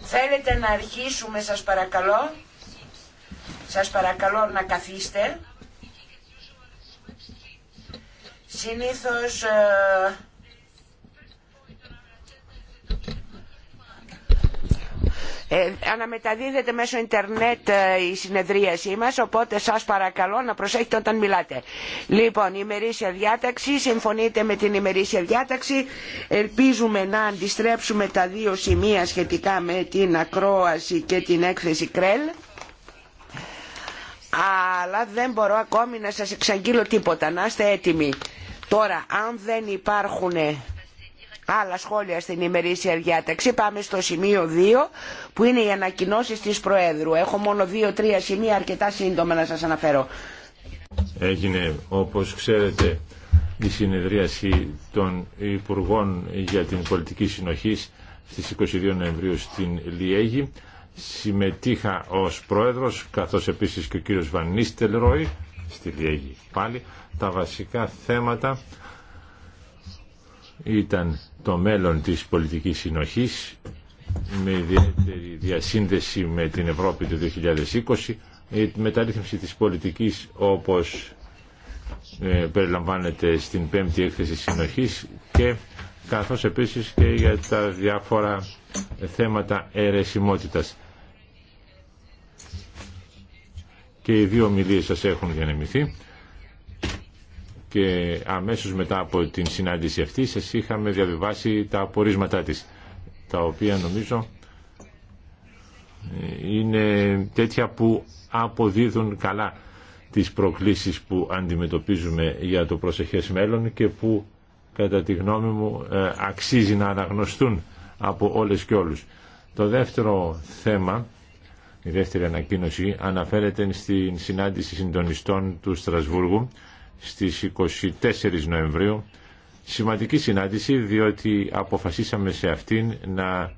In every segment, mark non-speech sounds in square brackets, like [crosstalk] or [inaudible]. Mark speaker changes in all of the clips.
Speaker 1: Θέλετε να αρχίσουμε σας παρακαλώ. Σας παρακαλώ να καθίστε. Συνήθως ε, Ε, αναμεταδίδεται μέσω ίντερνετ ε, η συνεδρίασή μας οπότε σας παρακαλώ να προσέχετε όταν μιλάτε. Λοιπόν, η ημερήσια διάταξη, συμφωνείτε με την ημερήσια διάταξη. Ελπίζουμε να αντιστρέψουμε τα δύο σημεία σχετικά με την ακρόαση και την έκθεση ΚΡΕΛ αλλά δεν μπορώ ακόμη να σας εξαγγείλω τίποτα. Να είστε έτοιμοι. Τώρα, αν δεν υπάρχουν άλλα σχόλια στην ημερήσια διάταξη. Πάμε στο σημείο 2 που είναι οι ανακοινώσει τη Προέδρου. Έχω μόνο 2-3 σημεία αρκετά σύντομα να σας αναφέρω.
Speaker 2: Έγινε όπως ξέρετε η συνεδρίαση των Υπουργών για την Πολιτική Συνοχή στις 22 Νοεμβρίου στην Λιέγη. Συμμετείχα ως πρόεδρος, καθώς επίσης και ο κύριος Βανίστελ Ρόι, στη Λιέγη πάλι. Τα βασικά θέματα ήταν το μέλλον της πολιτικής συνοχής με ιδιαίτερη διασύνδεση με την Ευρώπη του 2020 η μεταρρύθμιση της πολιτικής όπως ε, περιλαμβάνεται στην πέμπτη έκθεση συνοχής και καθώς επίσης και για τα διάφορα θέματα αιρεσιμότητας. Και οι δύο ομιλίες σας έχουν διανεμηθεί και αμέσως μετά από την συνάντηση αυτή σας είχαμε διαβιβάσει τα απορίσματά της τα οποία νομίζω είναι τέτοια που αποδίδουν καλά τις προκλήσεις που αντιμετωπίζουμε για το προσεχές μέλλον και που κατά τη γνώμη μου ε, αξίζει να αναγνωστούν από όλες και όλους. Το δεύτερο θέμα, η δεύτερη ανακοίνωση, αναφέρεται στην συνάντηση συντονιστών του Στρασβούργου στις 24 Νοεμβρίου σημαντική συνάντηση διότι αποφασίσαμε σε αυτήν να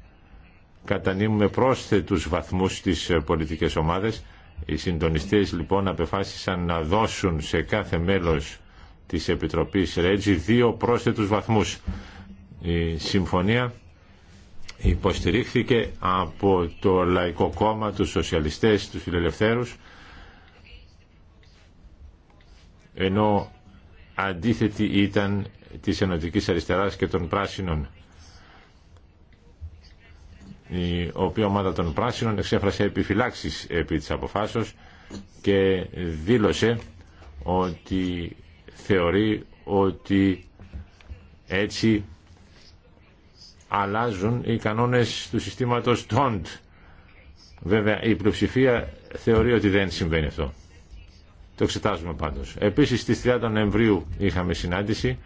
Speaker 2: κατανείμουμε πρόσθετους βαθμούς στις πολιτικές ομάδες. Οι συντονιστές λοιπόν απεφάσισαν να δώσουν σε κάθε μέλος της Επιτροπής Ρέτζι δύο πρόσθετους βαθμούς. Η συμφωνία υποστηρίχθηκε από το Λαϊκό Κόμμα, τους Σοσιαλιστές, τους Φιλελευθέρους ενώ αντίθετη ήταν της Ενωτικής Αριστεράς και των Πράσινων η οποία ομάδα των Πράσινων εξέφρασε επιφυλάξεις επί της αποφάσεως και δήλωσε ότι θεωρεί ότι έτσι αλλάζουν οι κανόνες του συστήματος TONT. Βέβαια η πλειοψηφία θεωρεί ότι δεν συμβαίνει αυτό. Το εξετάζουμε πάντως. Επίσης στις 30 Νοεμβρίου είχαμε συνάντηση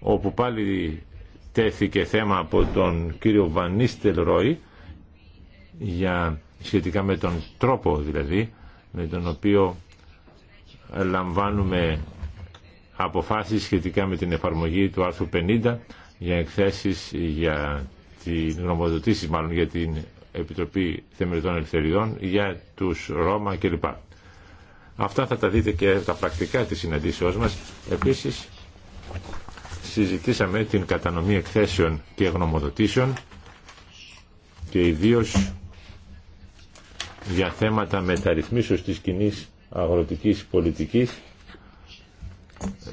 Speaker 2: όπου πάλι τέθηκε θέμα από τον κύριο Βανίστελ Ρόι για, σχετικά με τον τρόπο δηλαδή με τον οποίο λαμβάνουμε αποφάσεις σχετικά με την εφαρμογή του άρθρου 50 για εκθέσεις για την νομοδοτήσεις μάλλον για την Επιτροπή Θεμελιτών Ελευθεριών για τους Ρώμα κλπ. Αυτά θα τα δείτε και τα πρακτικά της συναντήσεώς μας. Επίσης, συζητήσαμε την κατανομή εκθέσεων και γνωμοδοτήσεων και ιδίως για θέματα μεταρρυθμίσεως της κοινή αγροτικής πολιτικής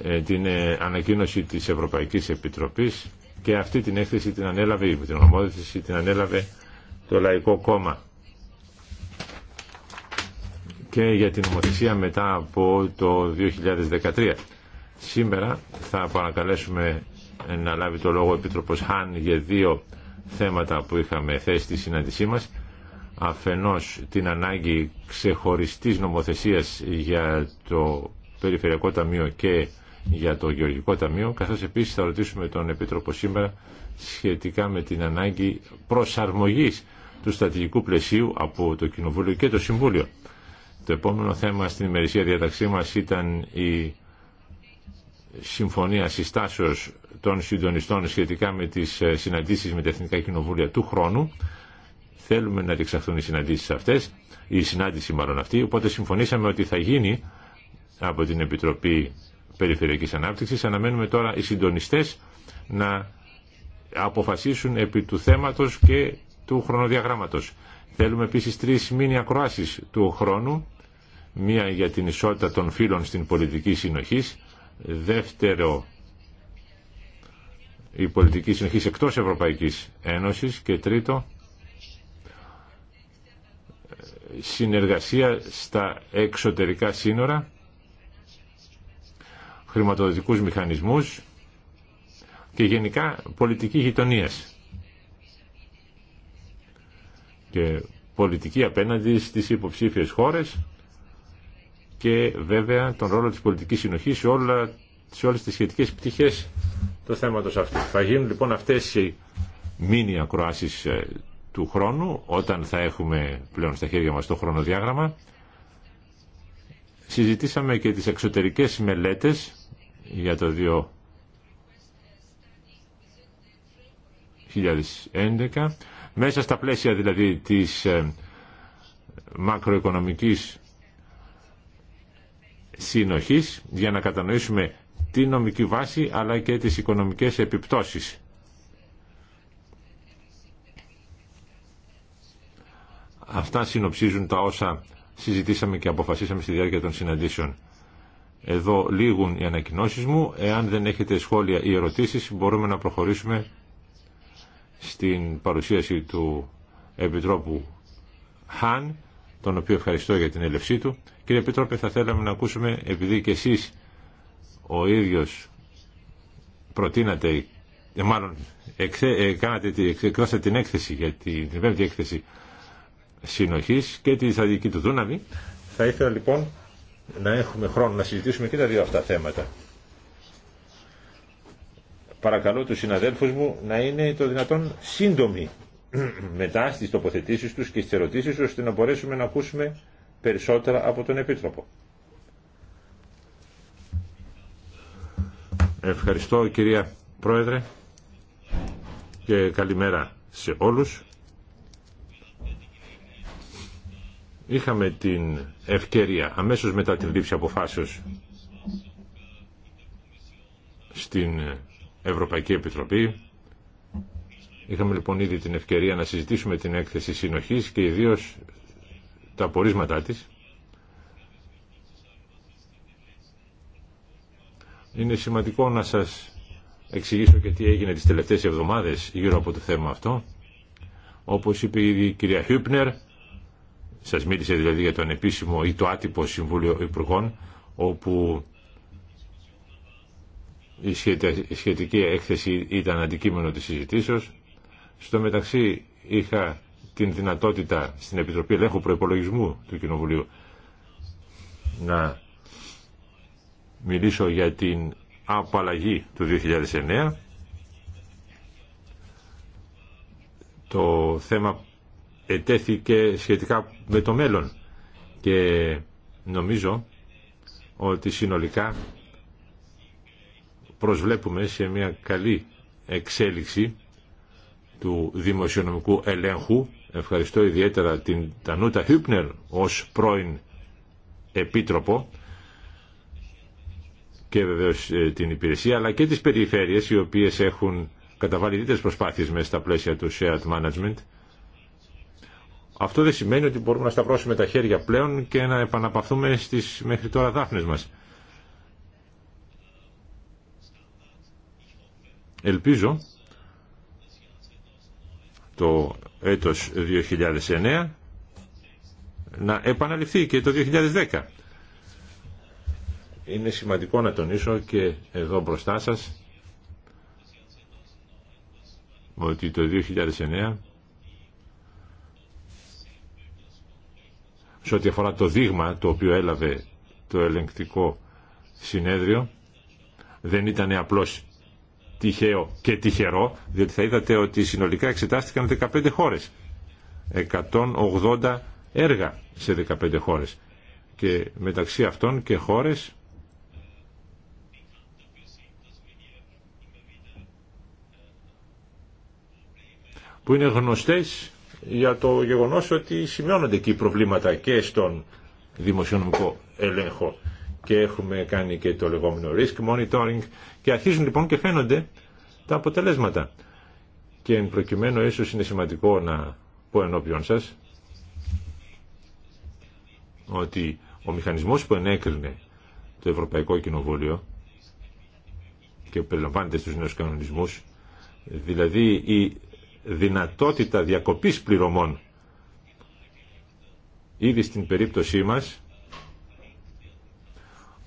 Speaker 2: ε, την ε, ανακοίνωση της Ευρωπαϊκής Επιτροπής και αυτή την έκθεση την ανέλαβε, την γνωμόδοτηση την ανέλαβε το Λαϊκό Κόμμα και για την νομοθεσία μετά από το 2013. Σήμερα θα παρακαλέσουμε να λάβει το λόγο ο Επίτροπος Χάν για δύο θέματα που είχαμε θέσει στη συνάντησή μας. Αφενός την ανάγκη ξεχωριστής νομοθεσίας για το Περιφερειακό Ταμείο και για το Γεωργικό Ταμείο, καθώς επίσης θα ρωτήσουμε τον Επίτροπο σήμερα σχετικά με την ανάγκη προσαρμογής του στρατηγικού πλαισίου από το Κοινοβούλιο και το Συμβούλιο. Το επόμενο θέμα στην ημερησία διαταξή μας ήταν η συμφωνία συστάσεως των συντονιστών σχετικά με τις ε, συναντήσεις με τα Εθνικά Κοινοβούλια του χρόνου. Θέλουμε να διεξαχθούν οι συναντήσεις αυτές, η συνάντηση μάλλον αυτή, οπότε συμφωνήσαμε ότι θα γίνει από την Επιτροπή Περιφερειακής Ανάπτυξης. Αναμένουμε τώρα οι συντονιστές να αποφασίσουν επί του θέματος και του χρονοδιαγράμματος. Θέλουμε επίσης τρεις μήνυα ακροάσεις του χρόνου μία για την ισότητα των φύλων στην πολιτική συνοχή, δεύτερο η πολιτική συνοχή εκτός Ευρωπαϊκής Ένωσης και τρίτο συνεργασία στα εξωτερικά σύνορα, χρηματοδοτικούς μηχανισμούς και γενικά πολιτική γειτονίας και πολιτική απέναντι στις υποψήφιες χώρες και βέβαια τον ρόλο της πολιτικής συνοχής σε, όλα, σε όλες τις σχετικές πτυχές του θέματος αυτού. Θα γίνουν λοιπόν αυτές οι μήνυα ακροάσεις ε, του χρόνου όταν θα έχουμε πλέον στα χέρια μας το χρονοδιάγραμμα. Συζητήσαμε και τις εξωτερικές μελέτες για το 2011 μέσα στα πλαίσια δηλαδή της ε, μακροοικονομικής συνοχής για να κατανοήσουμε τη νομική βάση αλλά και τις οικονομικές επιπτώσεις. Αυτά συνοψίζουν τα όσα συζητήσαμε και αποφασίσαμε στη διάρκεια των συναντήσεων. Εδώ λήγουν οι ανακοινώσεις μου. Εάν δεν έχετε σχόλια ή ερωτήσεις μπορούμε να προχωρήσουμε στην παρουσίαση του Επιτρόπου Χάν τον οποίο ευχαριστώ για την έλευσή του. Κύριε Πίτροπε, θα θέλαμε να ακούσουμε, επειδή και εσείς ο ίδιος προτείνατε, ε, μάλλον εξέ, ε, εκδώσατε την έκθεση για την, την πέμπτη έκθεση συνοχής και τη στρατηγική του Δούναβη. Θα ήθελα λοιπόν να έχουμε χρόνο να συζητήσουμε και τα δύο αυτά θέματα. Παρακαλώ τους συναδέλφους μου να είναι το δυνατόν σύντομοι [clears throat] μετά στις τοποθετήσεις τους και στις ερωτήσεις τους, ώστε να μπορέσουμε να ακούσουμε περισσότερα από τον Επίτροπο. Ευχαριστώ κυρία Πρόεδρε και καλημέρα σε όλους. Είχαμε την ευκαιρία αμέσως μετά την λήψη αποφάσεως στην Ευρωπαϊκή Επιτροπή Είχαμε λοιπόν ήδη την ευκαιρία να συζητήσουμε την έκθεση συνοχής και ιδίως τα απορίσματά της. Είναι σημαντικό να σας εξηγήσω και τι έγινε τις τελευταίες εβδομάδες γύρω από το θέμα αυτό. Όπως είπε ήδη η κυρία Χιούπνερ, σας μίλησε δηλαδή για τον επίσημο ή το άτυπο Συμβούλιο Υπουργών, όπου η σχετική έκθεση ήταν αντικείμενο της συζητήσεως. Στο μεταξύ είχα την δυνατότητα στην Επιτροπή Ελέγχου Προϋπολογισμού του Κοινοβουλίου να μιλήσω για την απαλλαγή του 2009 το θέμα ετέθηκε σχετικά με το μέλλον και νομίζω ότι συνολικά προσβλέπουμε σε μια καλή εξέλιξη του δημοσιονομικού ελέγχου. Ευχαριστώ ιδιαίτερα την Τανούτα Χύπνερ ως πρώην επίτροπο και βεβαίω ε, την υπηρεσία, αλλά και τις περιφέρειες οι οποίες έχουν καταβάλει ιδιαίτερες προσπάθειες μέσα στα πλαίσια του shared management. Αυτό δεν σημαίνει ότι μπορούμε να σταυρώσουμε τα χέρια πλέον και να επαναπαυθούμε στις μέχρι τώρα δάφνες μας. Ελπίζω το έτος 2009 να επαναληφθεί και το 2010. Είναι σημαντικό να τονίσω και εδώ μπροστά σας ότι το 2009 σε ό,τι αφορά το δείγμα το οποίο έλαβε το ελεγκτικό συνέδριο δεν ήταν απλώς τυχαίο και τυχερό, διότι θα είδατε ότι συνολικά εξετάστηκαν 15 χώρες. 180 έργα σε 15 χώρες. Και μεταξύ αυτών και χώρες που είναι γνωστές για το γεγονός ότι σημειώνονται εκεί προβλήματα και στον δημοσιονομικό έλεγχο και έχουμε κάνει και το λεγόμενο risk monitoring και αρχίζουν λοιπόν και φαίνονται τα αποτελέσματα. Και εν προκειμένου ίσως είναι σημαντικό να πω ενώπιον σας ότι ο μηχανισμός που ενέκρινε το Ευρωπαϊκό Κοινοβούλιο και περιλαμβάνεται στους νέους κανονισμούς δηλαδή η δυνατότητα διακοπής πληρωμών ήδη στην περίπτωσή μας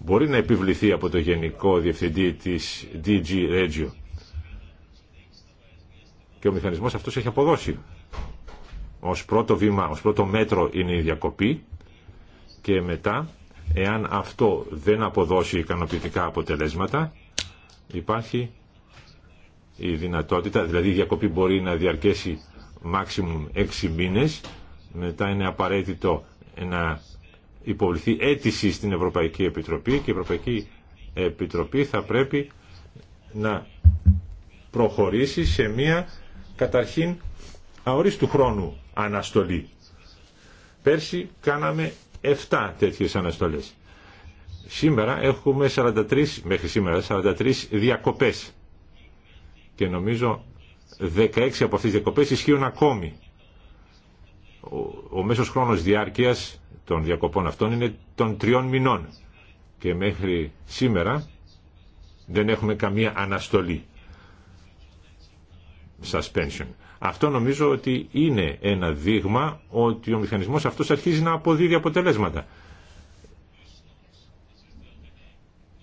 Speaker 2: μπορεί να επιβληθεί από το Γενικό Διευθυντή της DG Regio. Και ο μηχανισμός αυτός έχει αποδώσει. Ως πρώτο βήμα, ως πρώτο μέτρο είναι η διακοπή και μετά, εάν αυτό δεν αποδώσει ικανοποιητικά αποτελέσματα, υπάρχει η δυνατότητα, δηλαδή η διακοπή μπορεί να διαρκέσει maximum 6 μήνες, μετά είναι απαραίτητο να υποβληθεί αίτηση στην Ευρωπαϊκή Επιτροπή και η Ευρωπαϊκή Επιτροπή θα πρέπει να προχωρήσει σε μία καταρχήν αορίστου χρόνου αναστολή. Πέρσι κάναμε 7 τέτοιες αναστολές. Σήμερα έχουμε 43, μέχρι σήμερα 43 διακοπές και νομίζω 16 από αυτές τις διακοπές ισχύουν ακόμη. Ο, ο μέσος χρόνος διάρκειας των διακοπών αυτών είναι των τριών μηνών και μέχρι σήμερα δεν έχουμε καμία αναστολή suspension. Αυτό νομίζω ότι είναι ένα δείγμα ότι ο μηχανισμός αυτός αρχίζει να αποδίδει αποτελέσματα.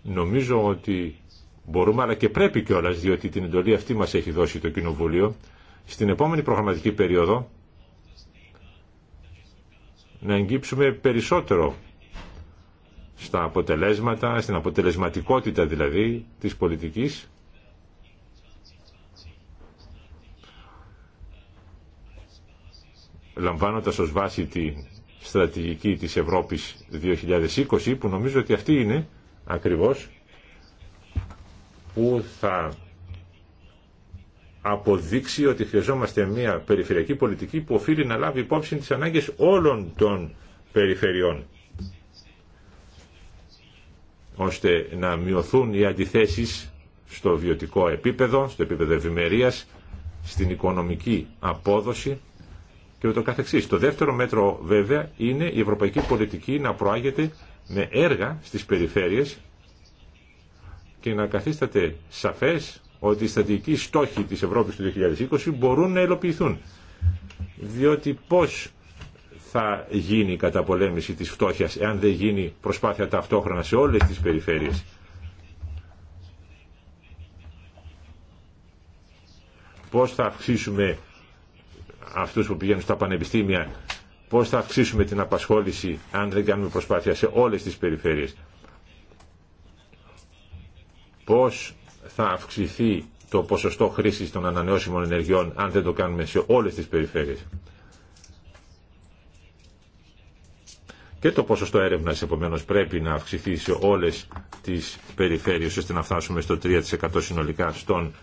Speaker 2: Νομίζω ότι μπορούμε αλλά και πρέπει κιόλας διότι την εντολή αυτή μας έχει δώσει το Κοινοβούλιο στην επόμενη προγραμματική περίοδο να εγγύψουμε περισσότερο στα αποτελέσματα, στην αποτελεσματικότητα δηλαδή της πολιτικής λαμβάνοντας ως βάση τη στρατηγική της Ευρώπης 2020 που νομίζω ότι αυτή είναι ακριβώς που θα αποδείξει ότι χρειαζόμαστε μια περιφερειακή πολιτική που οφείλει να λάβει υπόψη τις ανάγκες όλων των περιφερειών ώστε να μειωθούν οι αντιθέσεις στο βιωτικό επίπεδο, στο επίπεδο ευημερία, στην οικονομική απόδοση και το καθεξής. Το δεύτερο μέτρο βέβαια είναι η ευρωπαϊκή πολιτική να προάγεται με έργα στις περιφέρειες και να καθίσταται σαφές ότι οι στρατηγικοί στόχοι της Ευρώπης του 2020 μπορούν να υλοποιηθούν. Διότι πώς θα γίνει η καταπολέμηση της φτώχειας εάν δεν γίνει προσπάθεια ταυτόχρονα σε όλες τις περιφέρειες. Πώς θα αυξήσουμε αυτούς που πηγαίνουν στα πανεπιστήμια, πώς θα αυξήσουμε την απασχόληση αν δεν κάνουμε προσπάθεια σε όλες τις περιφέρειες. Πώς θα αυξηθεί το ποσοστό χρήσης των ανανεώσιμων ενεργειών αν δεν το κάνουμε σε όλες τις περιφέρειες. Και το ποσοστό έρευνας επομένως πρέπει να αυξηθεί σε όλες τις περιφέρειες ώστε να φτάσουμε στο 3% συνολικά στον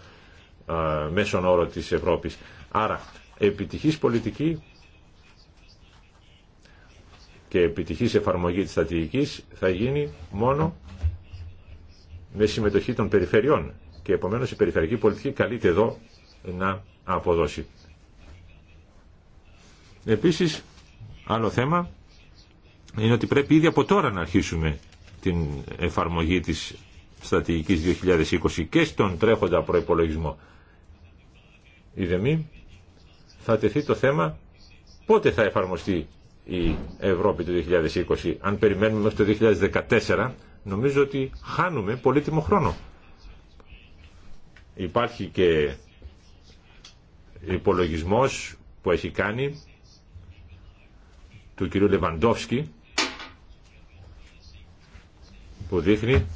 Speaker 2: ε, μέσον όρο της Ευρώπης. Άρα επιτυχής πολιτική και επιτυχής εφαρμογή της στρατηγικής θα γίνει μόνο με συμμετοχή των περιφερειών και επομένως η περιφερειακή πολιτική καλείται εδώ να αποδώσει. Επίσης, άλλο θέμα είναι ότι πρέπει ήδη από τώρα να αρχίσουμε την εφαρμογή της στρατηγικής 2020 και στον τρέχοντα προϋπολογισμό. Η ΔΕΜΗ θα τεθεί το θέμα πότε θα εφαρμοστεί η Ευρώπη του 2020. Αν περιμένουμε μέχρι το 2014 νομίζω ότι χάνουμε πολύτιμο χρόνο. Υπάρχει και υπολογισμός που έχει κάνει του κυρίου Λεβαντόφσκι που δείχνει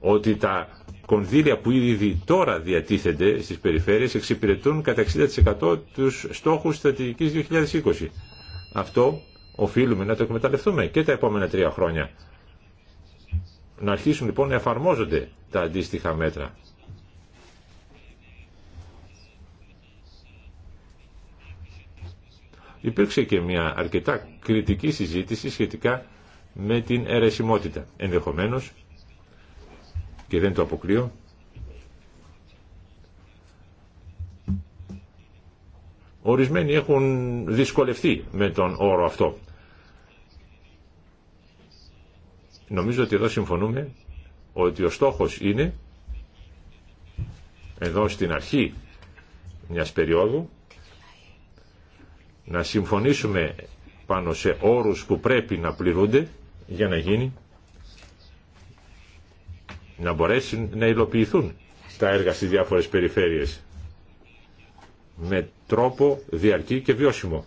Speaker 2: ότι τα κονδύλια που ήδη τώρα διατίθενται στις περιφέρειες εξυπηρετούν κατά 60% τους στόχους στρατηγικής 2020. Αυτό οφείλουμε να το εκμεταλλευτούμε και τα επόμενα τρία χρόνια. Να αρχίσουν λοιπόν να εφαρμόζονται τα αντίστοιχα μέτρα. Υπήρξε και μια αρκετά κριτική συζήτηση σχετικά με την αιρεσιμότητα. Ενδεχομένως, και δεν το αποκλείω, Ορισμένοι έχουν δυσκολευτεί με τον όρο αυτό. Νομίζω ότι εδώ συμφωνούμε ότι ο στόχος είναι εδώ στην αρχή μιας περίοδου να συμφωνήσουμε πάνω σε όρους που πρέπει να πληρούνται για να γίνει να μπορέσουν να υλοποιηθούν τα έργα στις διάφορες περιφέρειες με τρόπο διαρκή και βιώσιμο.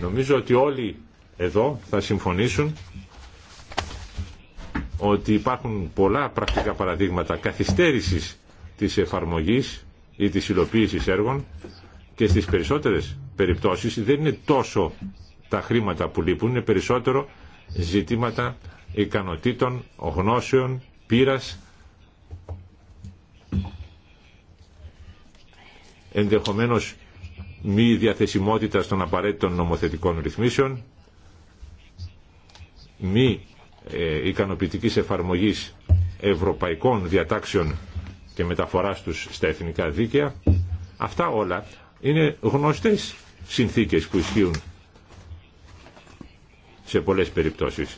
Speaker 2: Νομίζω ότι όλοι εδώ θα συμφωνήσουν ότι υπάρχουν πολλά πρακτικά παραδείγματα καθυστέρησης της εφαρμογής ή της υλοποίησης έργων και στις περισσότερες περιπτώσεις δεν είναι τόσο τα χρήματα που λείπουν, είναι περισσότερο ζητήματα ικανοτήτων, γνώσεων, πείρας ενδεχομένως μη διαθεσιμότητα των απαραίτητων νομοθετικών ρυθμίσεων, μη ε, ικανοποιητικής εφαρμογής ευρωπαϊκών διατάξεων και μεταφοράς τους στα εθνικά δίκαια. Αυτά όλα είναι γνωστές συνθήκες που ισχύουν σε πολλές περιπτώσεις.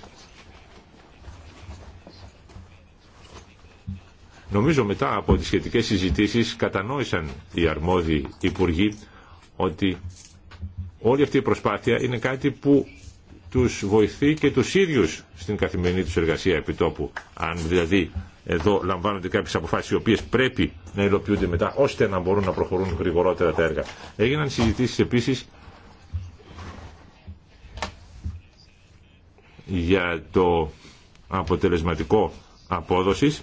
Speaker 2: Νομίζω μετά από τις σχετικές συζητήσεις κατανόησαν οι αρμόδιοι υπουργοί ότι όλη αυτή η προσπάθεια είναι κάτι που τους βοηθεί και τους ίδιους στην καθημερινή τους εργασία επιτόπου. Αν δηλαδή εδώ λαμβάνονται κάποιε αποφάσει οι οποίες πρέπει να υλοποιούνται μετά ώστε να μπορούν να προχωρούν γρηγορότερα τα έργα. Έγιναν συζητήσει επίση για το αποτελεσματικό απόδοση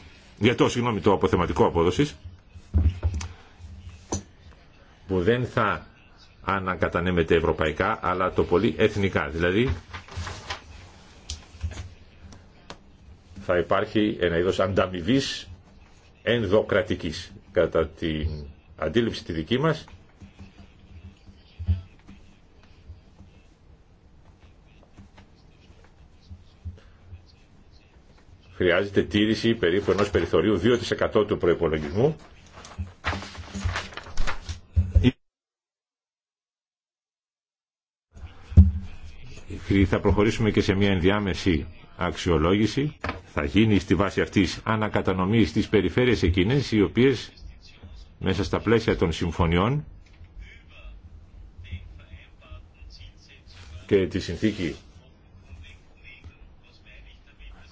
Speaker 2: για το, συγγνώμη, το αποθεματικό απόδοσης που δεν θα ανακατανέμεται ευρωπαϊκά αλλά το πολύ εθνικά. Δηλαδή θα υπάρχει ένα είδος ανταμοιβή ενδοκρατικής. Κατά την αντίληψη τη δική μας χρειάζεται τήρηση περίπου ενός περιθωρίου 2% του προϋπολογισμού θα προχωρήσουμε και σε μια ενδιάμεση αξιολόγηση θα γίνει στη βάση αυτής ανακατανομή στις περιφέρειες εκείνες οι οποίες μέσα στα πλαίσια των συμφωνιών και τη συνθήκη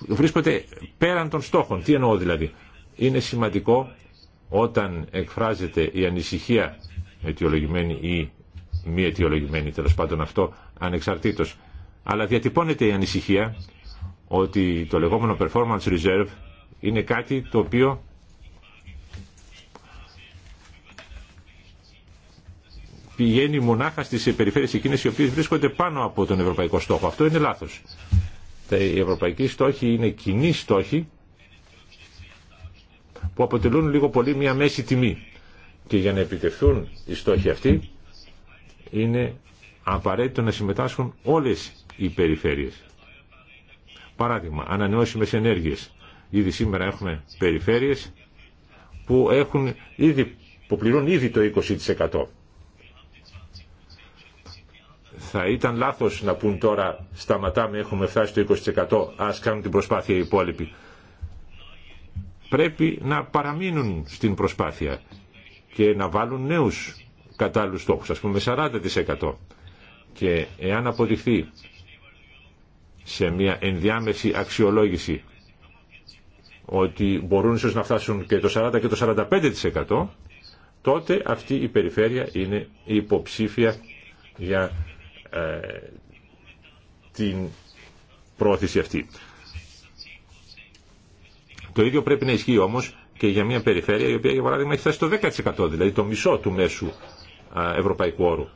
Speaker 2: βρίσκονται πέραν των στόχων. Τι εννοώ δηλαδή. Είναι σημαντικό όταν εκφράζεται η ανησυχία αιτιολογημένη ή μη αιτιολογημένη τέλο πάντων αυτό ανεξαρτήτως. Αλλά διατυπώνεται η ανησυχία ότι το λεγόμενο performance reserve είναι κάτι το οποίο πηγαίνει μονάχα στις περιφέρειες εκείνες οι οποίες βρίσκονται πάνω από τον ευρωπαϊκό στόχο. Αυτό είναι λάθος οι ευρωπαϊκοί στόχοι είναι κοινοί στόχοι που αποτελούν λίγο πολύ μια μέση τιμή. Και για να επιτευχθούν οι στόχοι αυτοί είναι απαραίτητο να συμμετάσχουν όλες οι περιφέρειες. Παράδειγμα, ανανεώσιμες ενέργειες. Ήδη σήμερα έχουμε περιφέρειες που, έχουν ήδη, που πληρούν ήδη το 20%. Θα ήταν λάθος να πούν τώρα σταματάμε, έχουμε φτάσει το 20%, ας κάνουν την προσπάθεια οι υπόλοιποι. Πρέπει να παραμείνουν στην προσπάθεια και να βάλουν νέους κατάλληλους στόχους, ας πούμε 40%. Και εάν αποδειχθεί σε μια ενδιάμεση αξιολόγηση ότι μπορούν ίσως να φτάσουν και το 40% και το 45% τότε αυτή η περιφέρεια είναι υποψήφια για ε, την πρόθεση αυτή. Το ίδιο πρέπει να ισχύει όμως και για μια περιφέρεια η οποία για παράδειγμα έχει φτάσει στο 10% δηλαδή το μισό του μέσου ευρωπαϊκού όρου.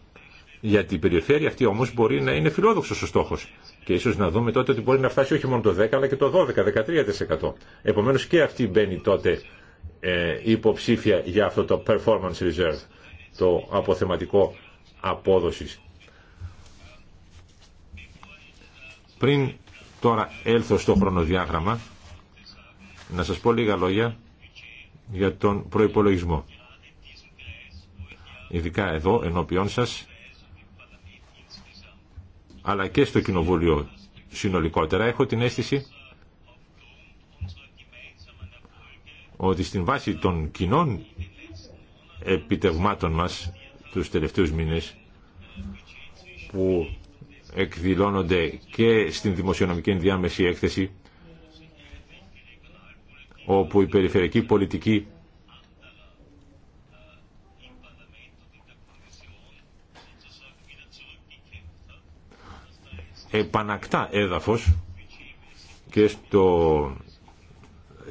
Speaker 2: Για την περιφέρεια αυτή όμως μπορεί να είναι φιλόδοξος ο στόχος και ίσως να δούμε τότε ότι μπορεί να φτάσει όχι μόνο το 10 αλλά και το 12-13%. Επομένως και αυτή μπαίνει τότε ε, υποψήφια για αυτό το performance reserve, το αποθεματικό απόδοσης. Πριν τώρα έλθω στο χρονοδιάγραμμα, να σας πω λίγα λόγια για τον προϋπολογισμό. Ειδικά εδώ, ενώπιόν σας, αλλά και στο Κοινοβούλιο συνολικότερα, έχω την αίσθηση ότι στην βάση των κοινών επιτευγμάτων μας τους τελευταίους μήνες που εκδηλώνονται και στην δημοσιονομική ενδιάμεση έκθεση όπου η περιφερειακή πολιτική επανακτά έδαφος και στο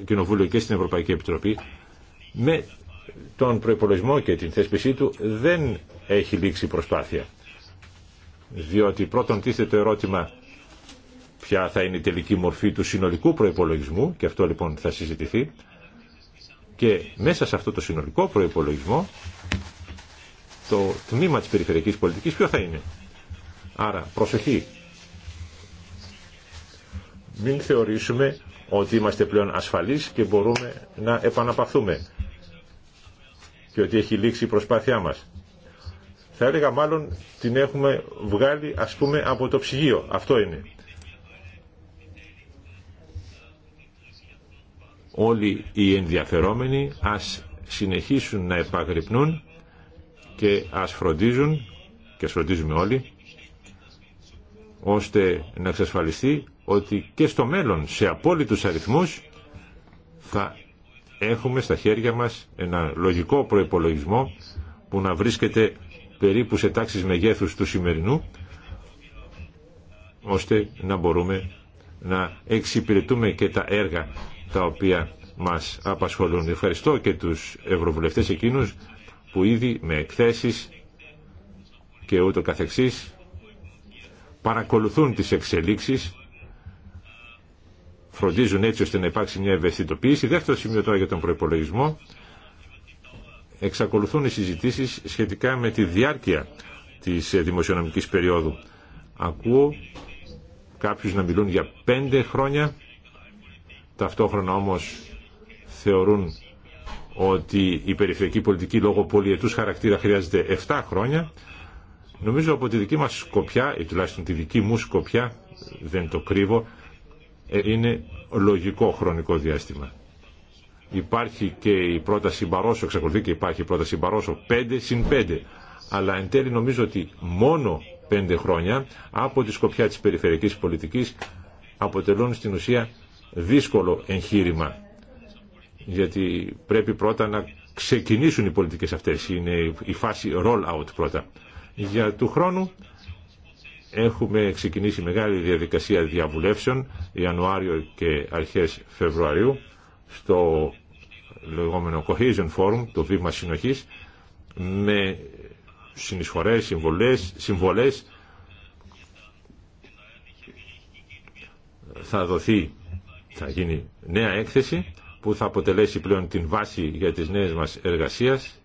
Speaker 2: Κοινοβούλιο και στην Ευρωπαϊκή Επιτροπή με τον προϋπολογισμό και την θέσπιση του δεν έχει λήξει προσπάθεια διότι πρώτον τίθεται το ερώτημα ποια θα είναι η τελική μορφή του συνολικού προϋπολογισμού και αυτό λοιπόν θα συζητηθεί και μέσα σε αυτό το συνολικό προϋπολογισμό το τμήμα της περιφερειακής πολιτικής ποιο θα είναι. Άρα προσοχή. Μην θεωρήσουμε ότι είμαστε πλέον ασφαλείς και μπορούμε να επαναπαθούμε και ότι έχει λήξει η προσπάθειά μας. Θα έλεγα μάλλον την έχουμε βγάλει ας πούμε από το ψυγείο. Αυτό είναι. Όλοι οι ενδιαφερόμενοι ας συνεχίσουν να επαγρυπνούν και ας φροντίζουν και φροντίζουμε όλοι ώστε να εξασφαλιστεί ότι και στο μέλλον σε απόλυτους αριθμούς θα έχουμε στα χέρια μας ένα λογικό προϋπολογισμό που να βρίσκεται περίπου σε τάξεις μεγέθους του σημερινού, ώστε να μπορούμε να εξυπηρετούμε και τα έργα τα οποία μας απασχολούν. Ευχαριστώ και τους ευρωβουλευτές εκείνους που ήδη με εκθέσεις και ούτω καθεξής παρακολουθούν τις εξελίξεις φροντίζουν έτσι ώστε να υπάρξει μια ευαισθητοποίηση. Δεύτερο σημείο τώρα για τον προπολογισμό εξακολουθούν οι συζητήσεις σχετικά με τη διάρκεια της ε, δημοσιονομικής περίοδου. Ακούω κάποιους να μιλούν για πέντε χρόνια, ταυτόχρονα όμως θεωρούν ότι η περιφερειακή πολιτική λόγω πολιετούς χαρακτήρα χρειάζεται 7 χρόνια. Νομίζω από τη δική μας σκοπιά, ή τουλάχιστον τη δική μου σκοπιά, δεν το κρύβω, ε, είναι λογικό χρονικό διάστημα. Υπάρχει και η πρόταση Μπαρόσο, εξακολουθεί και υπάρχει η πρόταση Μπαρόσο, 5 συν 5. Αλλά εν τέλει νομίζω ότι μόνο 5 χρόνια από τη σκοπιά της περιφερειακής πολιτικής αποτελούν στην ουσία δύσκολο εγχείρημα. Γιατί πρέπει πρώτα να ξεκινήσουν οι πολιτικές αυτές. Είναι η φάση roll-out πρώτα. Για του χρόνου έχουμε ξεκινήσει μεγάλη διαδικασία διαβουλεύσεων Ιανουάριο και αρχές Φεβρουαρίου στο λεγόμενο Cohesion Forum, το βήμα συνοχής, με συνεισφορές, συμβολές, συμβολές θα δοθεί, θα γίνει νέα έκθεση που θα αποτελέσει πλέον την βάση για τις νέες μας εργασίες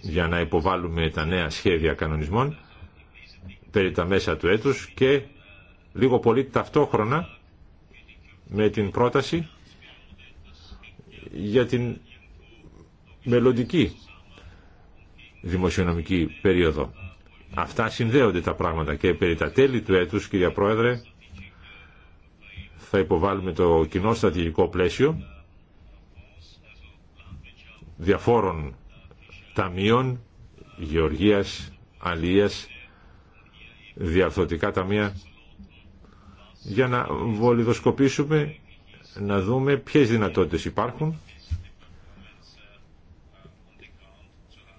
Speaker 2: για να υποβάλουμε τα νέα σχέδια κανονισμών περί τα μέσα του έτους και λίγο πολύ ταυτόχρονα με την πρόταση για την μελλοντική δημοσιονομική περίοδο. Αυτά συνδέονται τα πράγματα και περί τα τέλη του έτους, κύριε Πρόεδρε, θα υποβάλουμε το κοινό στρατηγικό πλαίσιο διαφόρων ταμείων, γεωργίας, αλίας, διαρθωτικά ταμεία για να βολιδοσκοπήσουμε, να δούμε ποιες δυνατότητες υπάρχουν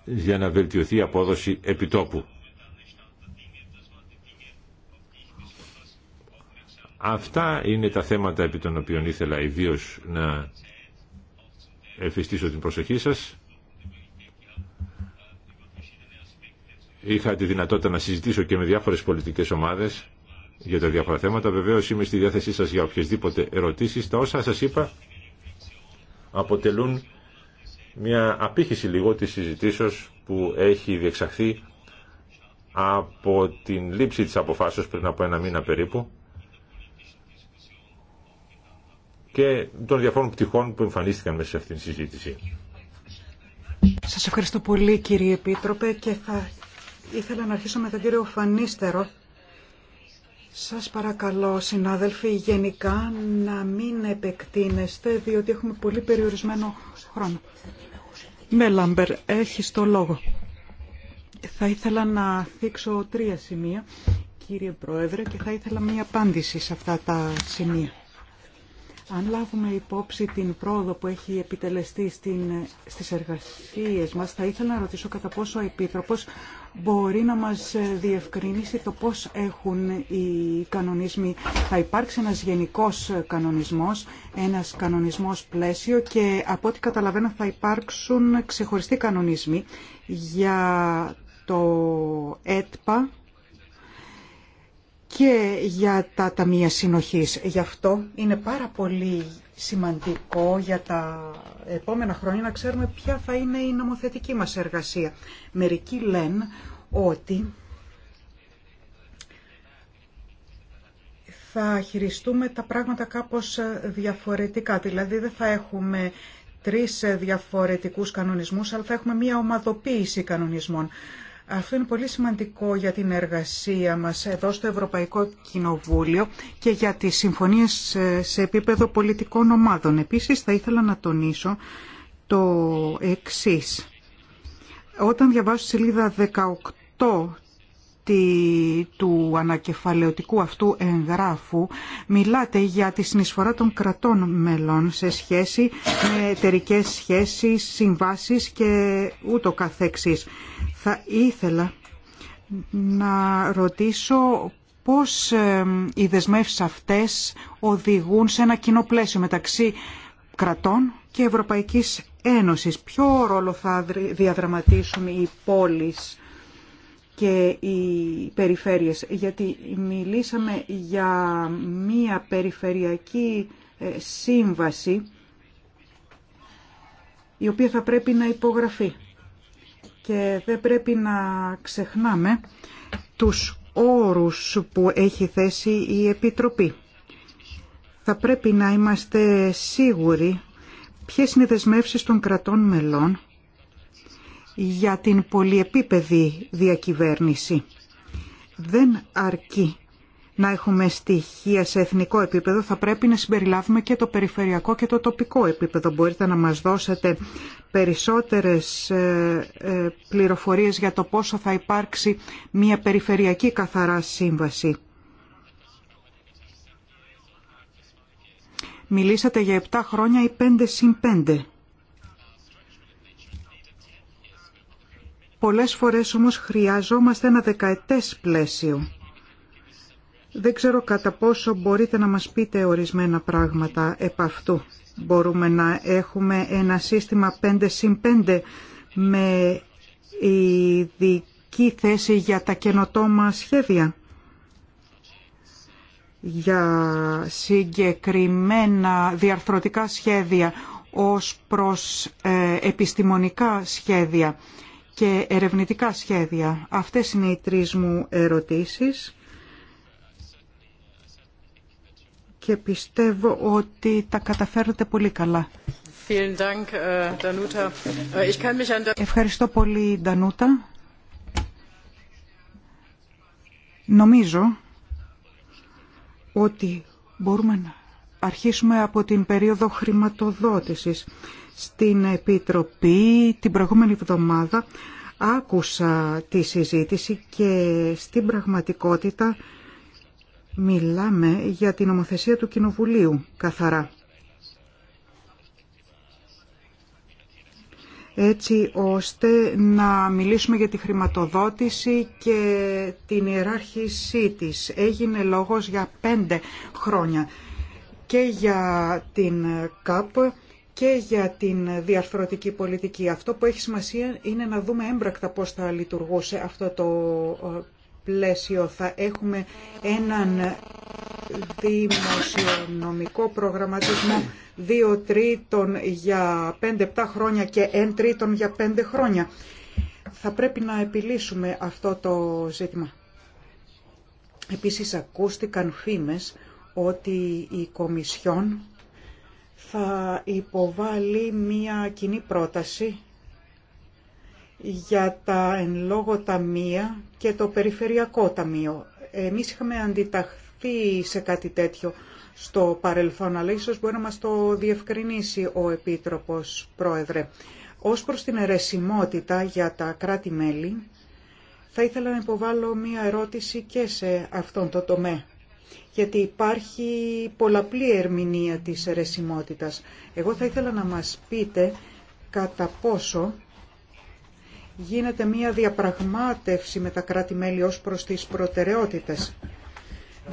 Speaker 2: για να βελτιωθεί η απόδοση επιτόπου. Αυτά είναι τα θέματα επί των οποίων ήθελα ιδίω να εφιστήσω την προσοχή σας. Είχα τη δυνατότητα να συζητήσω και με διάφορες πολιτικές ομάδες για τα διάφορα θέματα. Βεβαίως είμαι στη διάθεσή σας για οποιασδήποτε ερωτήσεις. Τα όσα σας είπα αποτελούν μια απήχηση λίγο της συζητήσεως που έχει διεξαχθεί από την λήψη της αποφάσεως πριν από ένα μήνα περίπου και των διαφόρων πτυχών που εμφανίστηκαν μέσα σε αυτήν τη συζήτηση.
Speaker 3: Σας ευχαριστώ πολύ κύριε Επίτροπε και θα ήθελα να αρχίσω με τον κύριο Φανίστερο σας παρακαλώ συνάδελφοι γενικά να μην επεκτείνεστε διότι έχουμε πολύ περιορισμένο χρόνο. Με ναι, Λάμπερ, έχεις το λόγο. Θα ήθελα να θίξω τρία σημεία, κύριε Πρόεδρε, και θα ήθελα μία απάντηση σε αυτά τα σημεία. Αν λάβουμε υπόψη την πρόοδο που έχει επιτελεστεί στην, στις εργασίες μας, θα ήθελα να ρωτήσω κατά πόσο ο Επίτροπος μπορεί να μας διευκρινίσει το πώς έχουν οι κανονισμοί. Θα υπάρξει ένας γενικός κανονισμός, ένας κανονισμός πλαίσιο και από ό,τι καταλαβαίνω θα υπάρξουν ξεχωριστοί κανονισμοί για το ΕΤΠΑ και για τα ταμεία συνοχής. Γι' αυτό είναι πάρα πολύ σημαντικό για τα επόμενα χρόνια να ξέρουμε ποια θα είναι η νομοθετική μας εργασία. Μερικοί λένε ότι θα χειριστούμε τα πράγματα κάπως διαφορετικά. Δηλαδή δεν θα έχουμε τρεις διαφορετικούς κανονισμούς, αλλά θα έχουμε μία ομαδοποίηση κανονισμών. Αυτό είναι πολύ σημαντικό για την εργασία μας εδώ στο Ευρωπαϊκό Κοινοβούλιο και για τις συμφωνίες σε επίπεδο πολιτικών ομάδων. Επίσης θα ήθελα να τονίσω το εξής. Όταν διαβάζω σελίδα 18 του ανακεφαλαιωτικού αυτού εγγράφου μιλάτε για τη συνεισφορά των κρατών μελών σε σχέση με εταιρικέ σχέσεις, συμβάσεις και ούτω καθεξής. Θα ήθελα να ρωτήσω πώς οι δεσμεύσεις αυτές οδηγούν σε ένα κοινό πλαίσιο μεταξύ κρατών και Ευρωπαϊκής Ένωσης. Ποιο ρόλο θα διαδραματίσουν οι πόλεις και οι περιφέρειες, γιατί μιλήσαμε για μία περιφερειακή ε, σύμβαση η οποία θα πρέπει να υπογραφεί. Και δεν πρέπει να ξεχνάμε τους όρους που έχει θέσει η Επιτροπή. Θα πρέπει να είμαστε σίγουροι ποιες είναι οι δεσμεύσεις των κρατών μελών για την πολυεπίπεδη διακυβέρνηση. Δεν αρκεί να έχουμε στοιχεία σε εθνικό επίπεδο, θα πρέπει να συμπεριλάβουμε και το περιφερειακό και το τοπικό επίπεδο. Μπορείτε να μας δώσετε περισσότερες ε, ε, πληροφορίες για το πόσο θα υπάρξει μια περιφερειακή καθαρά σύμβαση. Μιλήσατε για 7 χρόνια ή 5 συν 5. Πολλές φορές όμως χρειαζόμαστε ένα δεκαετές πλαίσιο. Δεν ξέρω κατά πόσο μπορείτε να μας πείτε ορισμένα πράγματα επ' αυτού. Μπορούμε να έχουμε ένα σύστημα 5 συν 5 με ειδική θέση για τα καινοτόμα σχέδια για συγκεκριμένα διαρθρωτικά σχέδια ως προς ε, επιστημονικά σχέδια και ερευνητικά σχέδια. Αυτές είναι οι τρεις μου ερωτήσεις. και πιστεύω ότι τα καταφέρατε πολύ καλά. Äh, äh, Ευχαριστώ πολύ, Ντανούτα. Νομίζω ότι μπορούμε να αρχίσουμε από την περίοδο χρηματοδότησης. Στην Επιτροπή την προηγούμενη εβδομάδα άκουσα τη συζήτηση και στην πραγματικότητα μιλάμε για την ομοθεσία του Κοινοβουλίου καθαρά. έτσι ώστε να μιλήσουμε για τη χρηματοδότηση και την ιεράρχησή της. Έγινε λόγος για πέντε χρόνια και για την ΚΑΠ και για την διαρθρωτική πολιτική. Αυτό που έχει σημασία είναι να δούμε έμπρακτα πώς θα λειτουργούσε αυτό το ε, πλαίσιο. Θα έχουμε έναν δημοσιονομικό προγραμματισμό δύο τρίτων για 5-7 χρόνια και 1 τρίτον για 5 7 χρονια και 1 τριτων για 5 χρονια Θα πρέπει να επιλύσουμε αυτό το ζήτημα. Επίσης ακούστηκαν φήμες ότι η Κομισιόν θα υποβάλει μία κοινή πρόταση για τα εν λόγω ταμεία και το περιφερειακό ταμείο. Εμείς είχαμε αντιταχθεί σε κάτι τέτοιο στο παρελθόν, αλλά ίσως μπορεί να μας το διευκρινίσει ο Επίτροπος Πρόεδρε. Ως προς την αιρεσιμότητα για τα κράτη-μέλη, θα ήθελα να υποβάλω μία ερώτηση και σε αυτόν το τομέα γιατί υπάρχει πολλαπλή ερμηνεία της αιρεσιμότητας. Εγώ θα ήθελα να μας πείτε κατά πόσο γίνεται μία διαπραγμάτευση με τα κράτη-μέλη ως προς τις προτεραιότητες.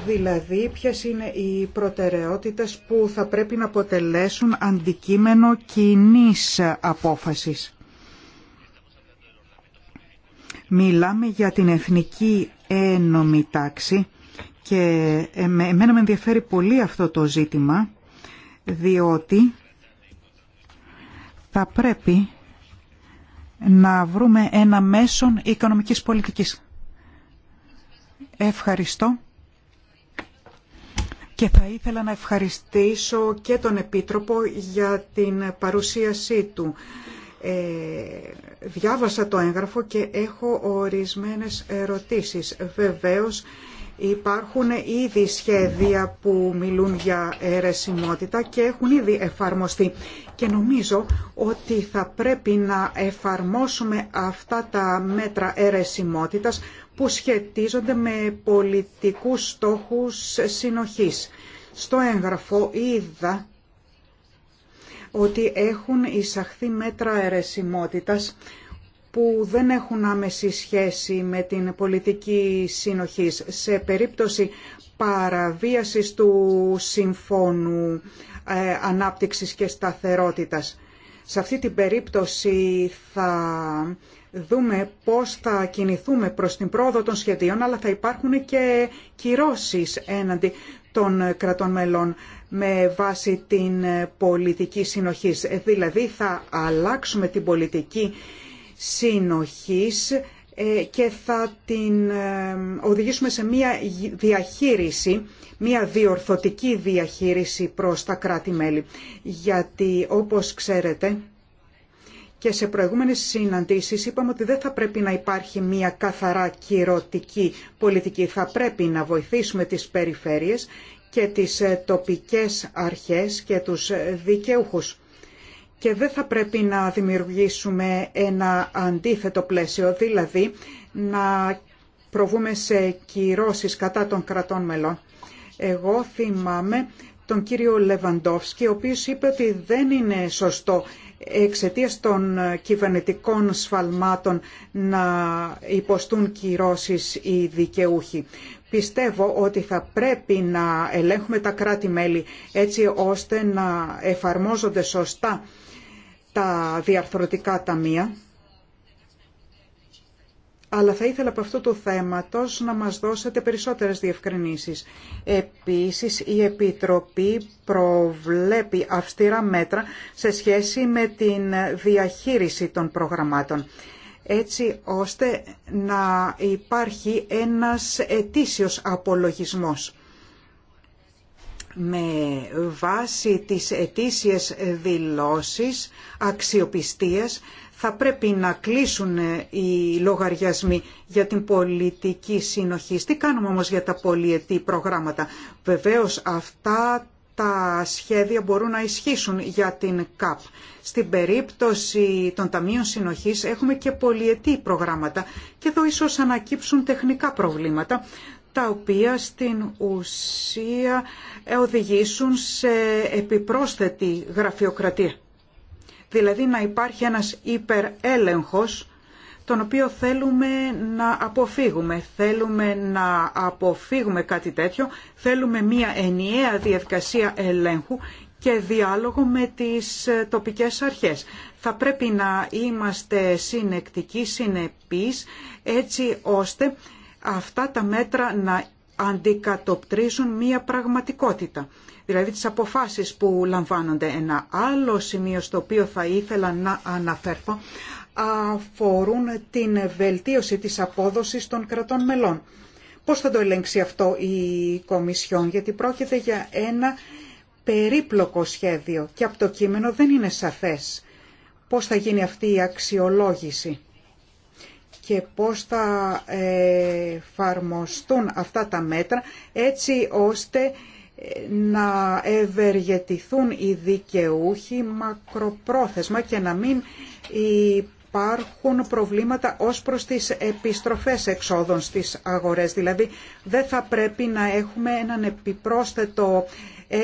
Speaker 3: Δηλαδή, ποιες είναι οι προτεραιότητες που θα πρέπει να αποτελέσουν αντικείμενο κοινής απόφασης. Μιλάμε για την Εθνική Ένωμη Τάξη και ε, εμένα με ενδιαφέρει πολύ αυτό το ζήτημα, διότι θα πρέπει να βρούμε ένα μέσον οικονομικής πολιτικής. Ευχαριστώ. Και θα ήθελα να ευχαριστήσω και τον Επίτροπο για την παρουσίασή του. Ε, διάβασα το έγγραφο και έχω ορισμένες ερωτήσεις. Βεβαίως, Υπάρχουν ήδη σχέδια που μιλούν για αιρεσιμότητα και έχουν ήδη εφαρμοστεί. Και νομίζω ότι θα πρέπει να εφαρμόσουμε αυτά τα μέτρα αιρεσιμότητας που σχετίζονται με πολιτικούς στόχους συνοχής. Στο έγγραφο είδα ότι έχουν εισαχθεί μέτρα αιρεσιμότητας που δεν έχουν άμεση σχέση με την πολιτική συνοχή Σε περίπτωση παραβίασης του Συμφώνου ε, Ανάπτυξης και Σταθερότητας. Σε αυτή την περίπτωση θα δούμε πώς θα κινηθούμε προς την πρόοδο των σχεδίων, αλλά θα υπάρχουν και κυρώσεις έναντι των κρατών μελών με βάση την πολιτική συνοχής. Δηλαδή θα αλλάξουμε την πολιτική συνοχής ε, και θα την ε, οδηγήσουμε σε μία διαχείριση, μία διορθωτική διαχείριση προς τα κράτη-μέλη. Γιατί όπως ξέρετε και σε προηγούμενες συναντήσεις είπαμε ότι δεν θα πρέπει να υπάρχει μία καθαρά κυρωτική πολιτική. Θα πρέπει να βοηθήσουμε τις περιφέρειες και τις ε, τοπικές αρχές και τους δικαιούχους και δεν θα πρέπει να δημιουργήσουμε ένα αντίθετο πλαίσιο, δηλαδή να προβούμε σε κυρώσεις κατά των κρατών μελών. Εγώ θυμάμαι τον κύριο Λεβαντόφσκι, ο οποίος είπε ότι δεν είναι σωστό εξαιτίας των κυβερνητικών σφαλμάτων να υποστούν κυρώσεις οι δικαιούχοι. Πιστεύω ότι θα πρέπει να ελέγχουμε τα κράτη-μέλη έτσι ώστε να εφαρμόζονται σωστά τα διαρθρωτικά ταμεία, αλλά θα ήθελα από αυτού του θέματος να μας δώσετε περισσότερες διευκρινήσεις. Επίσης, η Επιτροπή προβλέπει αυστηρά μέτρα σε σχέση με την διαχείριση των προγραμμάτων έτσι ώστε να υπάρχει ένας ετήσιος απολογισμός με βάση τις ετήσιες δηλώσεις αξιοπιστίας θα πρέπει να κλείσουν οι λογαριασμοί για την πολιτική συνοχή. Τι κάνουμε όμως για τα πολιετή προγράμματα. Βεβαίως αυτά τα σχέδια μπορούν να ισχύσουν για την ΚΑΠ. Στην περίπτωση των Ταμείων Συνοχής έχουμε και πολιετή προγράμματα και εδώ ίσως ανακύψουν τεχνικά προβλήματα τα οποία στην ουσία οδηγήσουν σε επιπρόσθετη γραφειοκρατία. Δηλαδή να υπάρχει ένας υπερέλεγχος τον οποίο θέλουμε να αποφύγουμε. Θέλουμε να αποφύγουμε κάτι τέτοιο, θέλουμε μια ενιαία διαδικασία ελέγχου και διάλογο με τις τοπικές αρχές. Θα πρέπει να είμαστε συνεκτικοί, συνεπείς, έτσι ώστε αυτά τα μέτρα να αντικατοπτρίζουν μία πραγματικότητα. Δηλαδή τις αποφάσεις που λαμβάνονται. Ένα άλλο σημείο στο οποίο θα ήθελα να αναφέρθω αφορούν την βελτίωση της απόδοσης των κρατών μελών. Πώς θα το ελέγξει αυτό η Κομισιόν, γιατί πρόκειται για ένα περίπλοκο σχέδιο και από το κείμενο δεν είναι σαφές πώς θα γίνει αυτή η αξιολόγηση και πώς θα ε, εφαρμοστούν αυτά τα μέτρα έτσι ώστε ε, να ευεργετηθούν οι δικαιούχοι μακροπρόθεσμα και να μην υπάρχουν προβλήματα ως προς τις επιστροφές εξόδων στις αγορές. Δηλαδή δεν θα πρέπει να έχουμε έναν επιπρόσθετο, ε,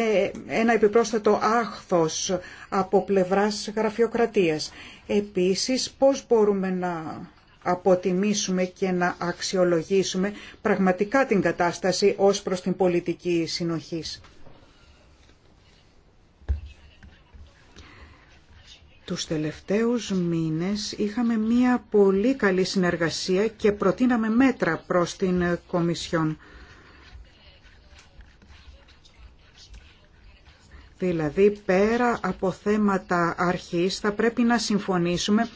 Speaker 3: ένα επιπρόσθετο άχθος από πλευράς γραφειοκρατίας. Επίσης πώς μπορούμε να αποτιμήσουμε και να αξιολογήσουμε πραγματικά την κατάσταση ως προς την πολιτική συνοχής. Τους τελευταίους μήνες είχαμε μία πολύ καλή συνεργασία και προτείναμε μέτρα προς την Κομισιόν. Δηλαδή, πέρα από θέματα αρχής, θα πρέπει να συμφωνήσουμε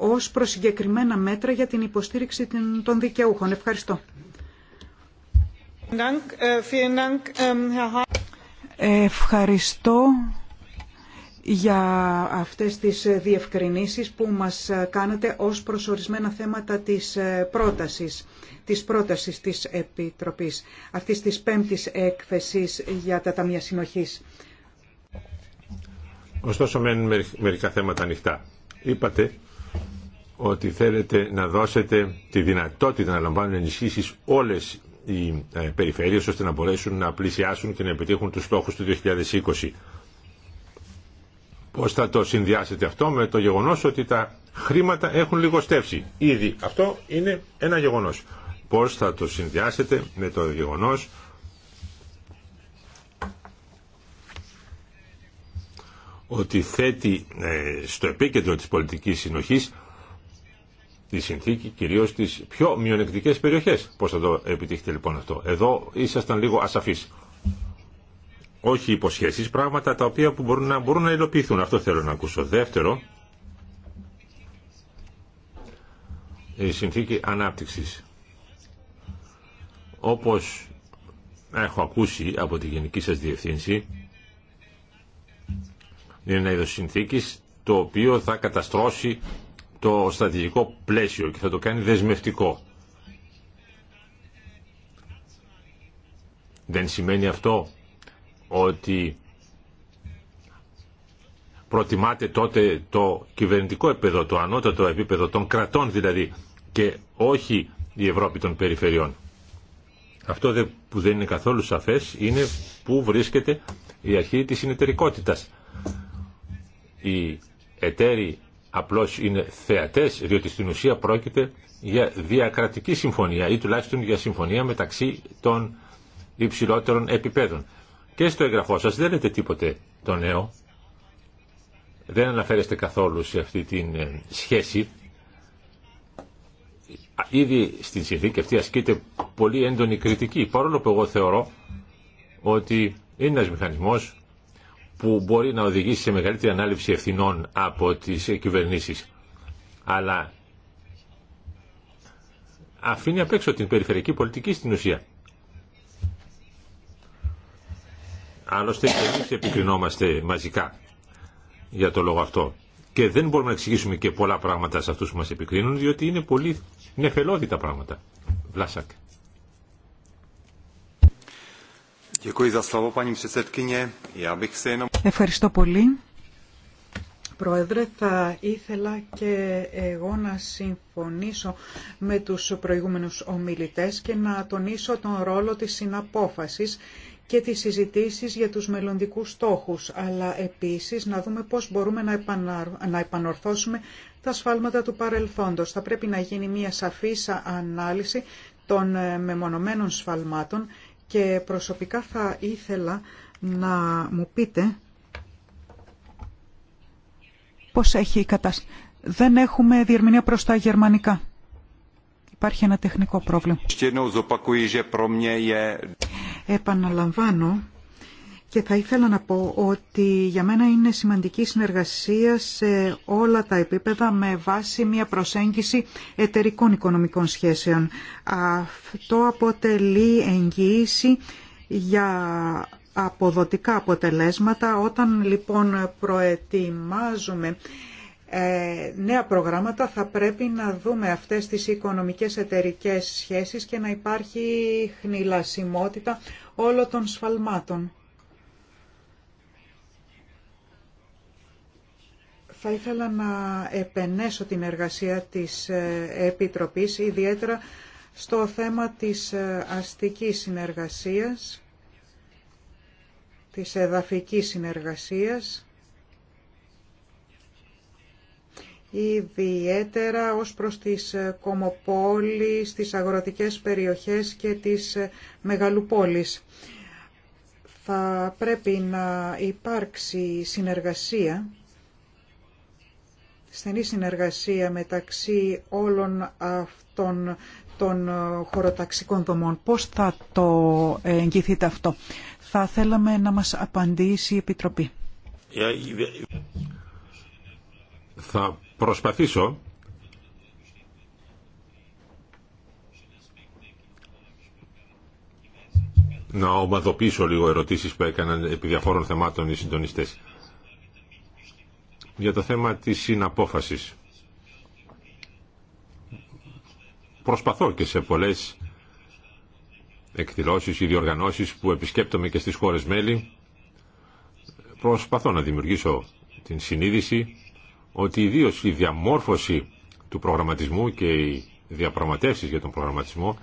Speaker 3: ως προσυγκεκριμένα μέτρα για την υποστήριξη των δικαιούχων. Ευχαριστώ. Ε, ε, Ευχαριστώ για αυτές τις ε, διευκρινήσεις που μας κάνατε ως προσορισμένα θέματα της πρότασης της πρότασης της Επιτροπής, αυτής της πέμπτης έκθεσης για τα Ταμεία Συνοχής.
Speaker 2: Ωστόσο, μένουν μερικά θέματα ανοιχτά. Είπατε ότι θέλετε να δώσετε τη δυνατότητα να λαμβάνουν ενισχύσεις όλες οι ε, περιφέρειες ώστε να μπορέσουν να πλησιάσουν και να επιτύχουν τους στόχους του 2020. Πώς θα το συνδυάσετε αυτό με το γεγονός ότι τα χρήματα έχουν λιγοστεύσει. Ήδη αυτό είναι ένα γεγονός. Πώς θα το συνδυάσετε με το γεγονός ότι θέτει ε, στο επίκεντρο της πολιτικής συνοχής τη συνθήκη κυρίως στις πιο μειονεκτικέ περιοχές. Πώς θα το επιτύχετε λοιπόν αυτό. Εδώ ήσασταν λίγο ασαφεί. Όχι υποσχέσεις, πράγματα τα οποία που μπορούν, να, μπορούν να υλοποιηθούν. Αυτό θέλω να ακούσω. Δεύτερο, η συνθήκη ανάπτυξη. Όπως έχω ακούσει από τη Γενική σας Διευθύνση, είναι ένα είδο συνθήκης το οποίο θα καταστρώσει το στρατηγικό πλαίσιο και θα το κάνει δεσμευτικό. Δεν σημαίνει αυτό ότι προτιμάτε τότε το κυβερνητικό επίπεδο, το ανώτατο επίπεδο των κρατών δηλαδή και όχι η Ευρώπη των περιφερειών. Αυτό που δεν είναι καθόλου σαφές είναι που βρίσκεται η αρχή της συνεταιρικότητας. Οι εταίροι απλώς είναι θεατές, διότι στην ουσία πρόκειται για διακρατική συμφωνία ή τουλάχιστον για συμφωνία μεταξύ των υψηλότερων επιπέδων. Και στο εγγραφό σας δεν λέτε τίποτε το νέο, δεν αναφέρεστε καθόλου σε αυτή τη ε, σχέση. Ήδη στην συνθήκη αυτή ασκείται πολύ έντονη κριτική, παρόλο που εγώ θεωρώ ότι είναι ένας μηχανισμός που μπορεί να οδηγήσει σε μεγαλύτερη ανάληψη ευθυνών από τις κυβερνήσεις. Αλλά αφήνει απ' έξω την περιφερειακή πολιτική στην ουσία. Άλλωστε και εμείς επικρινόμαστε μαζικά για το λόγο αυτό. Και δεν μπορούμε να εξηγήσουμε και πολλά πράγματα σε αυτούς που μας επικρίνουν, διότι είναι πολύ νεφελώδη τα πράγματα. Βλάσακ.
Speaker 3: Ευχαριστώ πολύ. Πρόεδρε, θα ήθελα και εγώ να συμφωνήσω με τους προηγούμενους ομιλητές και να τονίσω τον ρόλο της συναπόφασης και τις συζητήσεις για τους μελλοντικούς στόχους, αλλά επίσης να δούμε πώς μπορούμε να επανορθώσουμε τα σφάλματα του παρελθόντος. Θα πρέπει να γίνει μια σαφής ανάλυση των ε, μεμονωμένων σφαλμάτων και προσωπικά θα ήθελα να μου πείτε πώς έχει η κατάσταση. Δεν έχουμε διερμηνία προς τα γερμανικά. Υπάρχει ένα τεχνικό πρόβλημα. Επαναλαμβάνω και θα ήθελα να πω ότι για μένα είναι σημαντική συνεργασία σε όλα τα επίπεδα με βάση μια προσέγγιση εταιρικών οικονομικών σχέσεων. Αυτό αποτελεί εγγύηση για αποδοτικά αποτελέσματα όταν λοιπόν προετοιμάζουμε ε, νέα προγράμματα θα πρέπει να δούμε αυτές τις οικονομικές εταιρικές σχέσεις και να υπάρχει χνηλασιμότητα όλων των σφαλμάτων. Θα ήθελα να επενέσω την εργασία της ε, Επιτροπής, ιδιαίτερα στο θέμα της ε, αστικής συνεργασίας, της εδαφικής συνεργασίας, ιδιαίτερα ως προς τις ε, κομοπόλεις, τις αγροτικές περιοχές και τις μεγαλουπόλεις. Θα πρέπει να υπάρξει συνεργασία στενή συνεργασία μεταξύ όλων αυτών των χωροταξικών δομών. Πώς θα το εγγυηθείτε αυτό. Θα θέλαμε να μας απαντήσει η Επιτροπή.
Speaker 2: Θα προσπαθήσω να ομαδοποιήσω λίγο ερωτήσεις που έκαναν επί διαφόρων θεμάτων οι συντονιστές για το θέμα της συναπόφασης. Προσπαθώ και σε πολλές εκδηλώσεις ή διοργανώσεις που επισκέπτομαι και στις χώρες μέλη προσπαθώ να δημιουργήσω την συνείδηση ότι ιδίω η διαμόρφωση του προγραμματισμού και οι διαπραγματεύσεις για τον προγραμματισμό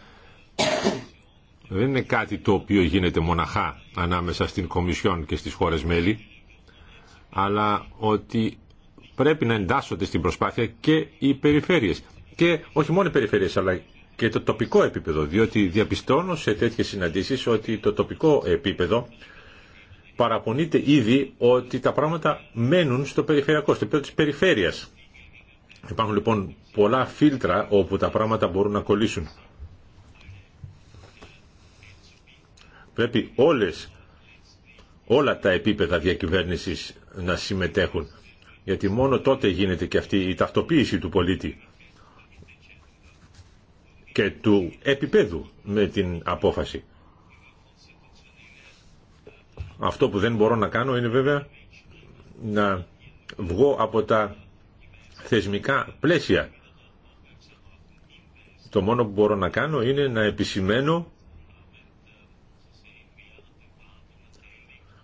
Speaker 2: δεν είναι κάτι το οποίο γίνεται μοναχά ανάμεσα στην Κομισιόν και στις χώρες μέλη αλλά ότι πρέπει να εντάσσονται στην προσπάθεια και οι περιφέρειες. Και όχι μόνο οι περιφέρειες, αλλά και το τοπικό επίπεδο, διότι διαπιστώνω σε τέτοιες συναντήσεις ότι το τοπικό επίπεδο παραπονείται ήδη ότι τα πράγματα μένουν στο περιφερειακό, στο επίπεδο της περιφέρειας. Υπάρχουν λοιπόν πολλά φίλτρα όπου τα πράγματα μπορούν να κολλήσουν. Πρέπει όλες, όλα τα επίπεδα διακυβέρνησης να συμμετέχουν γιατί μόνο τότε γίνεται και αυτή η ταυτοποίηση του πολίτη και του επίπεδου με την απόφαση. Αυτό που δεν μπορώ να κάνω είναι βέβαια να βγω από τα θεσμικά πλαίσια. Το μόνο που μπορώ να κάνω είναι να επισημαίνω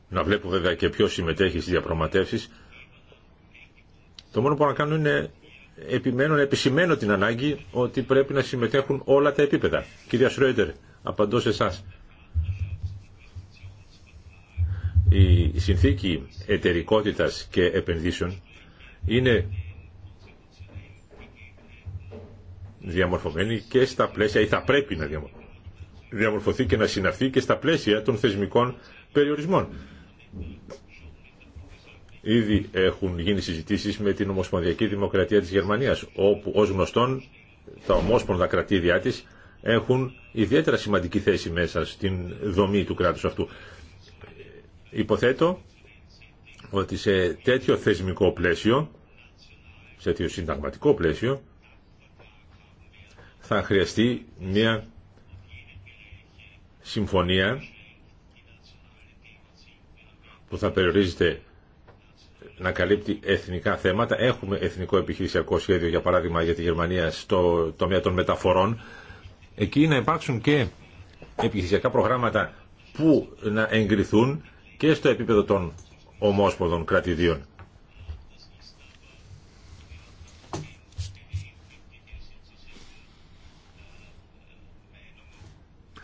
Speaker 2: να βλέπω βέβαια και ποιος συμμετέχει στις διαπραγματεύσεις το μόνο που μπορώ να κάνω είναι επιμένω να επισημαίνω την ανάγκη ότι πρέπει να συμμετέχουν όλα τα επίπεδα. Κυρία Σρόιντερ, απαντώ σε εσά. Η συνθήκη εταιρικότητας και επενδύσεων είναι διαμορφωμένη και στα πλαίσια ή θα πρέπει να διαμορφωθεί και να συναρθεί και στα πλαίσια των θεσμικών περιορισμών. Ήδη έχουν γίνει συζητήσεις με την Ομοσπονδιακή Δημοκρατία της Γερμανίας, όπου ως γνωστόν τα ομόσπονδα κρατήδια της έχουν ιδιαίτερα σημαντική θέση μέσα στην δομή του κράτους αυτού. Υποθέτω ότι σε τέτοιο θεσμικό πλαίσιο, σε τέτοιο συνταγματικό πλαίσιο, θα χρειαστεί μια συμφωνία που θα περιορίζεται να καλύπτει εθνικά θέματα. Έχουμε εθνικό επιχειρησιακό σχέδιο, για παράδειγμα, για τη Γερμανία στο τομέα των μεταφορών. Εκεί να υπάρξουν και επιχειρησιακά προγράμματα που να εγκριθούν και στο επίπεδο των ομόσπονδων κρατηδίων.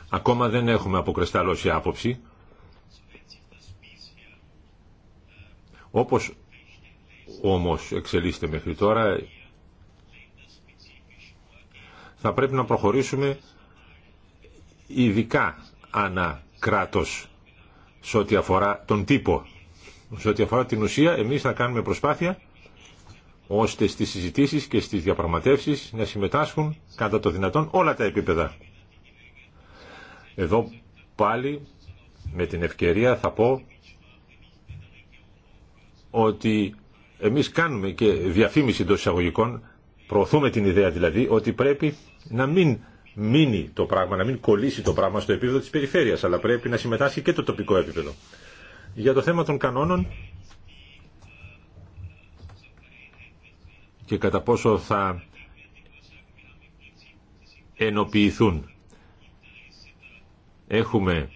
Speaker 2: Ακόμα δεν έχουμε αποκρεσταλώσει άποψη. Όπως όμως εξελίσσεται μέχρι τώρα, θα πρέπει να προχωρήσουμε ειδικά ανά κράτος σε ό,τι αφορά τον τύπο. Σε ό,τι αφορά την ουσία, εμείς θα κάνουμε προσπάθεια ώστε στις συζητήσεις και στις διαπραγματεύσεις να συμμετάσχουν κατά το δυνατόν όλα τα επίπεδα. Εδώ πάλι με την ευκαιρία θα πω ότι εμείς κάνουμε και διαφήμιση των εισαγωγικών, προωθούμε την ιδέα δηλαδή ότι πρέπει να μην μείνει το πράγμα, να μην κολλήσει το πράγμα στο επίπεδο της περιφέρειας, αλλά πρέπει να συμμετάσχει και το τοπικό επίπεδο. Για το θέμα των κανόνων και κατά πόσο θα ενοποιηθούν. Έχουμε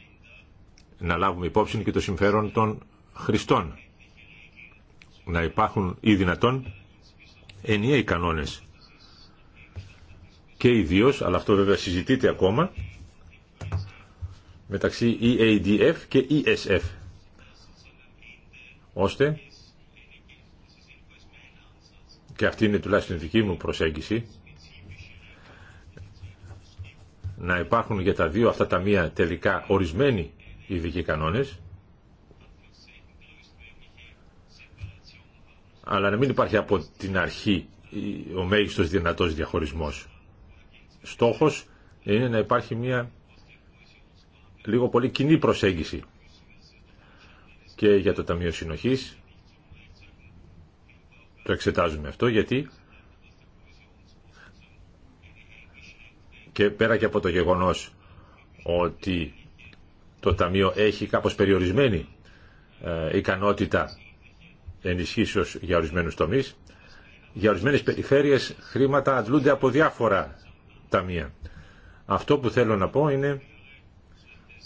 Speaker 2: να λάβουμε υπόψη και το συμφέρον των χρηστών να υπάρχουν ή δυνατόν ενιαίοι κανόνες και ιδίω, αλλά αυτό βέβαια συζητείται ακόμα μεταξύ EADF και ESF ώστε και αυτή είναι τουλάχιστον δική μου προσέγγιση να υπάρχουν για τα δύο αυτά τα μία τελικά ορισμένοι ειδικοί κανόνες αλλά να μην υπάρχει από την αρχή ο μέγιστος δυνατός διαχωρισμός. Στόχος είναι να υπάρχει μια λίγο πολύ κοινή προσέγγιση και για το Ταμείο Συνοχής το εξετάζουμε αυτό γιατί και πέρα και από το γεγονός ότι το Ταμείο έχει κάπως περιορισμένη ε, ικανότητα ενισχύσεως για ορισμένους τομείς. Για ορισμένες περιφέρειες χρήματα αντλούνται από διάφορα ταμεία. Αυτό που θέλω να πω είναι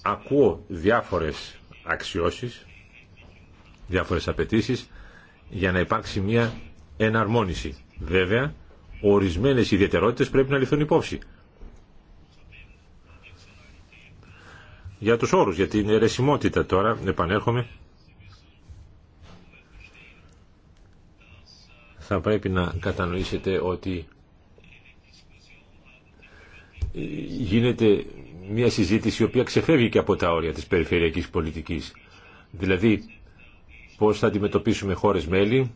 Speaker 2: ακούω διάφορες αξιώσεις, διάφορες απαιτήσεις για να υπάρξει μια εναρμόνιση. Βέβαια, ορισμένες ιδιαιτερότητες πρέπει να ληφθούν υπόψη. Για τους όρους, για την αιρεσιμότητα τώρα, επανέρχομαι, θα πρέπει να κατανοήσετε ότι γίνεται μια συζήτηση η οποία ξεφεύγει και από τα όρια της περιφερειακής πολιτικής. Δηλαδή, πώς θα αντιμετωπίσουμε χώρες μέλη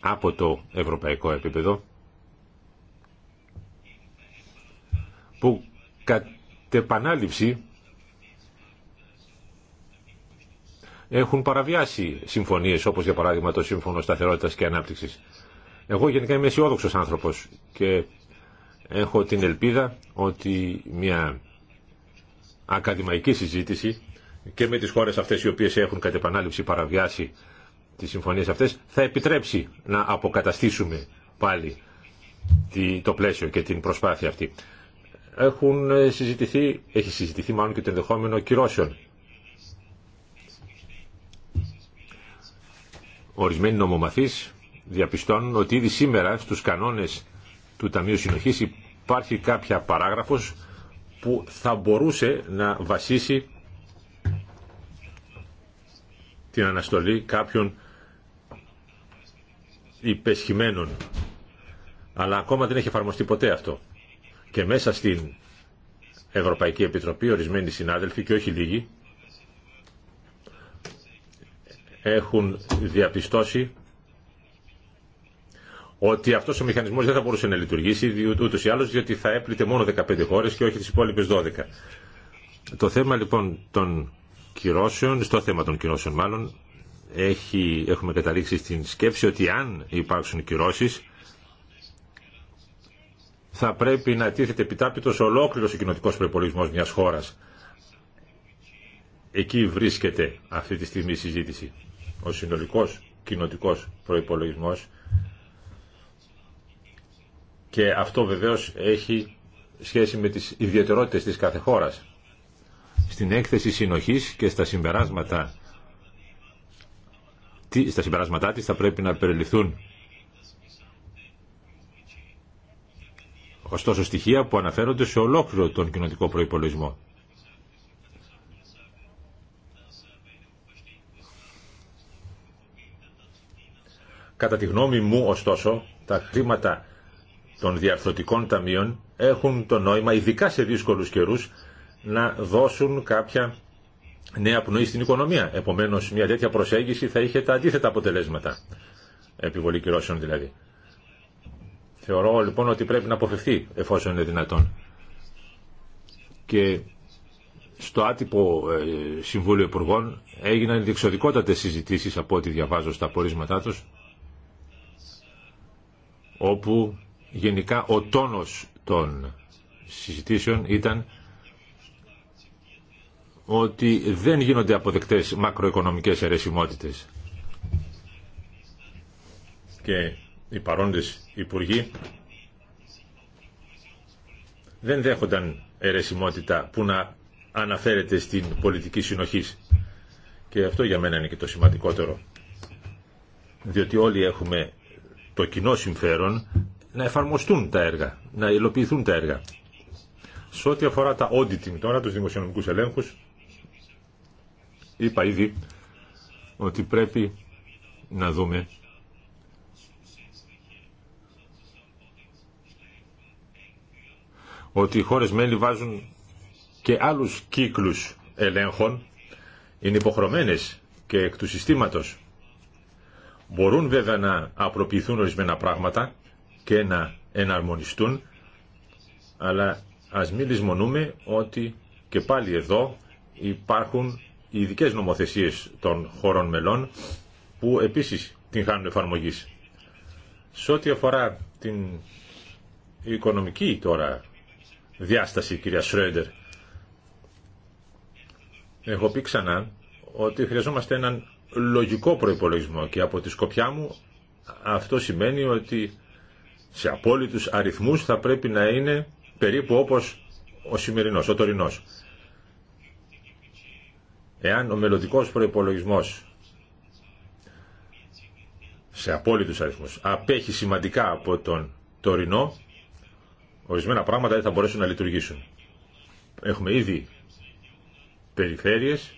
Speaker 2: από το ευρωπαϊκό επίπεδο που κατ' επανάληψη έχουν παραβιάσει συμφωνίες όπως για παράδειγμα το Σύμφωνο Σταθερότητας και Ανάπτυξης. Εγώ γενικά είμαι αισιόδοξο άνθρωπος και έχω την ελπίδα ότι μια ακαδημαϊκή συζήτηση και με τις χώρε αυτέ οι οποίες έχουν κατ' επανάληψη παραβιάσει τις συμφωνίες αυτές θα επιτρέψει να αποκαταστήσουμε πάλι το πλαίσιο και την προσπάθεια αυτή. Έχουν συζητηθεί, έχει συζητηθεί μάλλον και το ενδεχόμενο κυρώσεων. Ορισμένοι νομομαθείς διαπιστώνουν ότι ήδη σήμερα στους κανόνες του Ταμείου Συνοχής υπάρχει κάποια παράγραφος που θα μπορούσε να βασίσει την αναστολή κάποιων υπεσχημένων. Αλλά ακόμα δεν έχει εφαρμοστεί ποτέ αυτό. Και μέσα στην Ευρωπαϊκή Επιτροπή, ορισμένοι συνάδελφοι και όχι λίγοι, έχουν διαπιστώσει ότι αυτό ο μηχανισμό δεν θα μπορούσε να λειτουργήσει ούτω ή άλλω διότι θα έπλητε μόνο 15 χώρε και όχι τι υπόλοιπε 12. Το θέμα λοιπόν των κυρώσεων, στο θέμα των κυρώσεων μάλλον, έχει, έχουμε καταλήξει στην σκέψη ότι αν υπάρξουν κυρώσει, θα πρέπει να τίθεται επιτάπητο ολόκληρο ο κοινοτικό προπολογισμό μια χώρα. Εκεί βρίσκεται αυτή τη στιγμή η συζήτηση. Ο συνολικό κοινοτικό προπολογισμό και αυτό βεβαίως έχει σχέση με τις ιδιαιτερότητες της κάθε χώρας. Στην έκθεση συνοχής και στα συμπεράσματα στα συμπεράσματά της θα πρέπει να περιληφθούν ωστόσο στοιχεία που αναφέρονται σε ολόκληρο τον κοινωνικό προϋπολογισμό. Κατά τη γνώμη μου, ωστόσο, τα χρήματα των διαρθρωτικών ταμείων έχουν το νόημα, ειδικά σε δύσκολου καιρού, να δώσουν κάποια νέα πνοή στην οικονομία. Επομένως, μια τέτοια προσέγγιση θα είχε τα αντίθετα αποτελέσματα. Επιβολή κυρώσεων δηλαδή. Θεωρώ λοιπόν ότι πρέπει να αποφευθεί εφόσον είναι δυνατόν. Και στο άτυπο ε, Συμβούλιο Υπουργών έγιναν διεξοδικότατες συζητήσεις από ό,τι διαβάζω στα πορίσματά τους όπου γενικά ο τόνος των συζητήσεων ήταν ότι δεν γίνονται αποδεκτές μακροοικονομικές αιρεσιμότητες. Και οι παρόντες υπουργοί δεν δέχονταν αιρεσιμότητα που να αναφέρεται στην πολιτική συνοχής. Και αυτό για μένα είναι και το σημαντικότερο. Διότι όλοι έχουμε το κοινό συμφέρον να εφαρμοστούν τα έργα, να υλοποιηθούν τα έργα. Σε ό,τι αφορά τα auditing τώρα, τους δημοσιονομικούς ελέγχους, είπα ήδη ότι πρέπει να δούμε ότι οι χώρες μέλη βάζουν και άλλους κύκλους ελέγχων, είναι υποχρωμένες και εκ του συστήματος. Μπορούν βέβαια να απροποιηθούν ορισμένα πράγματα, και να εναρμονιστούν, αλλά ας μην λησμονούμε ότι και πάλι εδώ υπάρχουν ειδικέ νομοθεσίες των χωρών μελών που επίσης την χάνουν εφαρμογής. Σε ό,τι αφορά την οικονομική τώρα διάσταση, κυρία Σρέντερ, έχω πει ξανά ότι χρειαζόμαστε έναν λογικό προϋπολογισμό και από τη σκοπιά μου αυτό σημαίνει ότι σε απόλυτους αριθμούς θα πρέπει να είναι περίπου όπως ο σημερινός, ο τωρινός. Εάν ο μελλοντικός προϋπολογισμός σε απόλυτους αριθμούς απέχει σημαντικά από τον τωρινό, ορισμένα πράγματα δεν θα μπορέσουν να λειτουργήσουν. Έχουμε ήδη περιφέρειες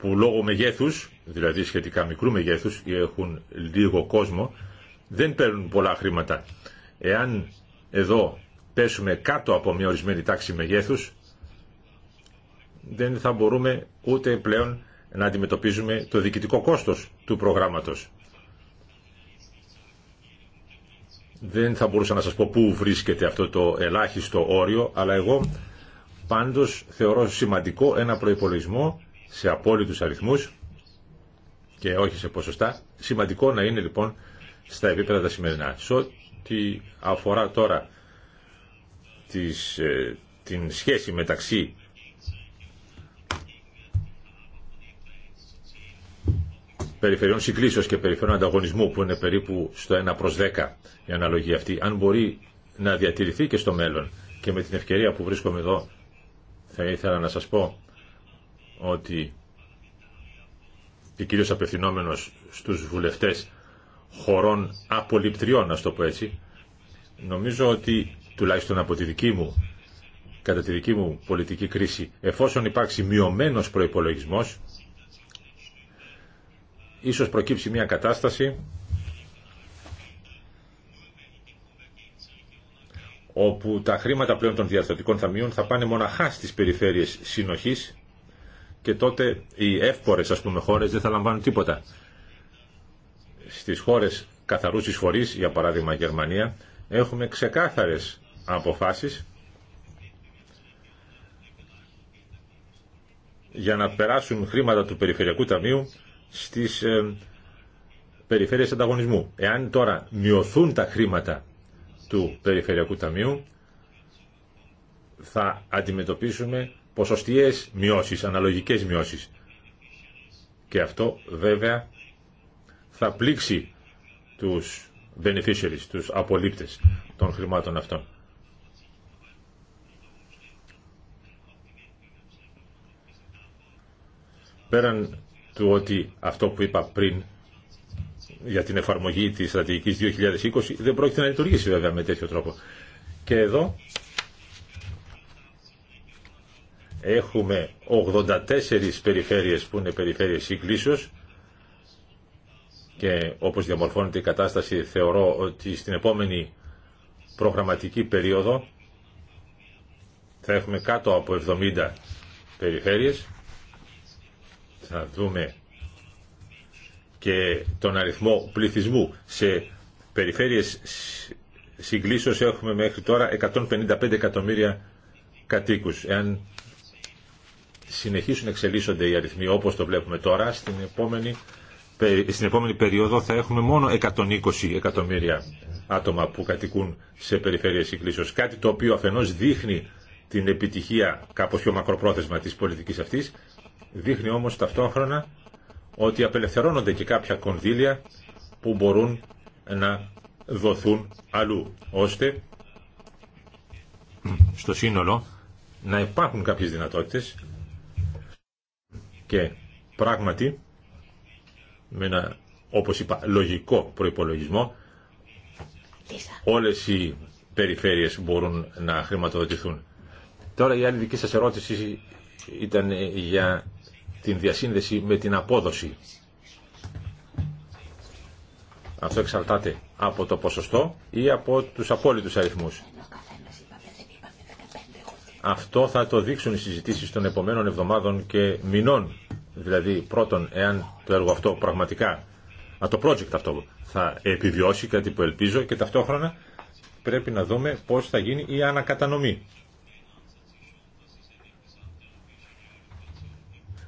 Speaker 2: που λόγω μεγέθους, δηλαδή σχετικά μικρού μεγέθους ή έχουν λίγο κόσμο, δεν παίρνουν πολλά χρήματα. Εάν εδώ πέσουμε κάτω από μια ορισμένη τάξη μεγέθους, δεν θα μπορούμε ούτε πλέον να αντιμετωπίζουμε το διοικητικό κόστος του προγράμματος. Δεν θα μπορούσα να σας πω πού βρίσκεται αυτό το ελάχιστο όριο, αλλά εγώ πάντως θεωρώ σημαντικό ένα προϋπολογισμό σε απόλυτους αριθμούς και όχι σε ποσοστά. Σημαντικό να είναι λοιπόν στα επίπεδα τα σημερινά. Σε ό,τι αφορά τώρα ε, την σχέση μεταξύ περιφερειών συγκλήσεως και περιφερειών ανταγωνισμού που είναι περίπου στο 1 προς 10 η αναλογία αυτή, αν μπορεί να διατηρηθεί και στο μέλλον και με την ευκαιρία που βρίσκομαι εδώ θα ήθελα να σας πω ότι και κυρίως απευθυνόμενος στους βουλευτές χωρών απολυπτριών, να το πω έτσι, νομίζω ότι τουλάχιστον από τη δική μου, κατά τη δική μου πολιτική κρίση, εφόσον υπάρξει μειωμένος προϋπολογισμός, ίσως προκύψει μια κατάσταση όπου τα χρήματα πλέον των θα ταμείων θα πάνε μοναχά στις περιφέρειες συνοχής και τότε οι εύπορες ας πούμε χώρες δεν θα λαμβάνουν τίποτα. Στις χώρες καθαρούς εισφορείς, για παράδειγμα Γερμανία, έχουμε ξεκάθαρες αποφάσεις για να περάσουν χρήματα του Περιφερειακού Ταμείου στις ε, περιφέρειες ανταγωνισμού. Εάν τώρα μειωθούν τα χρήματα του Περιφερειακού Ταμείου, θα αντιμετωπίσουμε ποσοστιαίες μειώσεις, αναλογικές μειώσεις. Και αυτό βέβαια θα πλήξει τους beneficiaries, τους απολύπτες των χρημάτων αυτών. Πέραν του ότι αυτό που είπα πριν για την εφαρμογή της στρατηγικής 2020 δεν πρόκειται να λειτουργήσει βέβαια με τέτοιο τρόπο. Και εδώ έχουμε 84 περιφέρειες που είναι περιφέρειες σύγκλησης και όπως διαμορφώνεται η κατάσταση θεωρώ ότι στην επόμενη προγραμματική περίοδο θα έχουμε κάτω από 70 περιφέρειες θα δούμε και τον αριθμό πληθυσμού σε περιφέρειες συγκλήσεως έχουμε μέχρι τώρα 155 εκατομμύρια κατοίκους εάν συνεχίσουν να εξελίσσονται οι αριθμοί όπως το βλέπουμε τώρα, στην επόμενη, στην επόμενη περίοδο θα έχουμε μόνο 120 εκατομμύρια άτομα που κατοικούν σε περιφέρειες συγκλήσεως. Κάτι το οποίο αφενός δείχνει την επιτυχία κάπως πιο μακροπρόθεσμα της πολιτικής αυτής, δείχνει όμως ταυτόχρονα ότι απελευθερώνονται και κάποια κονδύλια που μπορούν να δοθούν αλλού, ώστε στο σύνολο να υπάρχουν κάποιες δυνατότητες και πράγματι, με ένα, όπως είπα, λογικό προϋπολογισμό, όλες οι περιφέρειες μπορούν να χρηματοδοτηθούν. Τώρα η άλλη δική σας ερώτηση ήταν για την διασύνδεση με την απόδοση. Αυτό εξαρτάται από το ποσοστό ή από τους απόλυτους αριθμούς. Αυτό θα το δείξουν οι συζητήσεις των επομένων εβδομάδων και μηνών. Δηλαδή, πρώτον, εάν το έργο αυτό πραγματικά, α, το project αυτό θα επιβιώσει, κάτι που ελπίζω, και ταυτόχρονα πρέπει να δούμε πώς θα γίνει η ανακατανομή.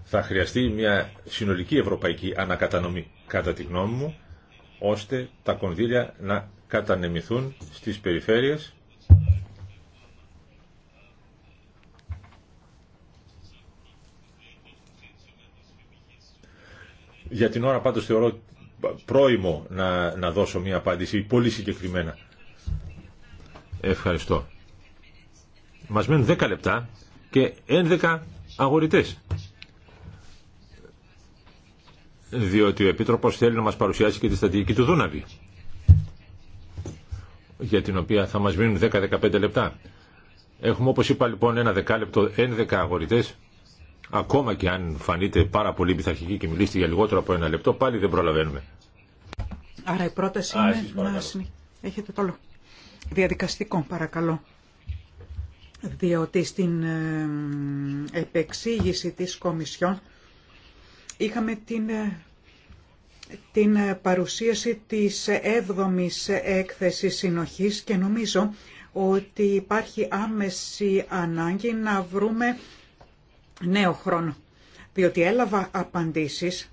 Speaker 2: Θα χρειαστεί μια συνολική ευρωπαϊκή ανακατανομή, κατά τη γνώμη μου, ώστε τα κονδύλια να κατανεμηθούν στις περιφέρειες Για την ώρα πάντως θεωρώ πρόημο να, να δώσω μια απάντηση πολύ συγκεκριμένα. Ευχαριστώ. Μας μένουν 10 λεπτά και 11 αγορητές. Διότι ο Επίτροπος θέλει να μας παρουσιάσει και τη στατική του Δούναβη για την οποία θα μας μείνουν 10-15 λεπτά. Έχουμε όπως είπα λοιπόν ένα δεκάλεπτο 11 αγορητές Ακόμα και αν φανείτε πάρα πολύ πειθαρχική και μιλήσετε για λιγότερο από ένα λεπτό, πάλι δεν προλαβαίνουμε.
Speaker 3: Άρα η πρόταση είναι να Έχετε το λόγο. Διαδικαστικό, παρακαλώ. Διότι στην ε, επεξήγηση της Κομισιόν είχαμε την ε, την ε, παρουσίαση της έβδομης έκθεσης συνοχής και νομίζω ότι υπάρχει άμεση ανάγκη να βρούμε νέο χρόνο, διότι έλαβα απαντήσεις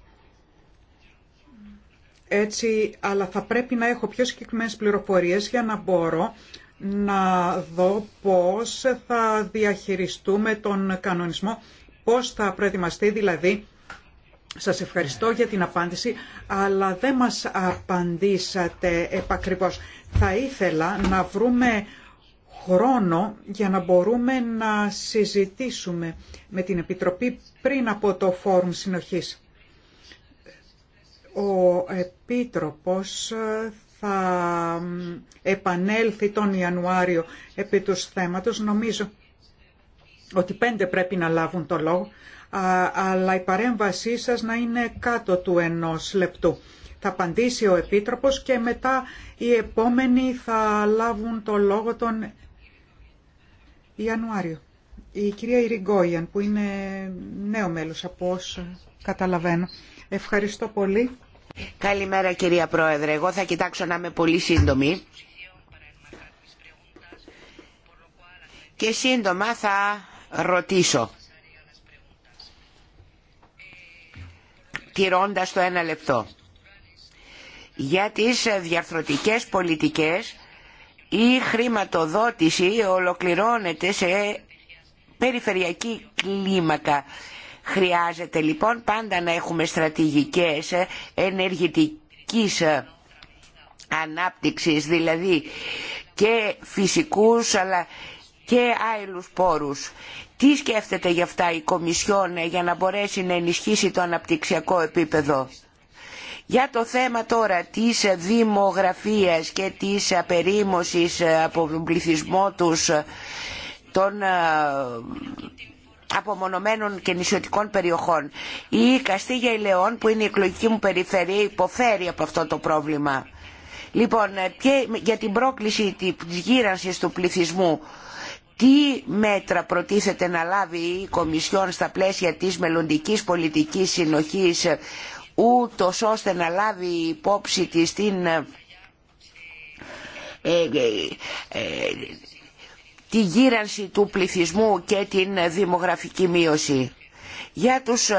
Speaker 3: έτσι, αλλά θα πρέπει να έχω πιο συγκεκριμένες πληροφορίες για να μπορώ να δω πώς θα διαχειριστούμε τον κανονισμό, πώς θα προετοιμαστεί δηλαδή. Σας ευχαριστώ για την απάντηση, αλλά δεν μας απαντήσατε επακριβώς. Θα ήθελα να βρούμε χρόνο για να μπορούμε να συζητήσουμε με την Επιτροπή πριν από το Φόρουμ Συνοχής. Ο Επίτροπος θα επανέλθει τον Ιανουάριο επί του θέματος. Νομίζω ότι πέντε πρέπει να λάβουν το λόγο, αλλά η παρέμβασή σας να είναι κάτω του ενός λεπτού. Θα απαντήσει ο Επίτροπος και μετά οι επόμενοι θα λάβουν το λόγο των Ιανουάριο. Η κυρία Ιριγκόιαν που είναι νέο μέλος από όσο καταλαβαίνω. Ευχαριστώ
Speaker 1: πολύ. Καλημέρα κυρία Πρόεδρε. Εγώ θα κοιτάξω να είμαι πολύ σύντομη. Και σύντομα θα ρωτήσω. Τηρώντας το ένα λεπτό. Για τις διαρθρωτικές πολιτικές η χρηματοδότηση ολοκληρώνεται σε περιφερειακή κλίμακα. Χρειάζεται λοιπόν πάντα να έχουμε στρατηγικές ενεργητικής ανάπτυξης, δηλαδή και φυσικούς αλλά και άειλους πόρους. Τι σκέφτεται γι' αυτά η Κομισιόν για να μπορέσει να ενισχύσει το αναπτυξιακό επίπεδο. Για το θέμα τώρα της δημογραφίας και της απερίμωσης από τον πληθυσμό τους των ε, απομονωμένων και νησιωτικών περιοχών. Η Καστίγια Ηλεών που είναι η εκλογική μου περιφέρεια υποφέρει από αυτό το πρόβλημα. Λοιπόν, ε, για την πρόκληση της γύρανσης του πληθυσμού, τι μέτρα προτίθεται να λάβει η Κομισιόν στα πλαίσια της μελλοντικής πολιτικής συνοχής ούτω ώστε να λάβει υπόψη τη την, ε, ε, ε, τη γύρανση του πληθυσμού και την δημογραφική μείωση. Για τους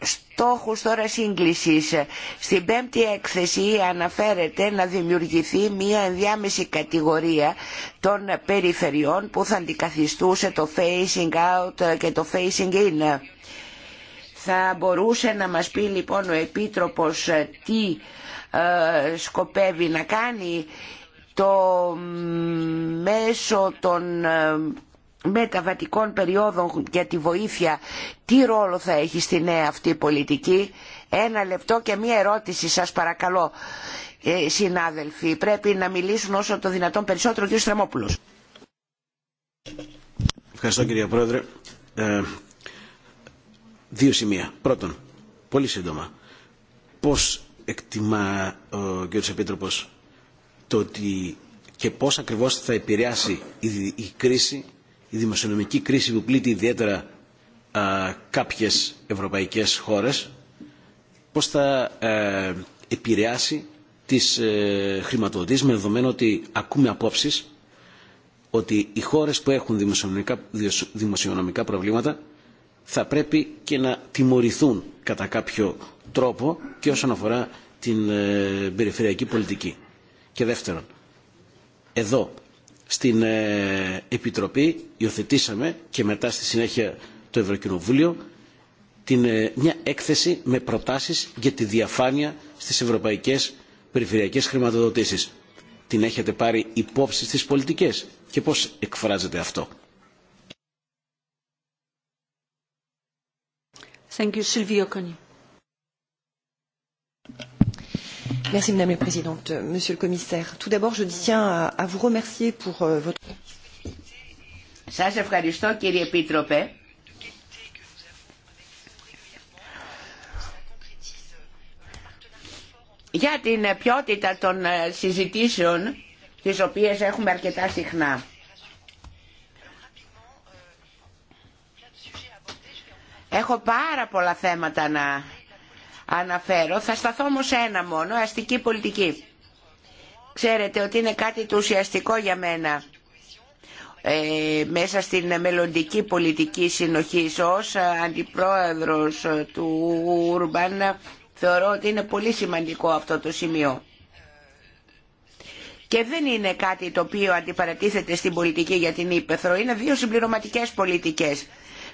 Speaker 1: στόχους τώρα σύγκλησης, στην πέμπτη έκθεση αναφέρεται να δημιουργηθεί μία ενδιάμεση κατηγορία των περιφερειών που θα αντικαθιστούσε το facing out και το facing in θα μπορούσε να μας πει λοιπόν ο Επίτροπος ε, τι ε, σκοπεύει να κάνει το μέσο των ε, μεταβατικών περιόδων για τη βοήθεια τι ρόλο θα έχει στη νέα αυτή πολιτική ένα λεπτό και μία ερώτηση σας παρακαλώ συνάδελφοι πρέπει να μιλήσουν όσο το δυνατόν περισσότερο ο κ. Στραμόπουλος
Speaker 4: Ευχαριστώ κύριε Πρόεδρε Δύο σημεία. Πρώτον, πολύ σύντομα, πώς εκτιμά ο κ. Επίτροπος το ότι και πώς ακριβώς θα επηρεάσει η κρίση, η δημοσιονομική κρίση που πλήττει ιδιαίτερα κάποιε κάποιες ευρωπαϊκές χώρες, πώς θα ε, επηρεάσει τις ε, χρηματοδοτήσεις με δεδομένο ότι ακούμε απόψεις ότι οι χώρες που έχουν δημοσιονομικά, δημοσιονομικά προβλήματα θα πρέπει και να τιμωρηθούν κατά κάποιο τρόπο και όσον αφορά την ε, περιφερειακή πολιτική. Και δεύτερον, εδώ στην ε, Επιτροπή υιοθετήσαμε και μετά στη συνέχεια το Ευρωκοινοβούλιο την, ε, μια έκθεση με προτάσεις για τη διαφάνεια στις ευρωπαϊκές περιφερειακές χρηματοδοτήσεις. Την έχετε πάρει υπόψη στις πολιτικές και πώς εκφράζεται αυτό.
Speaker 2: Merci Madame la Présidente, Monsieur le Commissaire. Tout d'abord, je tiens à vous remercier pour votre.
Speaker 1: Έχω πάρα πολλά θέματα να αναφέρω. Θα σταθώ όμως σε ένα μόνο, αστική πολιτική. Ξέρετε ότι είναι κάτι το ουσιαστικό για μένα ε, μέσα στην μελλοντική πολιτική συνοχή ως αντιπρόεδρος του Ουρμπαν θεωρώ ότι είναι πολύ σημαντικό αυτό το σημείο. Και δεν είναι κάτι το οποίο αντιπαρατίθεται στην πολιτική για την Ήπεθρο. Είναι δύο συμπληρωματικές πολιτικές.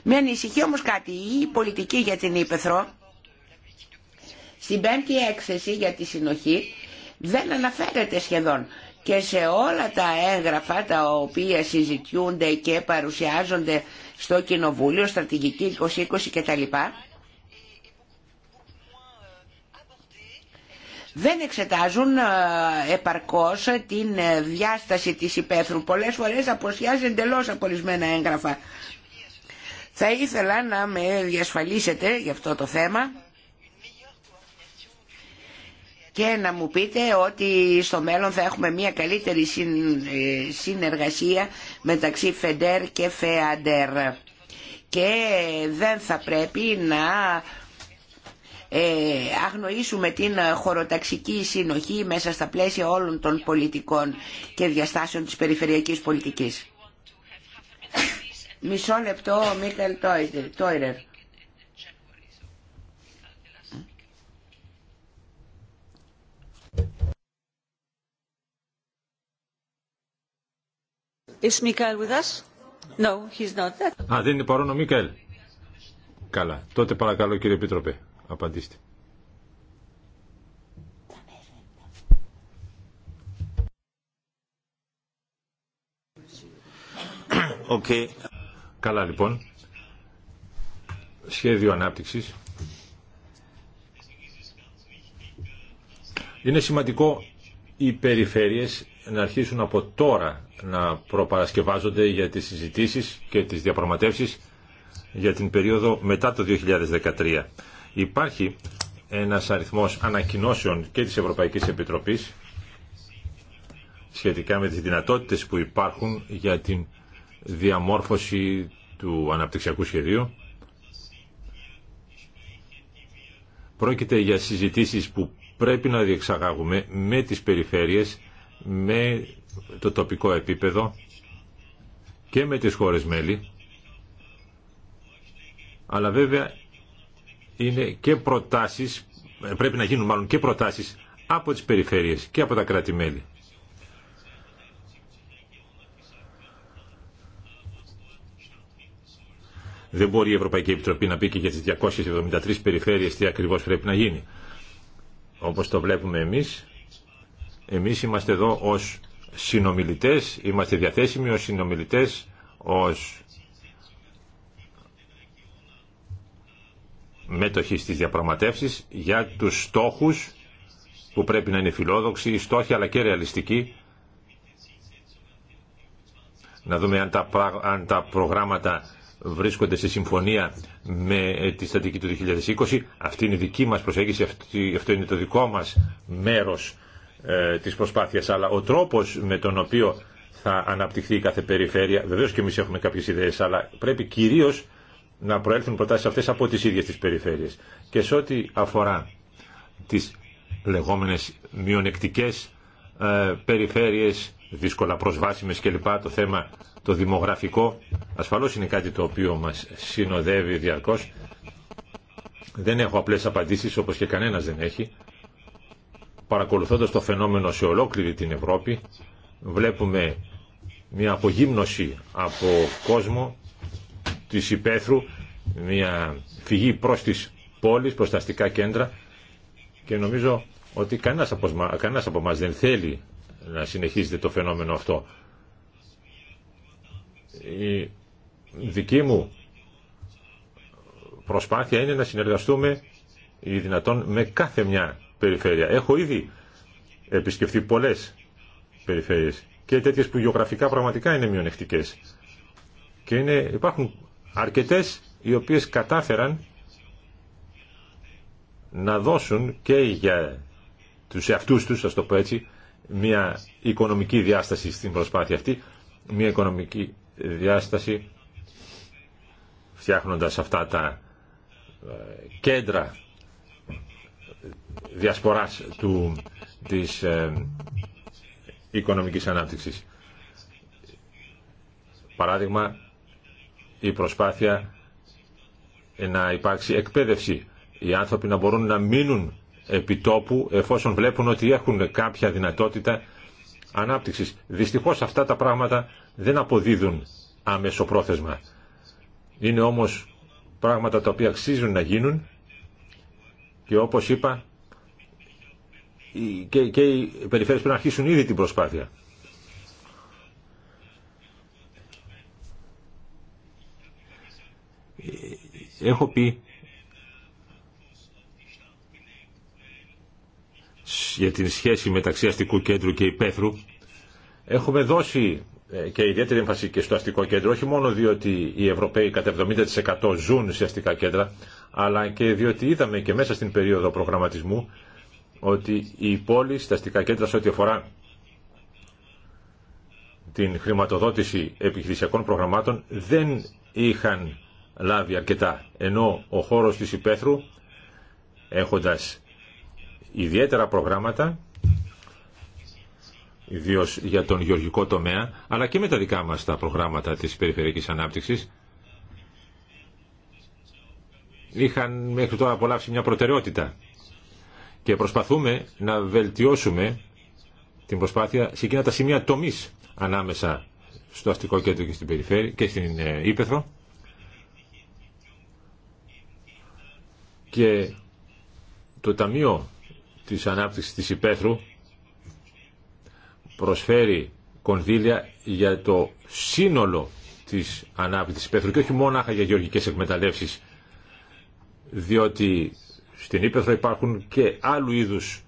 Speaker 1: Με ανησυχεί όμως κάτι η πολιτική για την Ήπεθρο. Στην πέμπτη έκθεση για τη συνοχή δεν αναφέρεται σχεδόν και σε όλα τα έγγραφα τα οποία συζητιούνται και παρουσιάζονται στο Κοινοβούλιο, Στρατηγική 2020 κτλ. δεν εξετάζουν ε, επαρκώς την ε, διάσταση της υπαίθρου. Πολλές φορές αποσιάζει εντελώς απολυσμένα έγγραφα θα ήθελα να με διασφαλίσετε για αυτό το θέμα και να μου πείτε ότι στο μέλλον θα έχουμε μια καλύτερη συνεργασία μεταξύ ΦΕΝΤΕΡ και ΦΕΑΝΤΕΡ και δεν θα πρέπει να ε, αγνοήσουμε την χωροταξική συνοχή μέσα στα πλαίσια όλων των πολιτικών και διαστάσεων της περιφερειακής πολιτικής. Μισό λεπτό ο Μίχαλ Τόιρερ.
Speaker 3: Is Mikael with us? No, he's not. That...
Speaker 2: Α, δεν είναι παρόν ο Μίχαλ. Καλά. Τότε παρακαλώ κύριε Επίτροπε, απαντήστε. Okay. Καλά λοιπόν, σχέδιο ανάπτυξης. Είναι σημαντικό οι περιφέρειες να αρχίσουν από τώρα να προπαρασκευάζονται για τις συζητήσεις και τις διαπραγματεύσεις για την περίοδο μετά το 2013. Υπάρχει ένας αριθμός ανακοινώσεων και της Ευρωπαϊκής Επιτροπής σχετικά με τις δυνατότητες που υπάρχουν για την διαμόρφωση του αναπτυξιακού σχεδίου. Πρόκειται για συζητήσεις που πρέπει να διεξαγάγουμε με τις περιφέρειες, με το τοπικό επίπεδο και με τις χώρες μέλη. Αλλά βέβαια είναι και προτάσεις, πρέπει να γίνουν μάλλον και προτάσεις από τις περιφέρειες και από τα κράτη-μέλη. Δεν μπορεί η Ευρωπαϊκή Επιτροπή να πει και για τι 273 περιφέρειες τι ακριβώς πρέπει να γίνει. Όπως το βλέπουμε εμείς, εμείς είμαστε εδώ ως συνομιλητές, είμαστε διαθέσιμοι ως συνομιλητέ ως μέτοχοι στι διαπραγματεύσει για τους στόχους που πρέπει να είναι φιλόδοξοι, στόχοι αλλά και ρεαλιστικοί. Να δούμε αν τα, αν τα προγράμματα βρίσκονται σε συμφωνία με ε, τη στατική του 2020. Αυτή είναι η δική μας προσέγγιση, αυτό είναι το δικό μας μέρος ε, της προσπάθειας. Αλλά ο τρόπος με τον οποίο θα αναπτυχθεί η κάθε περιφέρεια, βεβαίως και εμείς έχουμε κάποιες ιδέες, αλλά πρέπει κυρίως να προέλθουν προτάσεις αυτές από τις ίδιες τις περιφέρειες. Και σε ό,τι αφορά τις λεγόμενες μειονεκτικές ε, περιφέρειες δύσκολα προσβάσιμες κλπ. Το θέμα το δημογραφικό ασφαλώς είναι κάτι το οποίο μας συνοδεύει διαρκώς. Δεν έχω απλές απαντήσεις όπως και κανένας δεν έχει. Παρακολουθώντας το φαινόμενο σε ολόκληρη την Ευρώπη βλέπουμε μια απογύμνωση από κόσμο της υπαίθρου, μια φυγή προς τις πόλεις, προς τα αστικά κέντρα και νομίζω ότι κανένας από, κανένας δεν θέλει να συνεχίζεται το φαινόμενο αυτό. Η δική μου προσπάθεια είναι να συνεργαστούμε ή δυνατόν με κάθε μια περιφέρεια. Έχω ήδη επισκεφθεί πολλές περιφέρειες και τέτοιες που γεωγραφικά πραγματικά είναι μειονεκτικές. Και είναι, υπάρχουν αρκετές οι οποίες κατάφεραν να δώσουν και για τους εαυτούς τους, ας το πω έτσι, μια οικονομική διάσταση στην προσπάθεια αυτή, μια οικονομική διάσταση φτιάχνοντας αυτά τα ε, κέντρα διασποράς του, της ε, οικονομικής ανάπτυξης. Παράδειγμα, η προσπάθεια να υπάρξει εκπαίδευση, οι άνθρωποι να μπορούν να μείνουν επιτόπου εφόσον βλέπουν ότι έχουν κάποια δυνατότητα ανάπτυξης. Δυστυχώς αυτά τα πράγματα δεν αποδίδουν πρόθεσμα Είναι όμως πράγματα τα οποία αξίζουν να γίνουν και όπως είπα και, και οι περιφέρειες πρέπει να αρχίσουν ήδη την προσπάθεια. Ε, έχω πει για την σχέση μεταξύ αστικού κέντρου και υπαίθρου έχουμε δώσει ε, και ιδιαίτερη έμφαση και στο αστικό κέντρο, όχι μόνο διότι οι Ευρωπαίοι κατά 70% ζουν σε αστικά κέντρα, αλλά και διότι είδαμε και μέσα στην περίοδο προγραμματισμού ότι οι πόλεις, τα αστικά κέντρα σε ό,τι αφορά την χρηματοδότηση επιχειρησιακών προγραμμάτων δεν είχαν λάβει αρκετά, ενώ ο χώρος της υπαίθρου έχοντας ιδιαίτερα προγράμματα, ιδίω για τον γεωργικό τομέα, αλλά και με τα δικά μας τα προγράμματα της περιφερειακής ανάπτυξης, είχαν μέχρι τώρα απολαύσει μια προτεραιότητα και προσπαθούμε να βελτιώσουμε την προσπάθεια σε εκείνα τα σημεία τομής ανάμεσα στο αστικό κέντρο και στην περιφέρεια και στην ε, Ήπεθρο και το Ταμείο της ανάπτυξης της υπαίθρου προσφέρει κονδύλια για το σύνολο της ανάπτυξης της υπαίθρου και όχι μόναχα για γεωργικές εκμεταλλεύσεις διότι στην Ήπεθρο υπάρχουν και άλλου είδους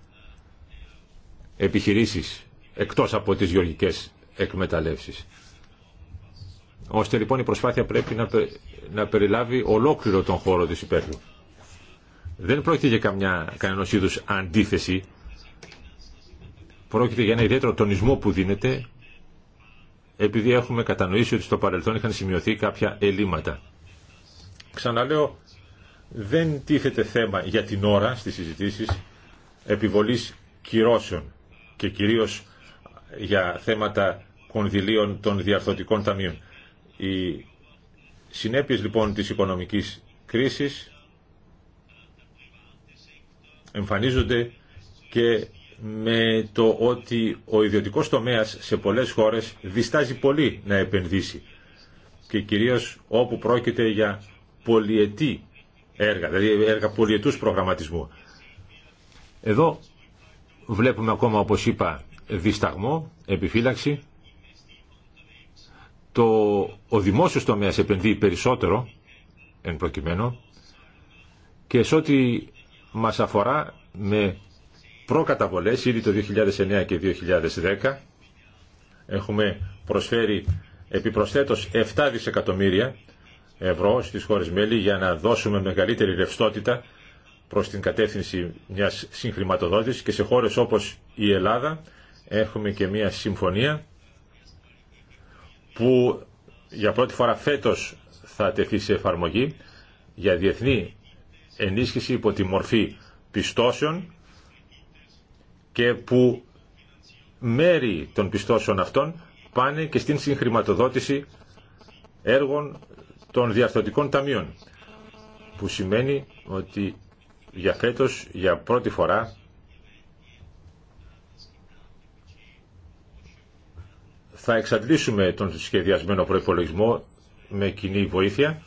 Speaker 2: επιχειρήσεις εκτός από τις γεωργικές εκμεταλλεύσεις. Ώστε λοιπόν η προσπάθεια πρέπει να, περιλάβει ολόκληρο τον χώρο της Υπέθρου δεν πρόκειται για καμιά, κανένας είδους αντίθεση. Πρόκειται για ένα ιδιαίτερο τονισμό που δίνεται επειδή έχουμε κατανοήσει ότι στο παρελθόν είχαν σημειωθεί κάποια ελλείμματα. Ξαναλέω, δεν τίθεται θέμα για την ώρα στις συζητήσεις επιβολής κυρώσεων και κυρίως για θέματα κονδυλίων των διαρθωτικών ταμείων. Οι συνέπειες λοιπόν της οικονομικής κρίσης εμφανίζονται και με το ότι ο ιδιωτικός τομέας σε πολλές χώρες διστάζει πολύ να επενδύσει και κυρίως όπου πρόκειται για πολυετή έργα, δηλαδή έργα πολυετούς προγραμματισμού. Εδώ βλέπουμε ακόμα, όπως είπα, δισταγμό, επιφύλαξη. Το, ο δημόσιος τομέας επενδύει περισσότερο, εν προκειμένου, και σε ό,τι μας αφορά με προκαταβολές ήδη το 2009 και 2010. Έχουμε προσφέρει επιπροσθέτως 7 δισεκατομμύρια ευρώ στις χώρες μέλη για να δώσουμε μεγαλύτερη ρευστότητα προς την κατεύθυνση μιας συγχρηματοδότησης και σε χώρες όπως η Ελλάδα έχουμε και μια συμφωνία που για πρώτη φορά φέτος θα τεθεί σε εφαρμογή για διεθνή ενίσχυση υπό τη μορφή πιστώσεων και που μέρη των πιστώσεων αυτών πάνε και στην συγχρηματοδότηση έργων των διαρθρωτικών ταμείων που σημαίνει ότι για φέτος για πρώτη φορά θα εξαντλήσουμε τον σχεδιασμένο προϋπολογισμό με κοινή βοήθεια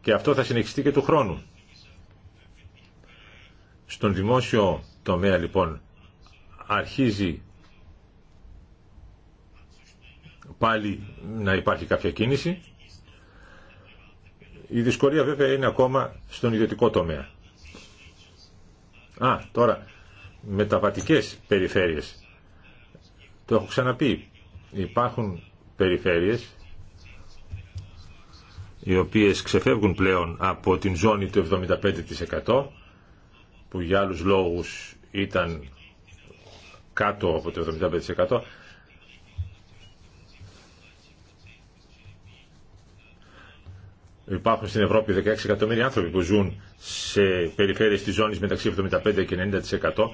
Speaker 2: και αυτό θα συνεχιστεί και του χρόνου. Στον δημόσιο τομέα λοιπόν αρχίζει πάλι να υπάρχει κάποια κίνηση. Η δυσκολία βέβαια είναι ακόμα στον ιδιωτικό τομέα. Α, τώρα, μεταβατικές περιφέρειες. Το έχω ξαναπεί. Υπάρχουν περιφέρειες οι οποίες ξεφεύγουν πλέον από την ζώνη του 75% που για άλλους λόγους ήταν κάτω από το 75% Υπάρχουν στην Ευρώπη 16 εκατομμύρια άνθρωποι που ζουν σε περιφέρειες της ζώνης μεταξύ 75% και 90%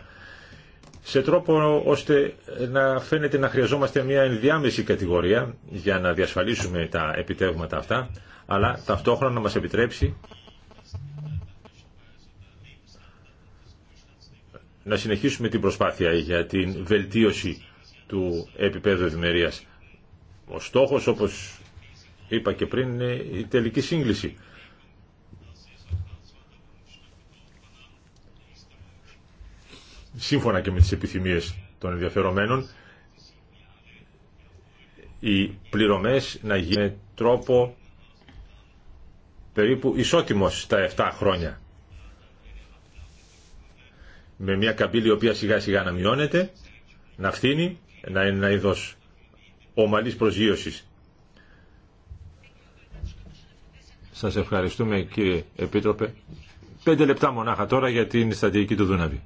Speaker 2: σε τρόπο ώστε να φαίνεται να χρειαζόμαστε μια ενδιάμεση κατηγορία για να διασφαλίσουμε τα επιτεύγματα αυτά αλλά ταυτόχρονα να μας επιτρέψει να συνεχίσουμε την προσπάθεια για την βελτίωση του επίπεδου ευημερίας. Ο στόχος, όπως είπα και πριν, είναι η τελική σύγκληση. Σύμφωνα και με τις επιθυμίες των ενδιαφερομένων, οι πληρωμές να γίνουν τρόπο περίπου ισότιμος τα 7 χρόνια με μια καμπύλη η οποία σιγά σιγά να μειώνεται, να φθήνει, να είναι ένα είδο ομαλής προσγείωση. Σα ευχαριστούμε κύριε Επίτροπε. Πέντε λεπτά μονάχα τώρα για την στατική του Δούναβη.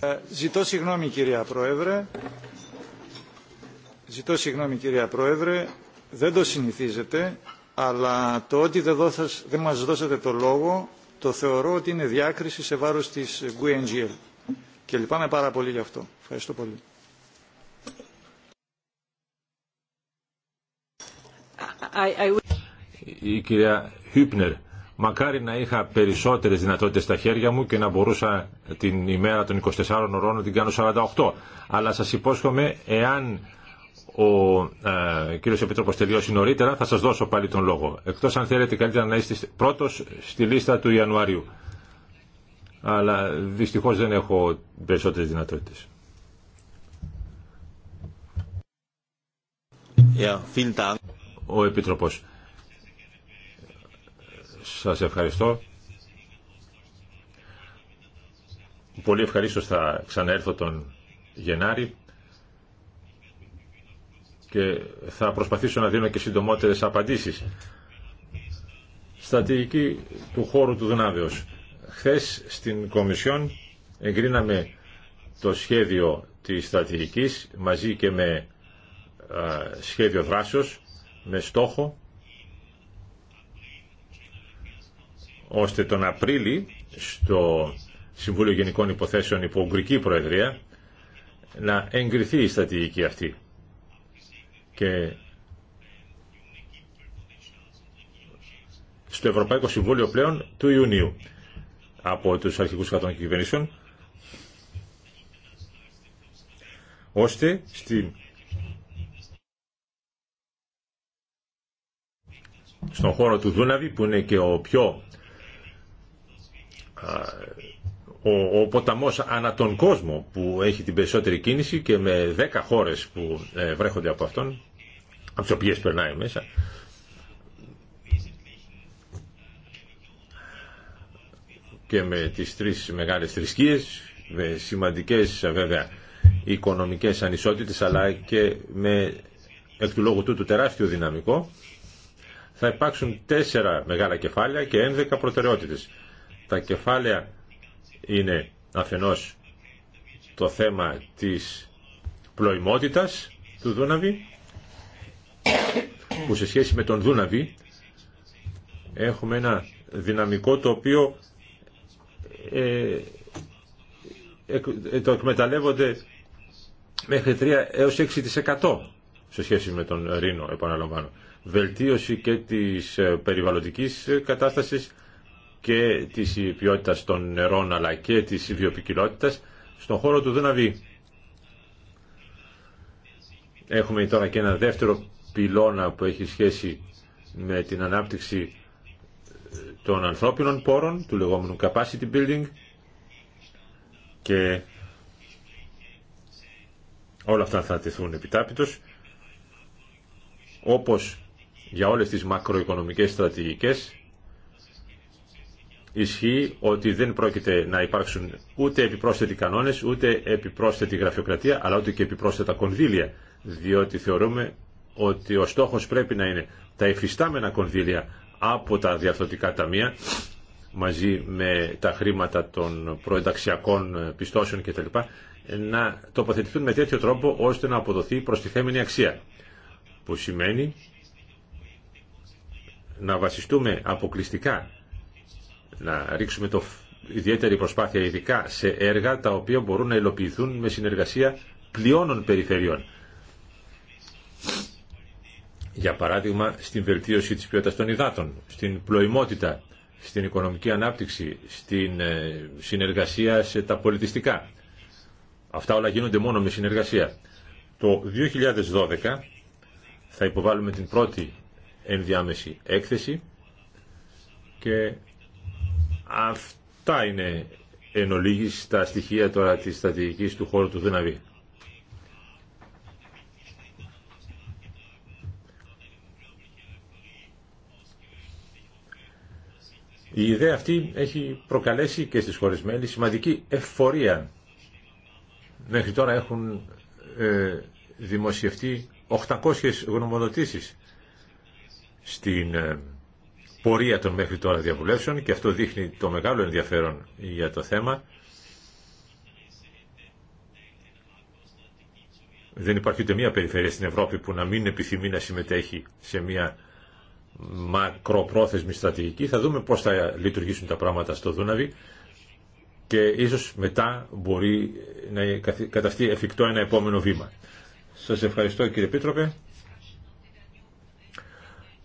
Speaker 2: Ε, ζητώ συγγνώμη κυρία Πρόεδρε. Ζητώ συγγνώμη κυρία Πρόεδρε. Δεν το συνηθίζετε αλλά το ότι δεν, μας δώσατε το λόγο το θεωρώ ότι είναι διάκριση σε βάρος της GUNGL και λυπάμαι πάρα πολύ γι' αυτό. Ευχαριστώ πολύ. Η κυρία Χύπνερ, μακάρι να είχα περισσότερες δυνατότητες στα χέρια μου και να μπορούσα την ημέρα των 24 ωρών να την κάνω 48. Αλλά σας υπόσχομαι, εάν ο ε, κύριος Επιτρόπος τελειώσει νωρίτερα, θα σας δώσω πάλι τον λόγο. Εκτός αν θέλετε καλύτερα να είστε πρώτος στη λίστα του Ιανουαρίου. Αλλά δυστυχώς δεν έχω περισσότερε δυνατότητε. Yeah, ο επίτροπο. Σας ευχαριστώ. Πολύ ευχαριστώ θα ξαναέρθω τον Γενάρη και θα προσπαθήσω να δίνω και συντομότερες απαντήσεις. Στατηρική του χώρου του Δουνάβεως. Χθες στην Κομισιόν εγκρίναμε το σχέδιο της στρατηγικής μαζί και με σχέδιο δράσεως με στόχο ώστε τον Απρίλη στο Συμβούλιο Γενικών Υποθέσεων υπό Ουγγρική Προεδρία να εγκριθεί η στρατηγική αυτή και στο Ευρωπαϊκό Συμβούλιο πλέον του Ιουνίου από τους αρχικούς κατών κυβερνήσεων ώστε στον χώρο του Δούναβη που είναι και ο πιο ο, ο ποταμός ανά τον κόσμο που έχει την περισσότερη κίνηση και με 10 χώρες που ε, βρέχονται από αυτόν από τις οποίες περνάει μέσα. Και με τις τρεις μεγάλες θρησκείες, με σημαντικές βέβαια οικονομικές ανισότητες, αλλά και με εκ του λόγου τούτου τεράστιο δυναμικό, θα υπάρξουν τέσσερα μεγάλα κεφάλαια και ένδεκα προτεραιότητες. Τα κεφάλαια είναι αφενός το θέμα της πλοημότητας του Δούναβη, που σε σχέση με τον Δούναβη έχουμε ένα δυναμικό το οποίο ε, ε, το εκμεταλλεύονται μέχρι 3 έως 6% σε σχέση με τον Ρήνο, επαναλαμβάνω. Βελτίωση και της ε, περιβαλλοντικής κατάστασης και της ποιότητας των νερών αλλά και της βιοπικιλότητας στον χώρο του Δούναβη. Έχουμε τώρα και ένα δεύτερο πυλώνα που έχει σχέση με την ανάπτυξη ε, των ανθρώπινων πόρων, του λεγόμενου capacity building και όλα αυτά θα τεθούν επιτάπητος όπως για όλες τις μακροοικονομικές στρατηγικές ισχύει ότι δεν πρόκειται να υπάρξουν ούτε επιπρόσθετοι κανόνες, ούτε επιπρόσθετη γραφειοκρατία, αλλά ούτε και επιπρόσθετα κονδύλια, διότι θεωρούμε ότι ο στόχος πρέπει να είναι τα εφιστάμενα κονδύλια από τα διαθωτικά ταμεία μαζί με τα χρήματα των προενταξιακών πιστώσεων κτλ. να τοποθετηθούν με τέτοιο τρόπο ώστε να αποδοθεί προστιθέμενη αξία που σημαίνει να βασιστούμε αποκλειστικά να ρίξουμε το ιδιαίτερη προσπάθεια ειδικά σε έργα τα οποία μπορούν να υλοποιηθούν με συνεργασία πλειώνων περιφερειών για παράδειγμα στην βελτίωση της ποιότητας των υδάτων, στην πλοημότητα, στην οικονομική ανάπτυξη, στην ε, συνεργασία σε τα πολιτιστικά. Αυτά όλα γίνονται μόνο με συνεργασία. Το 2012 θα υποβάλουμε την πρώτη ενδιάμεση έκθεση και αυτά είναι εν ολίγης τα στοιχεία τώρα της στρατηγικής του χώρου του Δουναβή. Η ιδέα αυτή έχει προκαλέσει και στις χώρες μέλη σημαντική ευφορία. Μέχρι τώρα έχουν ε, δημοσιευτεί 800 γνωμοδοτήσεις στην ε, πορεία των μέχρι τώρα διαβουλεύσεων και αυτό δείχνει το μεγάλο ενδιαφέρον για το θέμα. Δεν υπάρχει ούτε μία περιφέρεια στην Ευρώπη που να μην επιθυμεί να συμμετέχει σε μία μακροπρόθεσμη στρατηγική. Θα δούμε πώς θα λειτουργήσουν τα πράγματα στο Δούναβι και ίσως μετά μπορεί να καταστεί εφικτό ένα επόμενο βήμα. Σας ευχαριστώ κύριε Πίτροπε.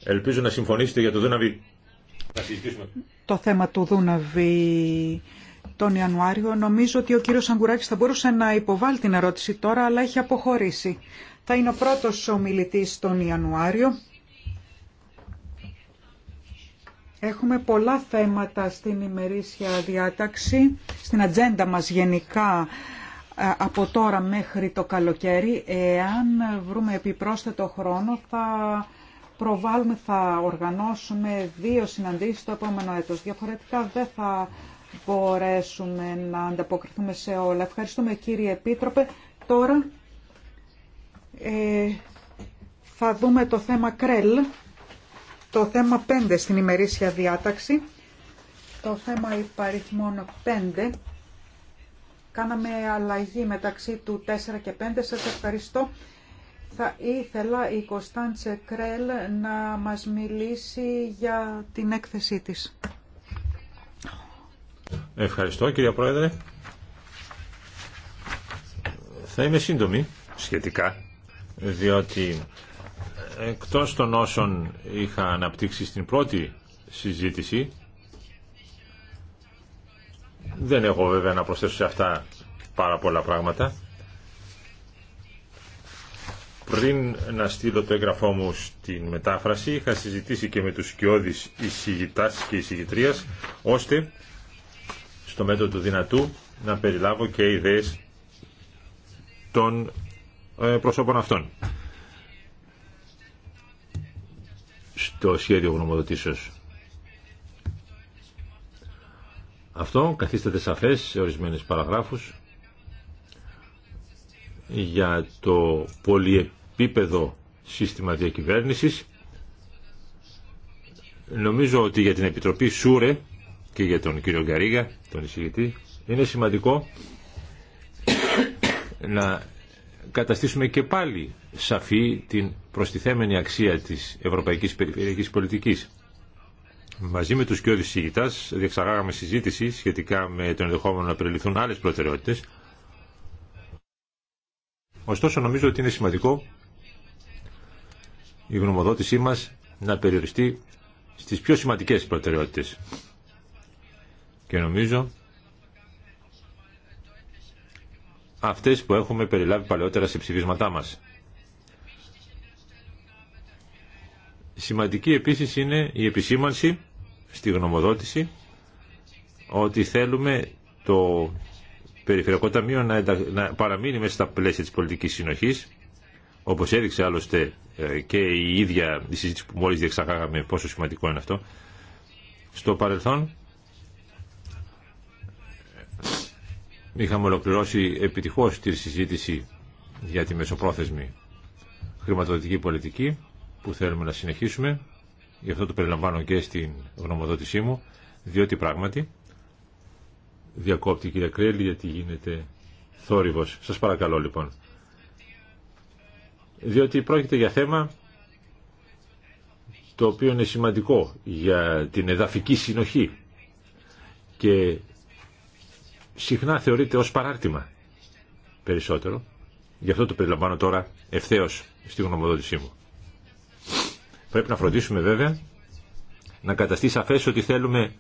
Speaker 2: Ελπίζω να συμφωνήσετε για το Δούναβι.
Speaker 3: Το θέμα του Δούναβι τον Ιανουάριο νομίζω ότι ο κύριος Αγκουράκης θα μπορούσε να υποβάλει την ερώτηση τώρα αλλά έχει αποχωρήσει. Θα είναι ο πρώτος ομιλητής τον Ιανουάριο Έχουμε πολλά θέματα στην ημερήσια διάταξη, στην ατζέντα μας γενικά ε, από τώρα μέχρι το καλοκαίρι. Εάν βρούμε επιπρόσθετο χρόνο θα προβάλλουμε, θα οργανώσουμε δύο συναντήσεις το επόμενο έτος. Διαφορετικά δεν θα μπορέσουμε να ανταποκριθούμε σε όλα. Ευχαριστούμε κύριε Επίτροπε. Τώρα ε, θα δούμε το θέμα ΚΡΕΛ. Το θέμα 5 στην ημερήσια διάταξη. Το θέμα υπαριθμών 5. Κάναμε αλλαγή μεταξύ του 4 και 5. Σας ευχαριστώ. Θα ήθελα η Κωνσταντσε Κρέλ να μας μιλήσει για την έκθεσή της.
Speaker 2: Ευχαριστώ κυρία Πρόεδρε. Θα είμαι σύντομη σχετικά, διότι εκτός των όσων είχα αναπτύξει στην πρώτη συζήτηση δεν έχω βέβαια να προσθέσω σε αυτά πάρα πολλά πράγματα πριν να στείλω το έγγραφό μου στην μετάφραση είχα συζητήσει και με τους σκιώδεις εισηγητάς και εισηγητρίας ώστε στο μέτρο του δυνατού να περιλάβω και ιδέες των ε, προσώπων αυτών. το σχέδιο γνωμοδοτήσεω. Αυτό καθίσταται σαφέ σε ορισμένες παραγράφους για το πολυεπίπεδο σύστημα διακυβέρνησης. Νομίζω ότι για την Επιτροπή ΣΟΥΡΕ και για τον κύριο Γκαρίγα, τον εισηγητή, είναι σημαντικό να καταστήσουμε και πάλι σαφή την προστιθέμενη αξία της ευρωπαϊκής περιφερειακής πολιτικής. Μαζί με τους κοιόδης συγητάς διεξαγάγαμε συζήτηση σχετικά με το ενδεχόμενο να περιληφθούν άλλες προτεραιότητες. Ωστόσο νομίζω ότι είναι σημαντικό η γνωμοδότησή μας να περιοριστεί στις πιο σημαντικές προτεραιότητες. Και νομίζω αυτές που έχουμε περιλάβει παλαιότερα σε ψηφίσματά μας. Σημαντική επίσης είναι η επισήμανση στη γνωμοδότηση ότι θέλουμε το Περιφερειακό Ταμείο να, παραμείνει μέσα στα πλαίσια της πολιτικής συνοχής όπως έδειξε άλλωστε ε, και η ίδια η συζήτηση που μόλις διεξαγάγαμε πόσο σημαντικό είναι αυτό στο παρελθόν είχαμε ολοκληρώσει επιτυχώς τη συζήτηση για τη μεσοπρόθεσμη χρηματοδοτική πολιτική που θέλουμε να συνεχίσουμε. Γι' αυτό το περιλαμβάνω και στην γνωμοδότησή μου, διότι πράγματι διακόπτει η κυρία Κρέλη γιατί γίνεται θόρυβος. Σας παρακαλώ λοιπόν. Διότι πρόκειται για θέμα το οποίο είναι σημαντικό για την εδαφική συνοχή και συχνά θεωρείται ως παράρτημα περισσότερο. Γι' αυτό το περιλαμβάνω τώρα ευθέω στη γνωμοδότησή μου. Πρέπει να φροντίσουμε βέβαια να καταστεί σαφές ότι θέλουμε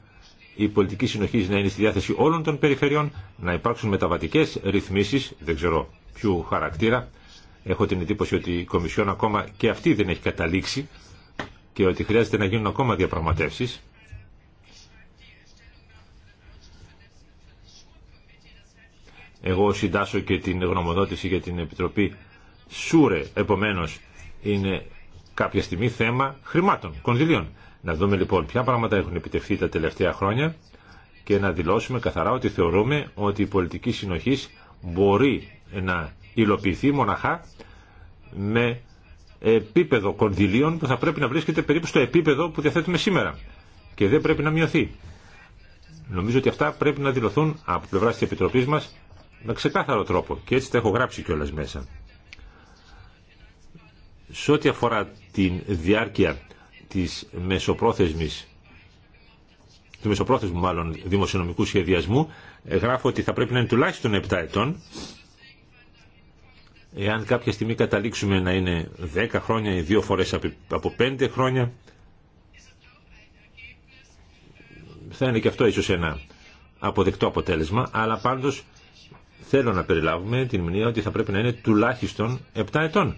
Speaker 2: η πολιτική συνοχή να είναι στη διάθεση όλων των περιφερειών, να υπάρξουν μεταβατικές ρυθμίσεις, δεν ξέρω ποιου χαρακτήρα. Έχω την εντύπωση ότι η Κομισιόν ακόμα και αυτή δεν έχει καταλήξει και ότι χρειάζεται να γίνουν ακόμα διαπραγματεύσεις Εγώ συντάσω και την γνωμοδότηση για την Επιτροπή Σούρε, επομένως είναι κάποια στιγμή θέμα χρημάτων, κονδυλίων. Να δούμε λοιπόν ποια πράγματα έχουν επιτευχθεί τα τελευταία χρόνια και να δηλώσουμε καθαρά ότι θεωρούμε ότι η πολιτική συνοχή μπορεί να υλοποιηθεί μοναχά με επίπεδο κονδυλίων που θα πρέπει να βρίσκεται περίπου στο επίπεδο που διαθέτουμε σήμερα και δεν πρέπει να μειωθεί. Νομίζω ότι αυτά πρέπει να δηλωθούν από πλευρά τη Επιτροπή μα με ξεκάθαρο τρόπο και έτσι τα έχω γράψει κιόλας μέσα. Σε ό,τι αφορά την διάρκεια της μεσοπρόθεσμης του μεσοπρόθεσμου μάλλον δημοσιονομικού σχεδιασμού γράφω ότι θα πρέπει να είναι τουλάχιστον 7 ετών εάν κάποια στιγμή καταλήξουμε να είναι 10 χρόνια ή δύο φορές από 5 χρόνια θα είναι και αυτό ίσως ένα αποδεκτό αποτέλεσμα αλλά πάντως θέλω να περιλάβουμε την μνήμα ότι θα πρέπει να είναι τουλάχιστον 7 ετών.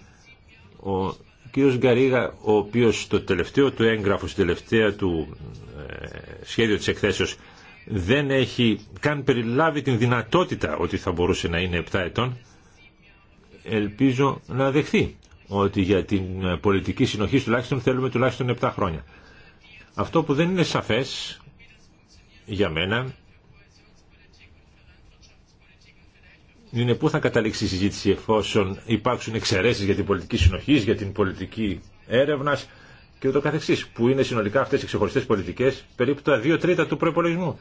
Speaker 2: Ο κ. Γκαρίγα, ο οποίος στο τελευταίο του έγγραφο, στη τελευταία του ε, σχέδιο της εκθέσεως δεν έχει καν περιλάβει την δυνατότητα ότι θα μπορούσε να είναι 7 ετών, ελπίζω να δεχθεί ότι για την πολιτική συνοχή τουλάχιστον θέλουμε τουλάχιστον 7 χρόνια. Αυτό που δεν είναι σαφές για μένα είναι πού θα καταλήξει η συζήτηση εφόσον υπάρξουν εξαιρέσεις για την πολιτική συνοχή, για την πολιτική έρευνα και ούτω καθεξής, που είναι συνολικά αυτές οι ξεχωριστές πολιτικές περίπου τα 2 τρίτα του προπολογισμού.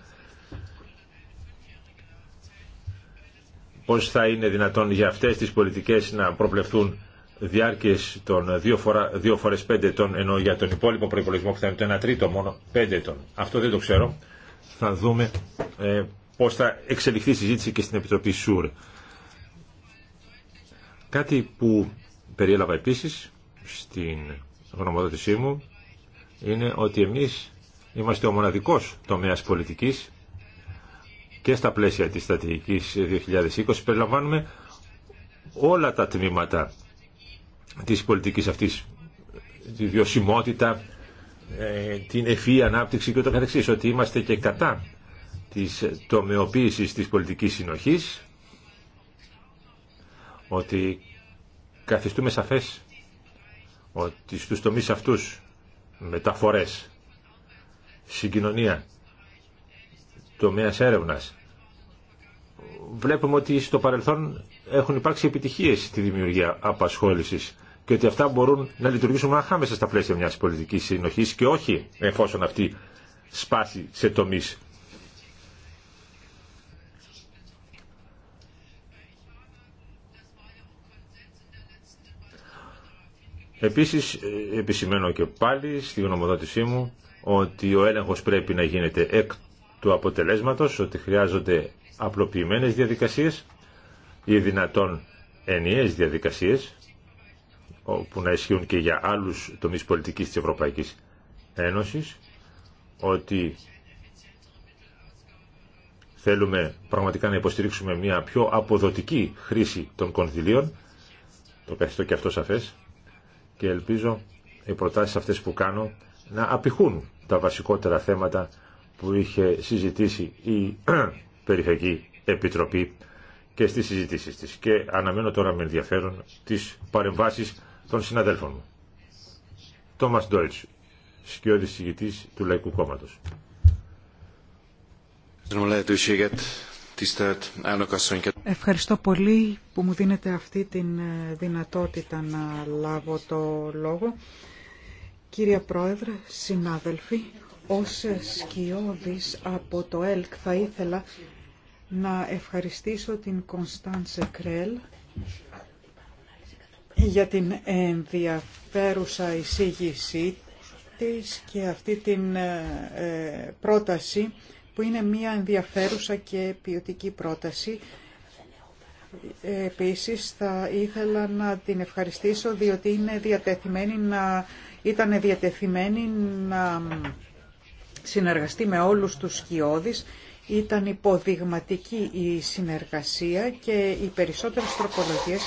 Speaker 2: Πώς θα είναι δυνατόν για αυτές τις πολιτικές να προπλευθούν διάρκειες των δύο, φορά, δύο φορές πέντε ετών, ενώ για τον υπόλοιπο προπολογισμό που θα καταληξει η συζητηση εφοσον υπαρξουν εξαιρέσει για την πολιτικη συνοχη για την πολιτικη ερευνα και ουτω καθεξης που ειναι συνολικα αυτες οι ξεχωριστες πολιτικες περιπου τα δυο τριτα του προπολογισμου πως θα ειναι δυνατον για αυτες τις πολιτικες να προπλευθουν διαρκειες των δυο φορα φορες πεντε ετων ενω για τον υπολοιπο προπολογισμο που θα ειναι το ένα τρίτο μόνο, πέντε ετών. Αυτό δεν το ξέρω. Θα δούμε ε, πώς θα εξελιχθεί η συζήτηση και στην Επιτροπή ΣΟΥΡ. Κάτι που περιέλαβα επίσης στην γνωμοδότησή μου είναι ότι εμείς είμαστε ο μοναδικός τομέας πολιτικής και στα πλαίσια της στρατηγικής 2020 περιλαμβάνουμε όλα τα τμήματα της πολιτικής αυτής, τη βιωσιμότητα, ε, την ευφύ ανάπτυξη και ούτω καθεξής, ότι είμαστε και κατά της τομεοποίησης της πολιτικής συνοχής, ότι καθιστούμε σαφές ότι στους τομείς αυτούς μεταφορές, συγκοινωνία, τομέας έρευνας, βλέπουμε ότι στο παρελθόν έχουν υπάρξει επιτυχίες στη δημιουργία απασχόλησης και ότι αυτά μπορούν να λειτουργήσουν μαχά μέσα στα πλαίσια μιας πολιτικής συνοχής και όχι εφόσον αυτή σπάσει σε τομείς Επίσης ε, επισημαίνω και πάλι στη γνωμοδότησή μου ότι ο έλεγχος πρέπει να γίνεται εκ του αποτελέσματος, ότι χρειάζονται απλοποιημένες διαδικασίες ή δυνατόν ενιαίες διαδικασίες που να ισχύουν και για άλλους τομείς πολιτικής της Ευρωπαϊκής Ένωσης, ότι θέλουμε πραγματικά να υποστηρίξουμε μια πιο αποδοτική χρήση των κονδυλίων, το καθιστώ και αυτό σαφές, και ελπίζω οι προτάσεις αυτές που κάνω να απηχούν τα βασικότερα θέματα που είχε συζητήσει η [clears throat] Περιφερειακή Επιτροπή και στις συζητήσεις της. Και αναμένω τώρα με ενδιαφέρον τις παρεμβάσεις των συναδέλφων μου. Τόμας Ντόιτς, σκιώδης συγητής του Λαϊκού Κόμματος.
Speaker 3: Ευχαριστώ πολύ που μου δίνετε αυτή τη ε, δυνατότητα να λάβω το λόγο. Κύριε Πρόεδρε, συνάδελφοι, ως σκιώδης από το ΕΛΚ θα ήθελα να ευχαριστήσω την Κωνσταντσε Κρέλ για την ενδιαφέρουσα εισήγησή της και αυτή την ε, ε, πρόταση που είναι μια ενδιαφέρουσα και ποιοτική πρόταση. Επίσης θα ήθελα να την ευχαριστήσω διότι είναι διατεθειμένη να, ήταν διατεθειμένη να συνεργαστεί με όλους τους σκιώδεις. Ήταν υποδειγματική η συνεργασία και οι περισσότερες τροπολογίες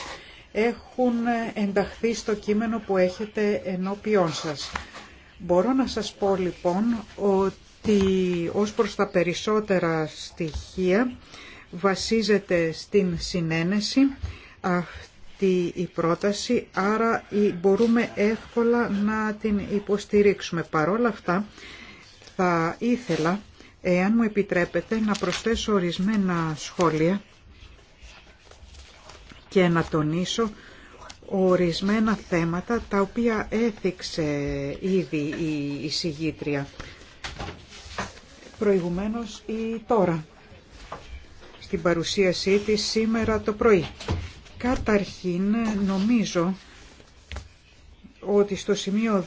Speaker 3: έχουν ενταχθεί στο κείμενο που έχετε ενώπιόν σας. Μπορώ να σας πω λοιπόν ότι ότι ως προς τα περισσότερα στοιχεία βασίζεται στην συνένεση αυτή η πρόταση, άρα μπορούμε εύκολα να την υποστηρίξουμε. Παρόλα αυτά, θα ήθελα, εάν μου επιτρέπετε, να προσθέσω ορισμένα σχόλια και να τονίσω ορισμένα θέματα τα οποία έθιξε ήδη η εισηγήτρια προηγουμένως ή τώρα στην παρουσίασή της σήμερα το πρωί. Καταρχήν νομίζω ότι στο σημείο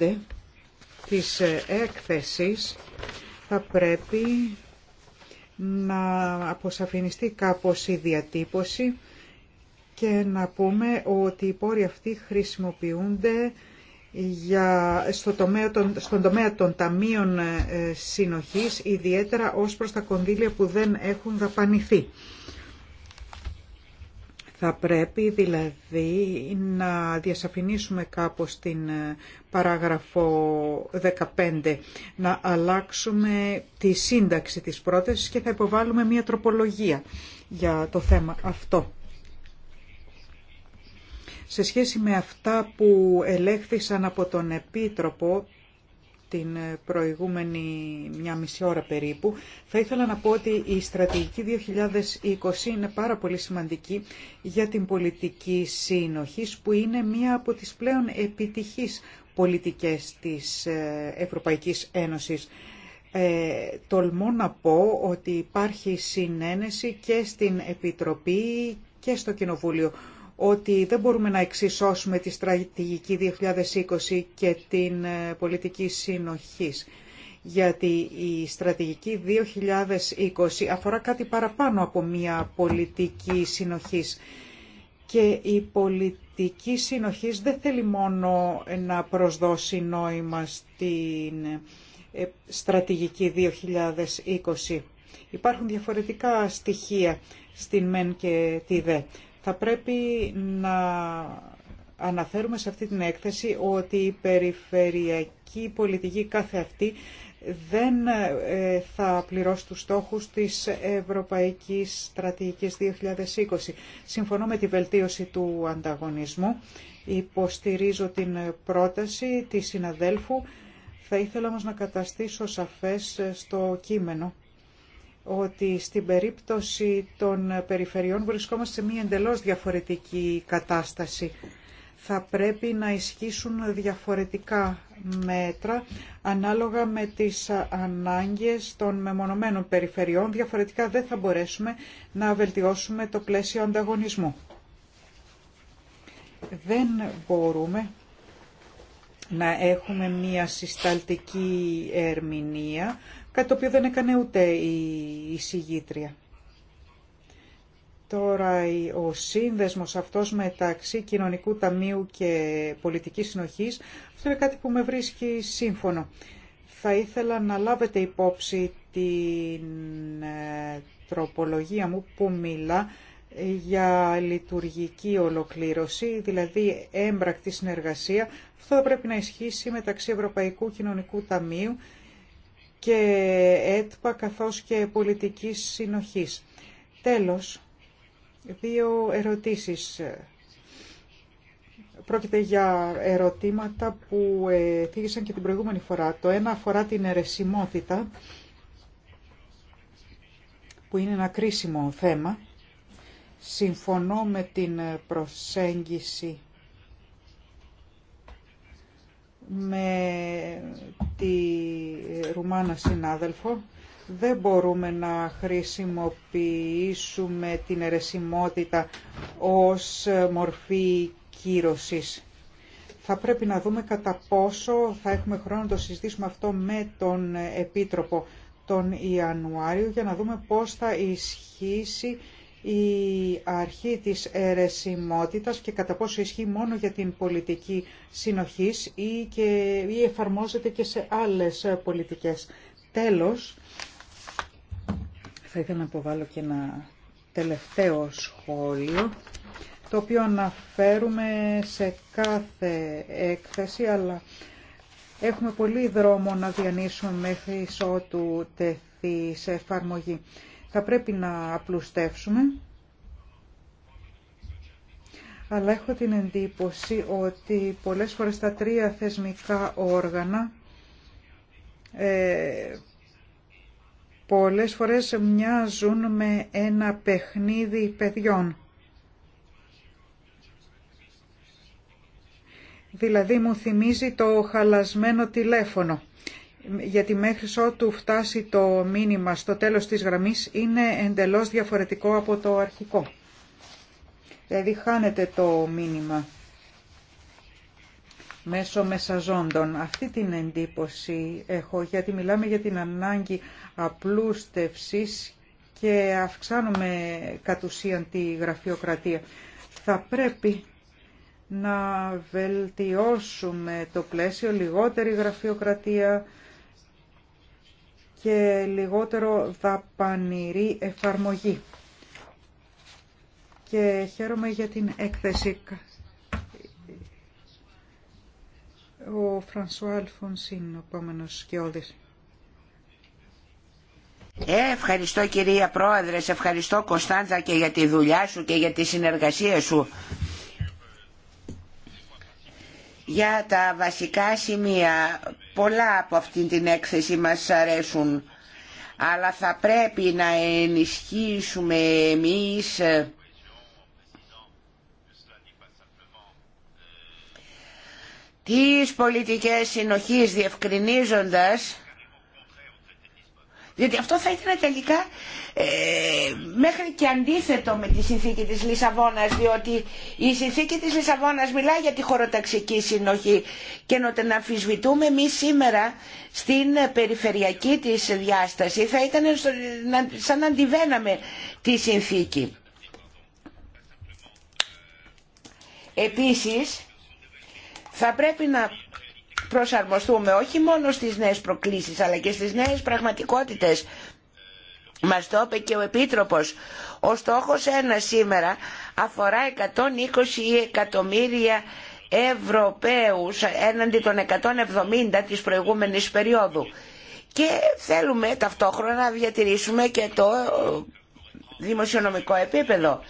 Speaker 3: 15 της έκθεσης θα πρέπει να αποσαφινιστεί κάπως η διατύπωση και να πούμε ότι οι πόροι αυτοί χρησιμοποιούνται για, στο στον τομέα των ταμείων ε, συνοχής, ιδιαίτερα ως προς τα κονδύλια που δεν έχουν δαπανηθεί. Θα πρέπει δηλαδή να διασαφηνίσουμε κάπως την ε, παράγραφο 15, να αλλάξουμε τη σύνταξη της πρότασης και θα υποβάλουμε μια τροπολογία για το θέμα αυτό. Σε σχέση με αυτά που ελέγχθησαν από τον Επίτροπο την προηγούμενη μια μισή ώρα περίπου, θα ήθελα να πω ότι η στρατηγική 2020 είναι πάρα πολύ σημαντική για την πολιτική σύνοχης που είναι μία από τις πλέον επιτυχείς πολιτικές της ε, Ευρωπαϊκής Ένωσης. Ε, τολμώ να πω ότι υπάρχει συνένεση και στην Επιτροπή και στο Κοινοβούλιο ότι δεν μπορούμε να εξισώσουμε τη στρατηγική 2020 και την ε, πολιτική συνοχής. Γιατί η στρατηγική 2020 αφορά κάτι παραπάνω από μια πολιτική συνοχής. Και η πολιτική συνοχής δεν θέλει μόνο να προσδώσει νόημα στην ε, στρατηγική 2020. Υπάρχουν διαφορετικά στοιχεία στην ΜΕΝ και τη ΔΕ. Θα πρέπει να αναφέρουμε σε αυτή την έκθεση ότι η περιφερειακή πολιτική κάθε αυτή δεν ε, θα πληρώσει τους στόχους της Ευρωπαϊκής Στρατηγικής 2020. Συμφωνώ με τη βελτίωση του ανταγωνισμού. Υποστηρίζω την πρόταση της συναδέλφου. Θα ήθελα όμως να καταστήσω σαφές στο κείμενο ότι στην περίπτωση των περιφερειών βρισκόμαστε σε μια εντελώς διαφορετική κατάσταση. Θα πρέπει να ισχύσουν διαφορετικά μέτρα ανάλογα με τις ανάγκες των μεμονωμένων περιφερειών. Διαφορετικά δεν θα μπορέσουμε να βελτιώσουμε το πλαίσιο ανταγωνισμού. Δεν μπορούμε να έχουμε μια συσταλτική ερμηνεία κάτι το οποίο δεν έκανε ούτε η συγγήτρια. Τώρα ο σύνδεσμος αυτός μεταξύ κοινωνικού ταμείου και πολιτικής συνοχής, αυτό είναι κάτι που με βρίσκει σύμφωνο. Θα ήθελα να λάβετε υπόψη την ε, τροπολογία μου που μιλά για λειτουργική ολοκλήρωση, δηλαδή έμπρακτη συνεργασία. Αυτό θα πρέπει να ισχύσει μεταξύ Ευρωπαϊκού Κοινωνικού Ταμείου και έτπα καθώς και πολιτικής συνοχής. Τέλος, δύο ερωτήσεις. Πρόκειται για ερωτήματα που θίγησαν και την προηγούμενη φορά. Το ένα αφορά την αιρεσιμότητα, που είναι ένα κρίσιμο θέμα. Συμφωνώ με την προσέγγιση με τη Ρουμάνα συνάδελφο δεν μπορούμε να χρησιμοποιήσουμε την αιρεσιμότητα ως μορφή κύρωσης. Θα πρέπει να δούμε κατά πόσο θα έχουμε χρόνο να το συζητήσουμε αυτό με τον Επίτροπο τον Ιανουάριο για να δούμε πώς θα ισχύσει η αρχή της αιρεσιμότητας και κατά πόσο ισχύει μόνο για την πολιτική συνοχής ή, και, εφαρμόζεται και σε άλλες πολιτικές. Τέλος, θα ήθελα να αποβάλω και ένα τελευταίο σχόλιο, το οποίο αναφέρουμε σε κάθε έκθεση, αλλά έχουμε πολύ δρόμο να διανύσουμε μέχρι ότου τεθεί σε εφαρμογή. Θα πρέπει να απλουστεύσουμε, αλλά έχω την εντύπωση ότι πολλές φορές τα τρία θεσμικά όργανα ε, πολλές φορές μοιάζουν με ένα παιχνίδι παιδιών. Δηλαδή μου θυμίζει το χαλασμένο τηλέφωνο γιατί μέχρι ότου φτάσει το μήνυμα στο τέλος της γραμμής είναι εντελώς διαφορετικό από το αρχικό. Δηλαδή χάνεται το μήνυμα μέσω μεσαζόντων. Αυτή την εντύπωση έχω γιατί μιλάμε για την ανάγκη απλούστευσης και αυξάνουμε κατ' ουσίαν τη γραφειοκρατία. Θα πρέπει να βελτιώσουμε το πλαίσιο, λιγότερη γραφειοκρατία, και λιγότερο δαπανηρή εφαρμογή. Και χαίρομαι για την έκθεση. Ο Φρανσουά Αλφονς είναι ο επόμενο
Speaker 1: ε, ευχαριστώ κυρία Πρόεδρε, σε ευχαριστώ Κωνσταντζα και για τη δουλειά σου και για τη συνεργασία σου για τα βασικά σημεία. Πολλά από αυτή την έκθεση μας αρέσουν, αλλά θα πρέπει να ενισχύσουμε εμείς τις πολιτικές συνοχής διευκρινίζοντας διότι αυτό θα ήταν τελικά ε, μέχρι και αντίθετο με τη συνθήκη της Λισαβόνας, διότι η συνθήκη της Λισαβόνας μιλάει για τη χωροταξική συνοχή και να αμφισβητούμε εμεί σήμερα στην περιφερειακή της διάσταση θα ήταν σαν να αντιβαίναμε τη συνθήκη. Επίσης, θα πρέπει να προσαρμοστούμε όχι μόνο στις νέες προκλήσεις αλλά και στις νέες πραγματικότητες. Μας το είπε και ο Επίτροπος. Ο στόχος ένα σήμερα αφορά 120 εκατομμύρια Ευρωπαίους έναντι των 170 της προηγούμενης περίοδου. Και θέλουμε ταυτόχρονα να διατηρήσουμε και το δημοσιονομικό επίπεδο.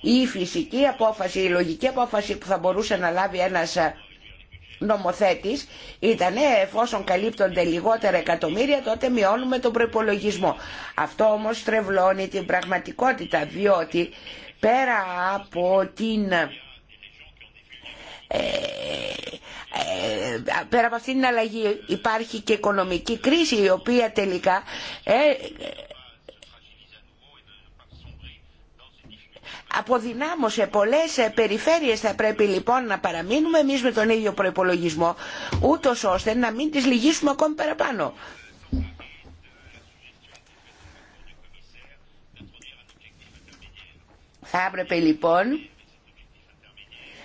Speaker 1: Η φυσική απόφαση, η λογική απόφαση που θα μπορούσε να λάβει ένας νομοθέτης ήταν εφόσον καλύπτονται λιγότερα εκατομμύρια τότε μειώνουμε τον προπολογισμό. Αυτό όμως στρεβλώνει την πραγματικότητα διότι πέρα από την... Ε, ε, πέρα από αυτήν την αλλαγή υπάρχει και οικονομική κρίση η οποία τελικά ε, αποδυνάμωσε πολλές ε, περιφέρειες θα πρέπει λοιπόν να παραμείνουμε εμείς με τον ίδιο προϋπολογισμό ούτως ώστε να μην τις λυγίσουμε ακόμη παραπάνω. Θα έπρεπε λοιπόν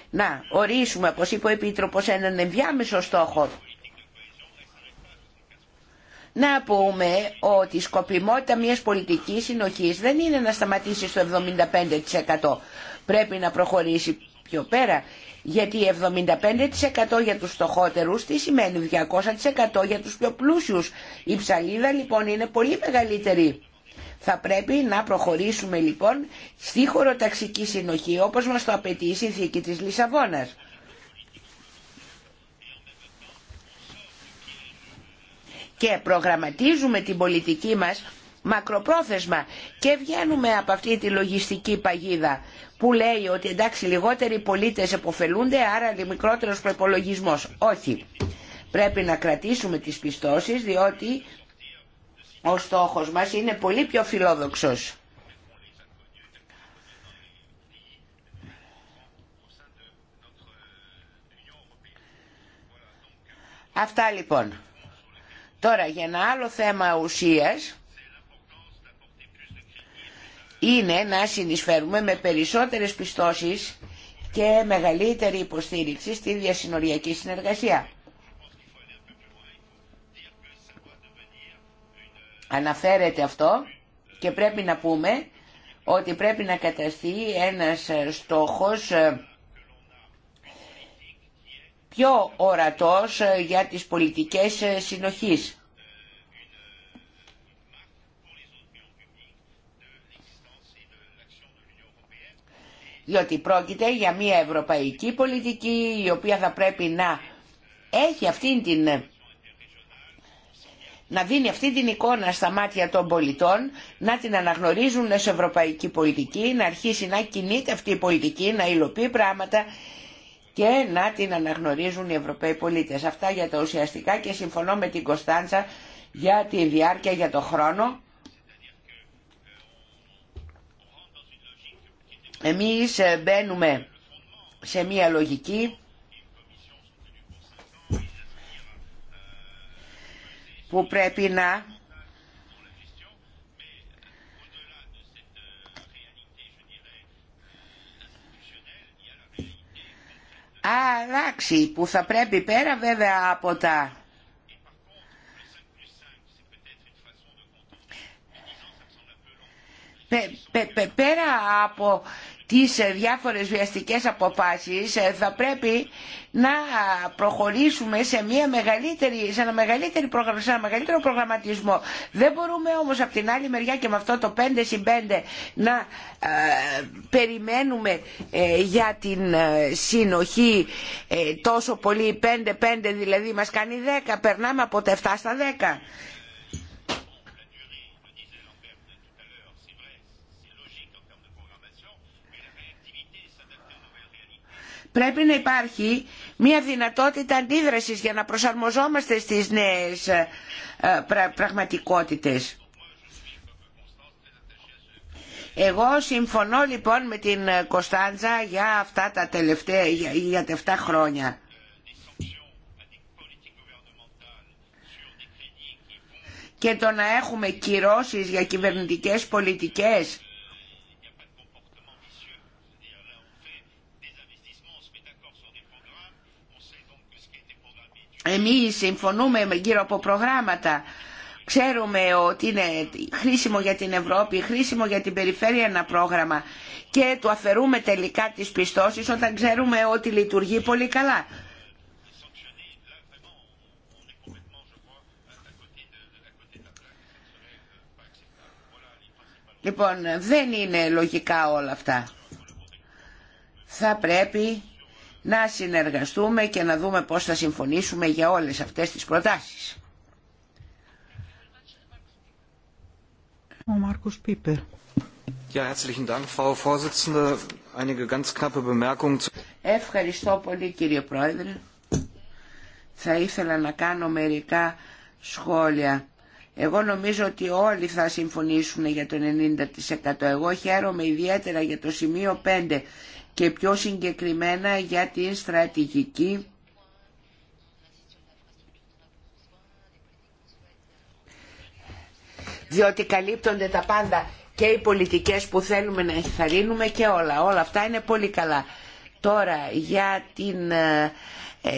Speaker 1: να ορίσουμε, όπως είπε ο Επίτροπος, έναν ενδιάμεσο στόχο να πούμε ότι η σκοπιμότητα μιας πολιτικής συνοχής δεν είναι να σταματήσει στο 75%. Πρέπει να προχωρήσει πιο πέρα. Γιατί 75% για τους στοχότερους τι σημαίνει 200% για τους πιο πλούσιους. Η ψαλίδα λοιπόν είναι πολύ μεγαλύτερη. Θα πρέπει να προχωρήσουμε λοιπόν στη χωροταξική συνοχή όπως μας το απαιτεί η συνθήκη της Λισαβόνας. και προγραμματίζουμε την πολιτική μας μακροπρόθεσμα και βγαίνουμε από αυτή τη λογιστική παγίδα που λέει ότι εντάξει λιγότεροι πολίτες εποφελούνται άρα μικρότερος προπολογισμό. Όχι. Πρέπει να κρατήσουμε τις πιστώσεις διότι ο στόχος μας είναι πολύ πιο φιλόδοξος. Αυτά λοιπόν. Τώρα για ένα άλλο θέμα ουσίας είναι να συνεισφέρουμε με περισσότερες πιστώσεις και μεγαλύτερη υποστήριξη στη διασυνοριακή συνεργασία. Αναφέρεται αυτό και πρέπει να πούμε ότι πρέπει να καταστεί ένας στόχος ε, πιο ορατός ε, για τις πολιτικές ε, συνοχής. Διότι πρόκειται για μια ευρωπαϊκή πολιτική η οποία θα πρέπει να έχει αυτήν την ε, να δίνει αυτή την εικόνα στα μάτια των πολιτών, να την αναγνωρίζουν σε ευρωπαϊκή πολιτική, να αρχίσει να κινείται αυτή η πολιτική, να υλοποιεί πράγματα και να την αναγνωρίζουν οι Ευρωπαίοι πολίτες. Αυτά για τα ουσιαστικά και συμφωνώ με την Κωνσταντζα για τη διάρκεια, για το χρόνο. Εμείς ε, μπαίνουμε σε μία λογική που πρέπει να αλλάξει που θα πρέπει πέρα βέβαια από τα πέρα από τις ε, διάφορες βιαστικές αποφάσεις ε, θα πρέπει να προχωρήσουμε σε, μια μεγαλύτερη, σε, ένα μεγαλύτερη, σε ένα μεγαλύτερο προγραμματισμό. Δεν μπορούμε όμως από την άλλη μεριά και με αυτό το 5 συν 5 να ε, περιμένουμε για την ε, συνοχή τόσο πολύ 5-5 δηλαδή μας κάνει 10, περνάμε από τα 7 στα 10. πρέπει να υπάρχει μια δυνατότητα αντίδρασης για να προσαρμοζόμαστε στις νέες ε, πραγματικότητες. Εγώ συμφωνώ λοιπόν με την ε, Κωνσταντζα για αυτά τα τελευταία, 7 χρόνια. Και το να έχουμε κυρώσεις για κυβερνητικές πολιτικές εμείς συμφωνούμε γύρω από προγράμματα ξέρουμε ότι είναι χρήσιμο για την Ευρώπη, χρήσιμο για την περιφέρεια ένα πρόγραμμα και του αφαιρούμε τελικά τις πιστώσεις όταν ξέρουμε ότι λειτουργεί πολύ καλά. Λοιπόν, δεν είναι λογικά όλα αυτά. Θα πρέπει να συνεργαστούμε και να δούμε πώς θα συμφωνήσουμε για όλες αυτές τις προτάσεις.
Speaker 3: Ο Μάρκος Πίπερ.
Speaker 1: Ευχαριστώ πολύ κύριε Πρόεδρε. Θα ήθελα να κάνω μερικά σχόλια. Εγώ νομίζω ότι όλοι θα συμφωνήσουν για το 90%. Εγώ χαίρομαι ιδιαίτερα για το σημείο 5 και πιο συγκεκριμένα για τη στρατηγική διότι καλύπτονται τα πάντα και οι πολιτικές που θέλουμε να ενθαρρύνουμε και όλα. Όλα αυτά είναι πολύ καλά. Τώρα για την ε, ε,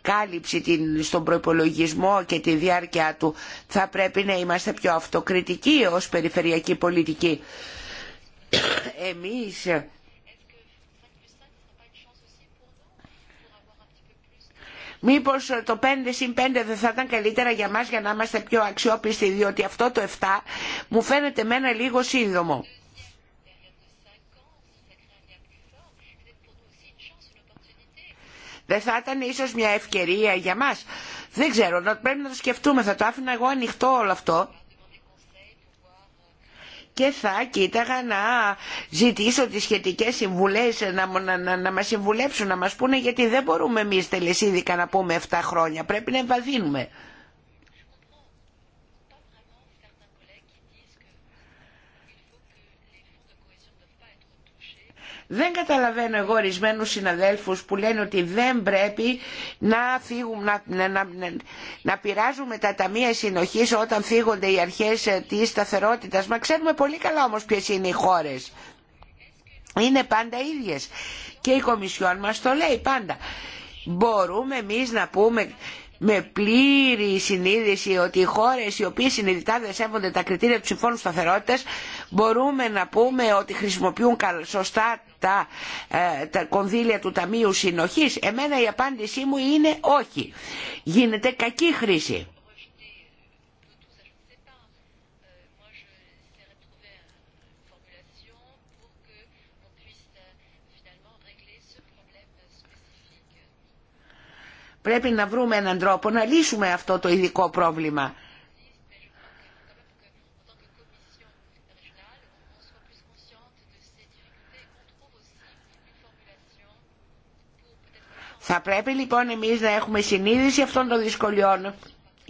Speaker 1: κάλυψη την, στον προϋπολογισμό και τη διάρκεια του θα πρέπει να είμαστε πιο αυτοκριτικοί ως περιφερειακή πολιτική. [coughs] Εμείς Μήπω το 5 συν 5 δεν θα ήταν καλύτερα για μα για να είμαστε πιο αξιόπιστοι διότι αυτό το 7 μου φαίνεται μένα λίγο σύντομο. Δεν θα ήταν ίσως μια ευκαιρία για μας. Δεν ξέρω, πρέπει να το σκεφτούμε, θα το άφηνα εγώ ανοιχτό όλο αυτό και θα κοίταγα να ζητήσω τις σχετικές συμβουλές να, να, μας συμβουλέψουν, να μας πούνε γιατί δεν μπορούμε εμείς τελεσίδικα να πούμε 7 χρόνια, πρέπει να εμβαθύνουμε. Δεν καταλαβαίνω εγώ ορισμένου συναδέλφους που λένε ότι δεν πρέπει να, να, να πειράζουμε τα ταμεία συνοχής όταν φύγονται οι αρχές ε, της σταθερότητας. Μα ξέρουμε πολύ καλά όμως ποιες είναι οι χώρες. Είναι πάντα ίδιες. Και η Κομισιόν μας το λέει πάντα. Μπορούμε εμείς να πούμε με πλήρη συνείδηση ότι οι χώρες οι οποίες συνειδητά δεν τα κριτήρια του Συμφώνου σταθερότητα, μπορούμε να πούμε ότι χρησιμοποιούν σωστά τα, ε, τα κονδύλια του Ταμείου Συνοχής. Εμένα η απάντησή μου είναι όχι. Γίνεται κακή χρήση. Πρέπει να βρούμε έναν τρόπο να λύσουμε αυτό το ειδικό πρόβλημα. Θα πρέπει λοιπόν εμείς να έχουμε συνείδηση αυτών των δυσκολιών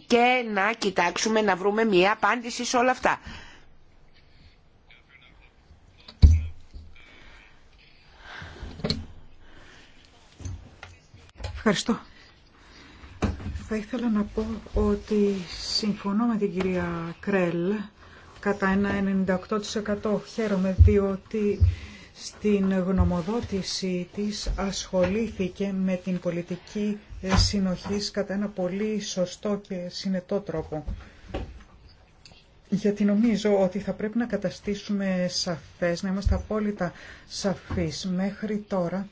Speaker 1: και να κοιτάξουμε να βρούμε μία απάντηση σε όλα αυτά.
Speaker 3: Ευχαριστώ. Θα ήθελα να πω ότι συμφωνώ με την κυρία Κρέλ κατά ένα 98%. Χαίρομαι διότι στην γνωμοδότησή της ασχολήθηκε με την πολιτική συνοχής κατά ένα πολύ σωστό και συνετό τρόπο. Γιατί νομίζω ότι θα πρέπει να καταστήσουμε σαφές, να είμαστε απόλυτα σαφείς. Μέχρι τώρα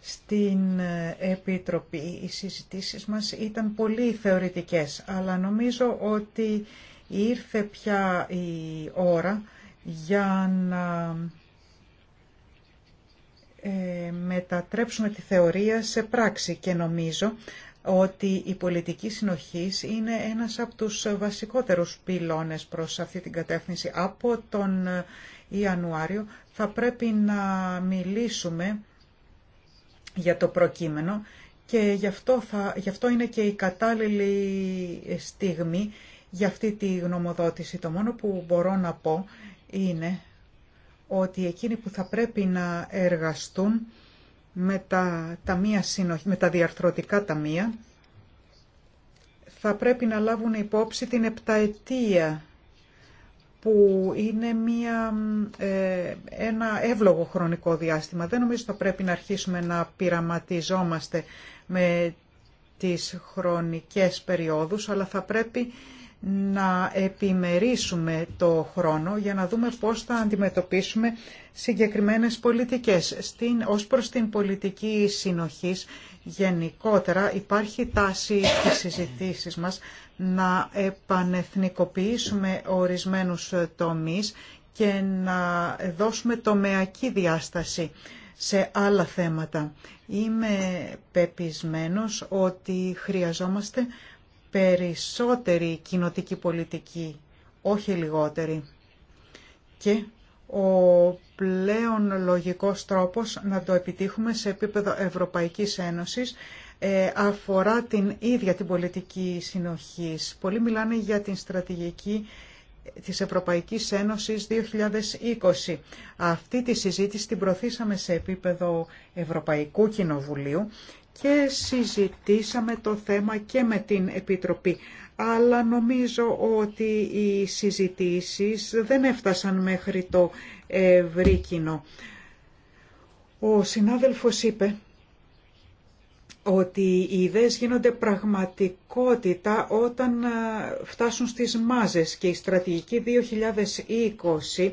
Speaker 3: στην ε, Επιτροπή. Οι συζητήσεις μας ήταν πολύ θεωρητικές, αλλά νομίζω ότι ήρθε πια η ώρα για να ε, μετατρέψουμε τη θεωρία σε πράξη και νομίζω ότι η πολιτική συνοχής είναι ένας από τους βασικότερους πυλώνες προς αυτή την κατεύθυνση. Από τον ε, Ιανουάριο θα πρέπει να μιλήσουμε για το προκείμενο και γι αυτό, θα, γι' αυτό είναι και η κατάλληλη στιγμή για αυτή τη γνωμοδότηση. Το μόνο που μπορώ να πω είναι ότι εκείνοι που θα πρέπει να εργαστούν με τα, μία συνοχή, με τα διαρθρωτικά ταμεία θα πρέπει να λάβουν υπόψη την επταετία που είναι μια, ε, ένα εύλογο χρονικό διάστημα. Δεν νομίζω θα πρέπει να αρχίσουμε να πειραματιζόμαστε με τις χρονικές περιόδους, αλλά θα πρέπει να επιμερίσουμε το χρόνο για να δούμε πώς θα αντιμετωπίσουμε συγκεκριμένες πολιτικές. Στην, ως προς την πολιτική συνοχής γενικότερα υπάρχει τάση στις συζητήσεις μας να επανεθνικοποιήσουμε ορισμένους τομείς και να δώσουμε τομεακή διάσταση σε άλλα θέματα. Είμαι πεπισμένος ότι χρειαζόμαστε περισσότερη κοινοτική πολιτική, όχι λιγότερη. Και ο πλέον λογικός τρόπος να το επιτύχουμε σε επίπεδο Ευρωπαϊκής Ένωσης ε, αφορά την ίδια την πολιτική συνοχής. Πολλοί μιλάνε για την στρατηγική της Ευρωπαϊκής Ένωσης 2020. Αυτή τη συζήτηση την προθήσαμε σε επίπεδο Ευρωπαϊκού Κοινοβουλίου και συζητήσαμε το θέμα και με την Επιτροπή. Αλλά νομίζω ότι οι συζητήσεις δεν έφτασαν μέχρι το ευρύ κοινό. Ο συνάδελφος είπε ότι οι ιδέες γίνονται πραγματικότητα όταν ε, φτάσουν στις μάζες και η στρατηγική 2020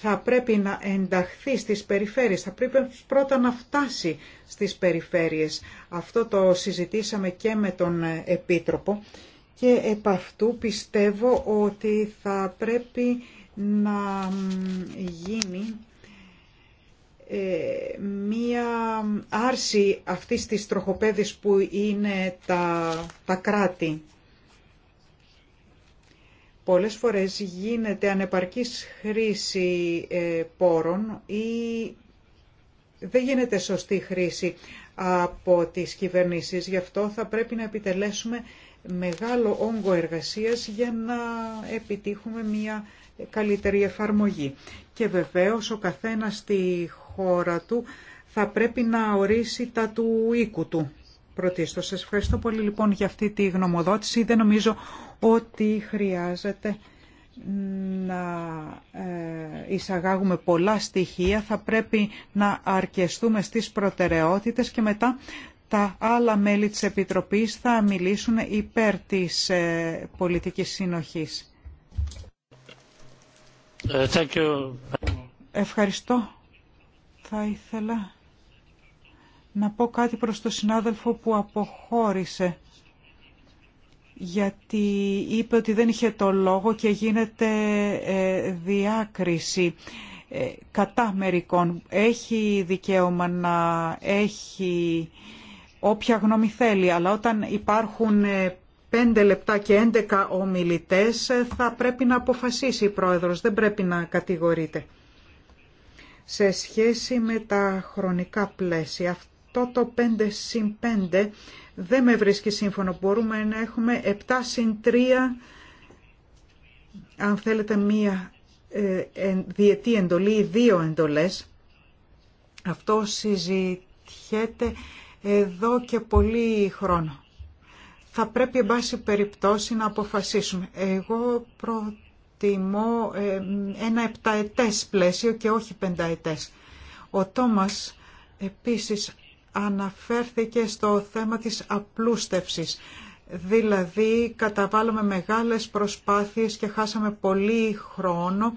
Speaker 3: θα πρέπει να ενταχθεί στις περιφέρειες, θα πρέπει πρώτα να φτάσει στις περιφέρειες. Αυτό το συζητήσαμε και με τον Επίτροπο και επ' αυτού πιστεύω ότι θα πρέπει να γίνει ε, μία άρση αυτής της τροχοπέδης που είναι τα, τα κράτη Πολλές φορές γίνεται ανεπαρκής χρήση ε, πόρων ή δεν γίνεται σωστή χρήση από τις κυβερνήσεις. Γι' αυτό θα πρέπει να επιτελέσουμε μεγάλο όγκο εργασίας για να επιτύχουμε μια καλύτερη εφαρμογή. Και βεβαίως ο καθένας στη χώρα του θα πρέπει να ορίσει τα του οίκου του. Πρωτίστως, σας ευχαριστώ πολύ λοιπόν για αυτή τη γνωμοδότηση. Δεν νομίζω ότι χρειάζεται να ε, εισαγάγουμε πολλά στοιχεία, θα πρέπει να αρκεστούμε στις προτεραιότητες και μετά τα άλλα μέλη της Επιτροπής θα μιλήσουν υπέρ της ε, πολιτικής συνοχής.
Speaker 2: Ε, thank you.
Speaker 3: Ευχαριστώ. Θα ήθελα να πω κάτι προς τον συνάδελφο που αποχώρησε γιατί είπε ότι δεν είχε το λόγο και γίνεται ε, διάκριση ε, κατά μερικών. Έχει δικαίωμα να έχει όποια γνώμη θέλει, αλλά όταν υπάρχουν ε, πέντε λεπτά και 11 ομιλητές θα πρέπει να αποφασίσει η πρόεδρος, δεν πρέπει να κατηγορείται. Σε σχέση με τα χρονικά πλαίσια, αυτό το 5 συν δεν με βρίσκει σύμφωνο. Μπορούμε να έχουμε 7 συν 3, αν θέλετε μία ε, διετή εντολή ή δύο εντολές. Αυτό συζητιέται εδώ και πολύ χρόνο. Θα πρέπει, εν πάση περιπτώσει, να αποφασίσουμε. Εγώ προτιμώ ε, ένα επταετές πλαίσιο και όχι πενταετές. Ο Τόμας επίσης αναφέρθηκε στο θέμα της απλούστευσης. Δηλαδή καταβάλαμε μεγάλες προσπάθειες και χάσαμε πολύ χρόνο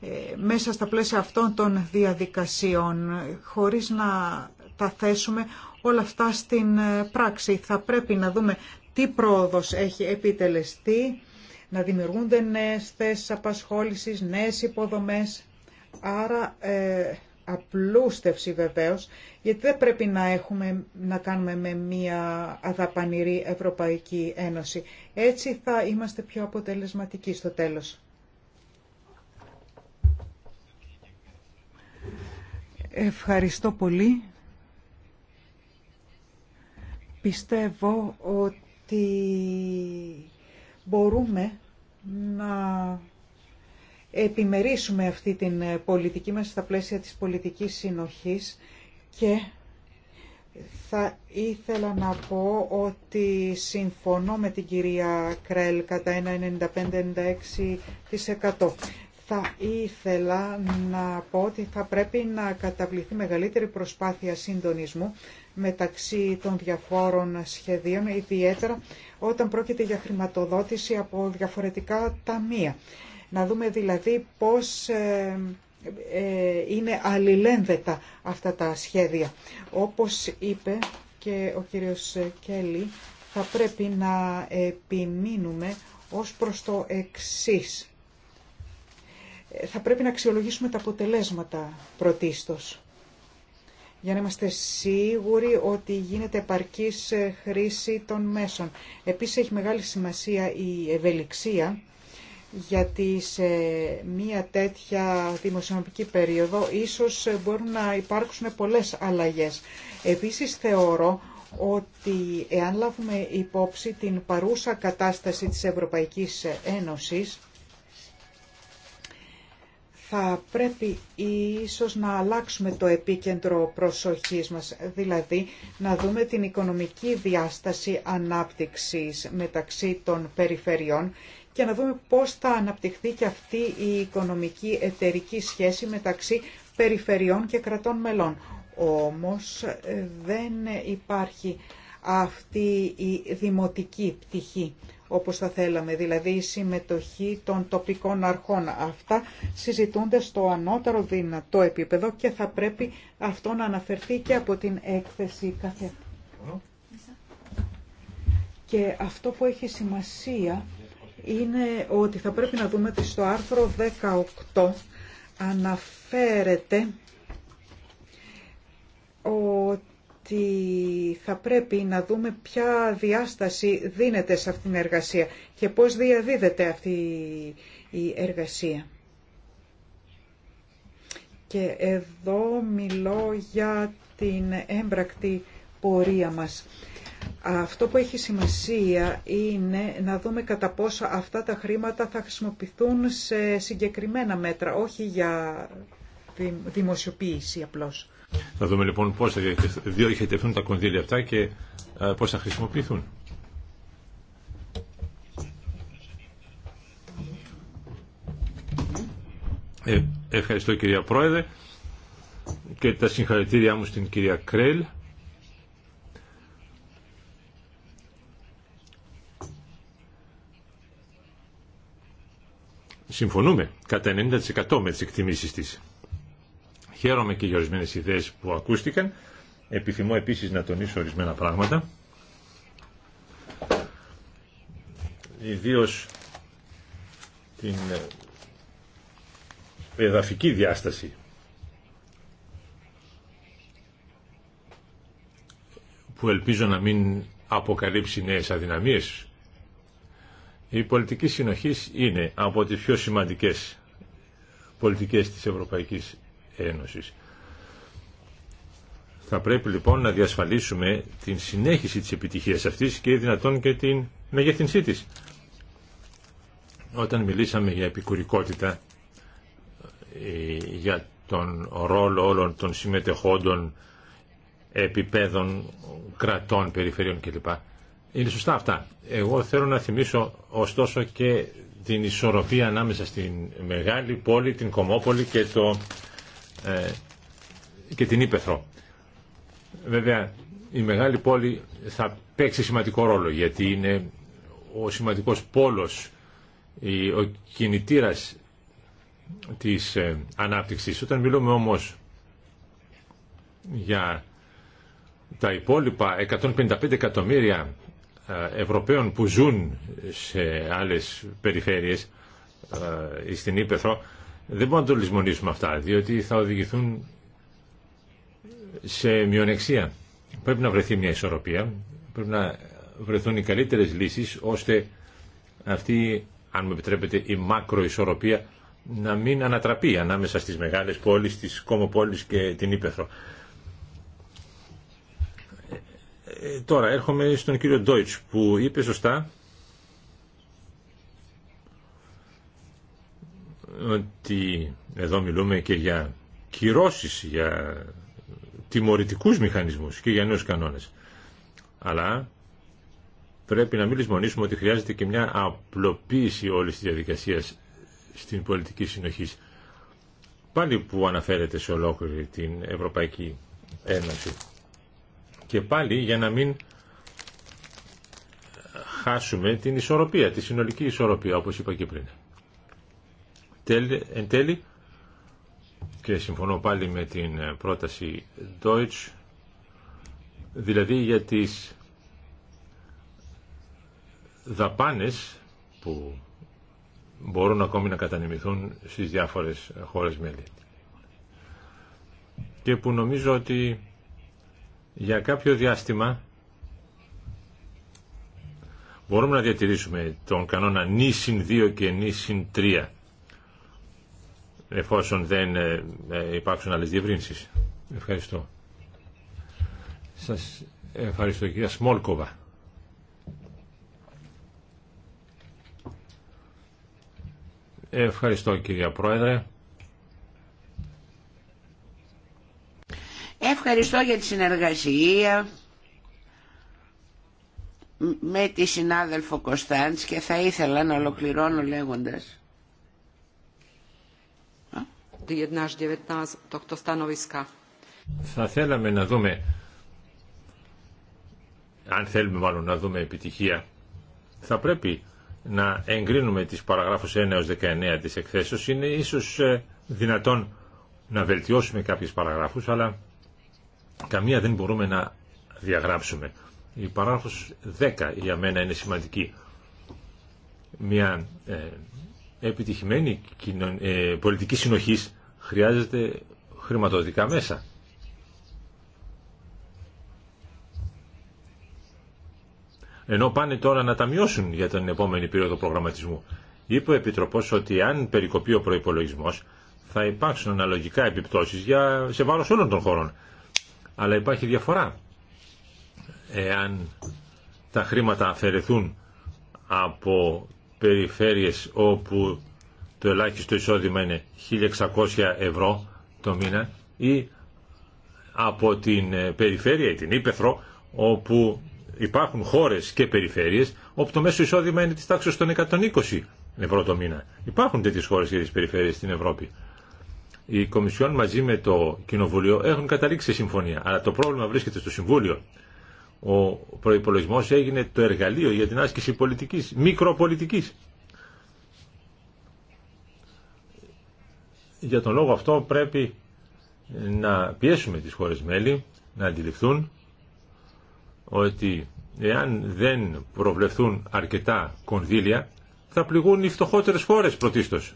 Speaker 3: ε, μέσα στα πλαίσια αυτών των διαδικασιών χωρίς να τα θέσουμε όλα αυτά στην ε, πράξη. Θα πρέπει να δούμε τι πρόοδος έχει επιτελεστεί, να δημιουργούνται νέες θέσεις απασχόλησης, νέες υποδομές. Άρα ε, απλούστευση βεβαίως, γιατί δεν πρέπει να, έχουμε, να κάνουμε με μία αδαπανηρή Ευρωπαϊκή Ένωση. Έτσι θα είμαστε πιο αποτελεσματικοί στο τέλος. Ευχαριστώ πολύ. Πιστεύω ότι μπορούμε να επιμερίσουμε αυτή την ε, πολιτική μας στα πλαίσια της πολιτικής συνοχής και θα ήθελα να πω ότι συμφωνώ με την κυρία Κρέλ κατά ένα 95-96%. Θα ήθελα να πω ότι θα πρέπει να καταβληθεί μεγαλύτερη προσπάθεια συντονισμού μεταξύ των διαφόρων σχεδίων, ιδιαίτερα όταν πρόκειται για χρηματοδότηση από διαφορετικά ταμεία. Να δούμε δηλαδή πώς ε, ε, είναι αλληλένδετα αυτά τα σχέδια. Όπως είπε και ο κύριος Κέλλη, θα πρέπει να επιμείνουμε ως προς το εξής. Θα πρέπει να αξιολογήσουμε τα αποτελέσματα πρωτίστως για να είμαστε σίγουροι ότι γίνεται επαρκής χρήση των μέσων. Επίσης έχει μεγάλη σημασία η ευελιξία γιατί σε μία τέτοια δημοσιονομική περίοδο ίσως μπορούν να υπάρξουν πολλές αλλαγές. Επίσης θεωρώ ότι εάν λάβουμε υπόψη την παρούσα κατάσταση της Ευρωπαϊκής Ένωσης, θα πρέπει ίσως να αλλάξουμε το επίκεντρο προσοχής μας, δηλαδή να δούμε την οικονομική διάσταση ανάπτυξης μεταξύ των περιφερειών και να δούμε πώς θα αναπτυχθεί και αυτή η οικονομική εταιρική σχέση μεταξύ περιφερειών και κρατών μελών. Όμως ε, δεν υπάρχει αυτή η δημοτική πτυχή όπως θα θέλαμε, δηλαδή η συμμετοχή των τοπικών αρχών. Αυτά συζητούνται στο ανώτερο δυνατό επίπεδο και θα πρέπει αυτό να αναφερθεί και από την έκθεση κάθε. Και αυτό που έχει σημασία είναι ότι θα πρέπει να δούμε ότι στο άρθρο 18 αναφέρεται ότι θα πρέπει να δούμε ποια διάσταση δίνεται σε αυτήν την εργασία και πώς διαδίδεται αυτή η εργασία. Και εδώ μιλώ για την έμπρακτη πορεία μας. Αυτό που έχει σημασία είναι να δούμε κατά πόσο αυτά τα χρήματα θα χρησιμοποιηθούν σε συγκεκριμένα μέτρα, όχι για δημοσιοποίηση απλώς.
Speaker 2: Θα δούμε λοιπόν πώς θα διοχετευτούν τα κονδύλια αυτά και ε, πώς θα χρησιμοποιηθούν. Ε, ευχαριστώ κυρία Πρόεδρε και τα συγχαρητήριά μου στην κυρία Κρέλ. συμφωνούμε κατά 90% με τις εκτιμήσεις της. Χαίρομαι και για ορισμένε ιδέες που ακούστηκαν. Επιθυμώ επίσης να τονίσω ορισμένα πράγματα. Ιδίως την ε, εδαφική διάσταση που ελπίζω να μην αποκαλύψει νέες αδυναμίες η πολιτική συνοχής είναι από τις πιο σημαντικές πολιτικές της Ευρωπαϊκής Ένωσης. Θα πρέπει λοιπόν να διασφαλίσουμε την συνέχιση της επιτυχίας αυτής και δυνατόν και την μεγεθυνσή της. Όταν μιλήσαμε για επικουρικότητα, ε, για τον ρόλο όλων των συμμετεχόντων επιπέδων κρατών, περιφερειών κλπ. Είναι σωστά αυτά. Εγώ θέλω να θυμίσω ωστόσο και την ισορροπία ανάμεσα στην μεγάλη πόλη, την Κομόπολη και, το, ε, και την Ήπεθρο. Βέβαια, η μεγάλη πόλη θα παίξει σημαντικό ρόλο γιατί είναι ο σημαντικός πόλος, ο κινητήρας της ε, ανάπτυξης. Όταν μιλούμε όμως για τα υπόλοιπα 155 εκατομμύρια ε, Ευρωπαίων που ζουν σε άλλες περιφέρειες ή ε, στην Ήπεθρο δεν μπορούμε να το λησμονήσουμε αυτά διότι θα οδηγηθούν σε μειονεξία. Πρέπει να βρεθεί μια ισορροπία, πρέπει να βρεθούν οι καλύτερες λύσεις ώστε αυτή, αν με επιτρέπετε, η μακροισορροπία να μην ανατραπεί ανάμεσα στις μεγάλες πόλεις, τις κομοπόλεις και την Ήπεθρο. Ε, τώρα έρχομαι στον κύριο Ντόιτς που είπε σωστά ότι εδώ μιλούμε και για κυρώσεις, για τιμωρητικούς μηχανισμούς και για νέους κανόνες. Αλλά πρέπει να μην λησμονήσουμε ότι χρειάζεται και μια απλοποίηση όλης της διαδικασίας στην πολιτική συνοχή. Πάλι που αναφέρεται σε ολόκληρη την Ευρωπαϊκή Ένωση. Και πάλι για να μην χάσουμε την ισορροπία, τη συνολική ισορροπία, όπως είπα και πριν. Εν τέλει, και συμφωνώ πάλι με την πρόταση Deutsch, δηλαδή για τις δαπάνες που μπορούν ακόμη να κατανεμηθούν στις διάφορες χώρες μέλη και που νομίζω ότι για κάποιο διάστημα μπορούμε να διατηρήσουμε τον κανόνα νη συν 2 και νη συν 3 εφόσον δεν ε, ε, υπάρξουν άλλες διευρύνσεις. Ευχαριστώ. Σας ευχαριστώ κυρία Σμόλκοβα. Ευχαριστώ κυρία Πρόεδρε.
Speaker 1: Ευχαριστώ για τη συνεργασία με τη συνάδελφο Κωνσταντς και θα ήθελα να ολοκληρώνω λέγοντας
Speaker 2: θα θέλαμε να δούμε αν θέλουμε μάλλον να δούμε επιτυχία θα πρέπει να εγκρίνουμε τις παραγράφους 1 19 της εκθέσεως είναι ίσως ε, δυνατόν να βελτιώσουμε κάποιες παραγράφους αλλά καμία δεν μπορούμε να διαγράψουμε. Η παράγραφος 10 για μένα είναι σημαντική. Μια ε, επιτυχημένη ε, πολιτική συνοχής χρειάζεται χρηματοδοτικά μέσα. Ενώ πάνε τώρα να τα μειώσουν για την επόμενη περίοδο προγραμματισμού. Είπε ο Επιτροπός ότι αν περικοπεί ο προϋπολογισμός θα υπάρξουν αναλογικά επιπτώσεις για, σε βάρος όλων των χωρών αλλά υπάρχει διαφορά. Εάν τα χρήματα αφαιρεθούν από περιφέρειες όπου το ελάχιστο εισόδημα είναι 1.600 ευρώ το μήνα ή από την ε, περιφέρεια ή την Ήπεθρο όπου υπάρχουν χώρες και περιφέρειες όπου το μέσο εισόδημα είναι της τάξης των 120 ευρώ το μήνα. Υπάρχουν τέτοιες χώρες και τις περιφέρειες στην Ευρώπη η Κομισιόν μαζί με το Κοινοβούλιο έχουν καταλήξει σε συμφωνία. Αλλά το πρόβλημα βρίσκεται στο Συμβούλιο. Ο προπολογισμό έγινε το εργαλείο για την άσκηση πολιτικής, μικροπολιτικής. Για τον λόγο αυτό πρέπει να πιέσουμε τις χώρες μέλη να αντιληφθούν ότι εάν δεν προβλεφθούν αρκετά κονδύλια θα πληγούν οι φτωχότερες χώρες πρωτίστως.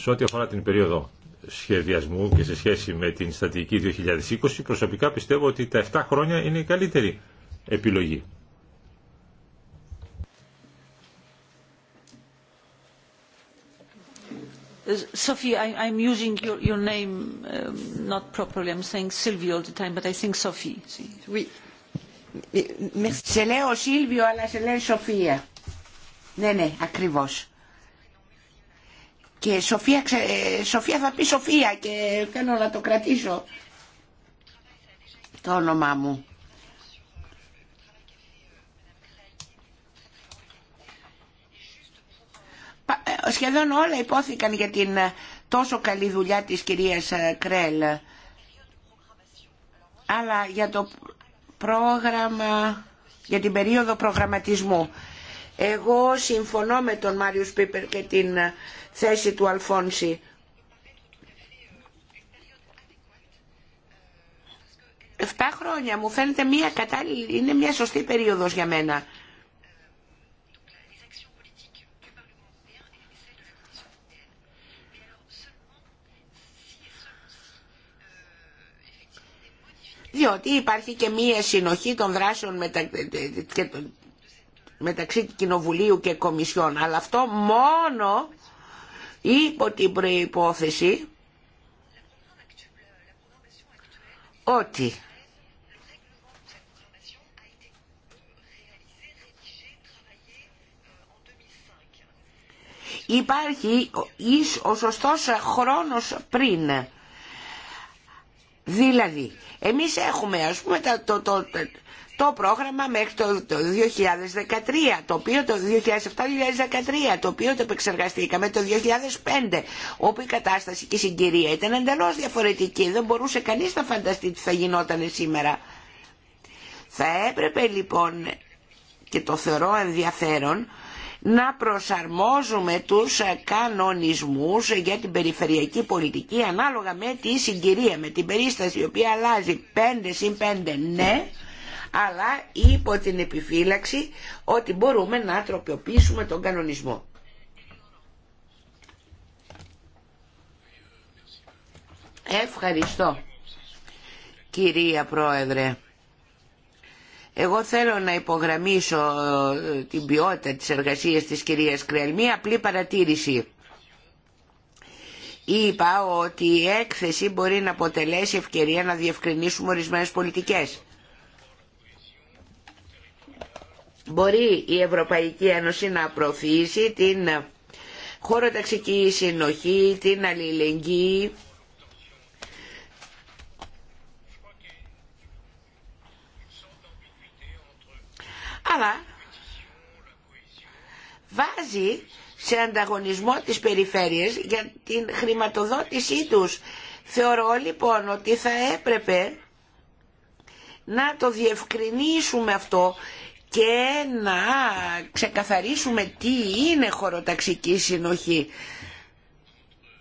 Speaker 2: Σε ό,τι αφορά την περίοδο σχεδιασμού και σε σχέση με την στατική 2020, προσωπικά πιστεύω ότι τα 7 χρόνια είναι η καλύτερη επιλογή.
Speaker 1: Sophie, I'm using your name not properly. I'm saying Sylvie all the time, but I think Sophie. Oui. Σε λέω Σίλβιο, αλλά σε λέει Σοφία. Ναι, ναι, ακριβώς. Και ε, Σοφία, θα πει Σοφία και θέλω να το κρατήσω το όνομά μου. Ε, σχεδόν όλα υπόθηκαν για την ε, τόσο καλή δουλειά της κυρίας Κρέλ. Αλλά για το πρόγραμμα, για την περίοδο προγραμματισμού. Εγώ συμφωνώ με τον Μάριους Πίπερ και την θέση του Αλφόνση. Εφτά χρόνια μου φαίνεται μια κατάλληλη, είναι μια σωστή περίοδος για μένα. διότι υπάρχει και μία συνοχή των δράσεων μετα μεταξύ Κοινοβουλίου και Κομισιόν. Αλλά αυτό μόνο υπό την προϋπόθεση ότι υπάρχει ο σωστός χρόνος πριν. Δηλαδή, εμείς έχουμε ας πούμε το, το, το, το πρόγραμμα μέχρι το 2013, το οποίο το 2007-2013, το οποίο το επεξεργαστήκαμε το 2005, όπου η κατάσταση και η συγκυρία ήταν εντελώς διαφορετική, δεν μπορούσε κανείς να φανταστεί τι θα γινόταν σήμερα. Θα έπρεπε λοιπόν, και το θεωρώ ενδιαφέρον, να προσαρμόζουμε τους κανονισμούς για την περιφερειακή πολιτική ανάλογα με τη συγκυρία, με την περίσταση η οποία αλλάζει 5 συν 5 ναι, αλλά υπό την επιφύλαξη ότι μπορούμε να τροποποιήσουμε τον κανονισμό. Ευχαριστώ, κυρία Πρόεδρε. Εγώ θέλω να υπογραμμίσω ε, την ποιότητα της εργασίας της κυρίας Κρέλ. Μία απλή παρατήρηση. Είπα ότι η έκθεση μπορεί να αποτελέσει ευκαιρία να διευκρινίσουμε ορισμένες πολιτικές. μπορεί η Ευρωπαϊκή Ένωση να προωθήσει την χωροταξική συνοχή, την αλληλεγγύη. Αλλά βάζει σε ανταγωνισμό τις περιφέρειες για την χρηματοδότησή τους. Θεωρώ λοιπόν ότι θα έπρεπε να το διευκρινίσουμε αυτό και να ξεκαθαρίσουμε τι είναι χωροταξική συνοχή.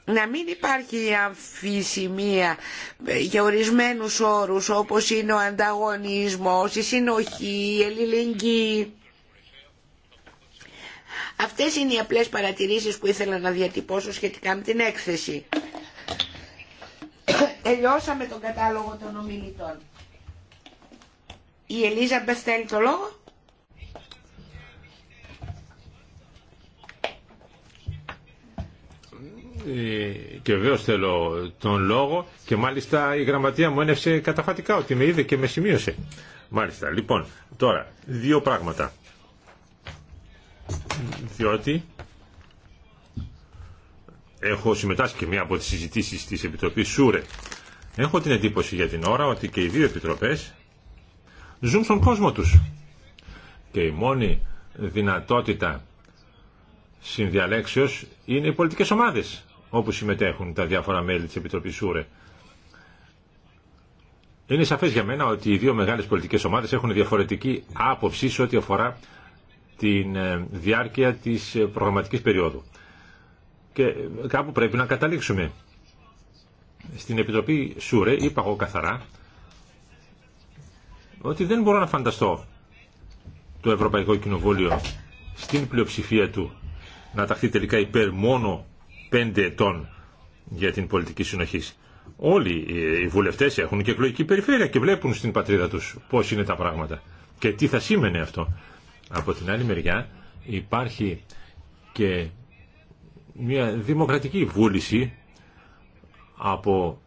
Speaker 1: Να μην υπάρχει αμφισημία ε, για ορισμένους όρους όπως είναι ο ανταγωνισμός, η συνοχή, η ελληνική. Αυτές είναι οι απλές παρατηρήσεις που ήθελα να διατυπώσω σχετικά με την έκθεση. Τελειώσαμε τον κατάλογο των ομιλητών. Η Ελίζα το λόγο.
Speaker 2: Ε, και βεβαίω θέλω τον λόγο και μάλιστα η γραμματεία μου ένευσε καταφατικά ότι με είδε και με σημείωσε. Μάλιστα, λοιπόν, τώρα, δύο πράγματα. Διότι έχω συμμετάσχει και μία από τις συζητήσεις της Επιτροπής ΣΟΥΡΕ. Έχω την εντύπωση για την ώρα ότι και οι δύο επιτροπές ζουν στον κόσμο τους. Και η μόνη δυνατότητα συνδιαλέξεως είναι οι πολιτικές ομάδες όπου συμμετέχουν τα διάφορα μέλη της Επιτροπής ΣΟΥΡΕ. Είναι σαφές για μένα ότι οι δύο μεγάλες πολιτικές ομάδες έχουν διαφορετική άποψη σε ό,τι αφορά τη ε, διάρκεια της ε, προγραμματικής περίοδου. Και ε, κάπου πρέπει να καταλήξουμε. Στην Επιτροπή ΣΟΥΡΕ είπα εγώ καθαρά ότι δεν μπορώ να φανταστώ το Ευρωπαϊκό Κοινοβούλιο στην πλειοψηφία του να ταχθεί τελικά υπέρ μόνο πέντε ετών για την πολιτική συνοχή. Όλοι οι βουλευτές έχουν και εκλογική περιφέρεια και βλέπουν στην πατρίδα τους πώς είναι τα πράγματα και τι θα σήμαινε αυτό. Από την άλλη μεριά υπάρχει και μια δημοκρατική βούληση από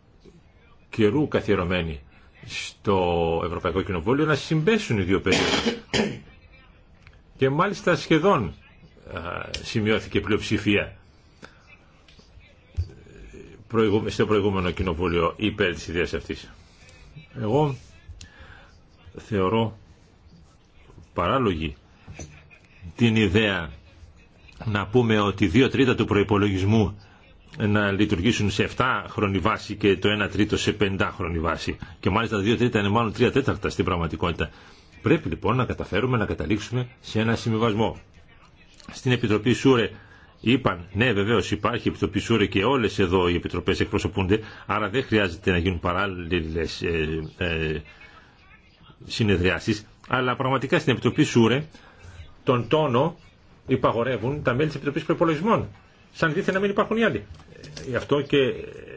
Speaker 2: καιρού καθιερωμένη στο Ευρωπαϊκό Κοινοβούλιο να συμπέσουν οι δύο περίοδοι. Και μάλιστα σχεδόν σημειώθηκε πλειοψηφία στο προηγούμενο κοινοβούλιο υπέρ της ιδέας αυτής. Εγώ θεωρώ παράλογη την ιδέα να πούμε ότι δύο τρίτα του προϋπολογισμού να λειτουργήσουν σε 7 χρονη βάση και το 1 τρίτο σε 50 χρονη βάση. Και μάλιστα τα 2 τρίτα είναι μάλλον 3 τέταρτα στην πραγματικότητα. Πρέπει λοιπόν να καταφέρουμε να καταλήξουμε σε ένα συμβιβασμό. Στην Επιτροπή Σούρε είπαν ναι βεβαίως υπάρχει επιτροπή Σούρε και όλες εδώ οι επιτροπές εκπροσωπούνται άρα δεν χρειάζεται να γίνουν παράλληλες ε, ε, συνεδριάσεις αλλά πραγματικά στην επιτροπή Σούρε τον τόνο υπαγορεύουν τα μέλη της Επιτροπής Προπολογισμών σαν δίθεν να μην υπάρχουν οι άλλοι. Ε, γι' αυτό και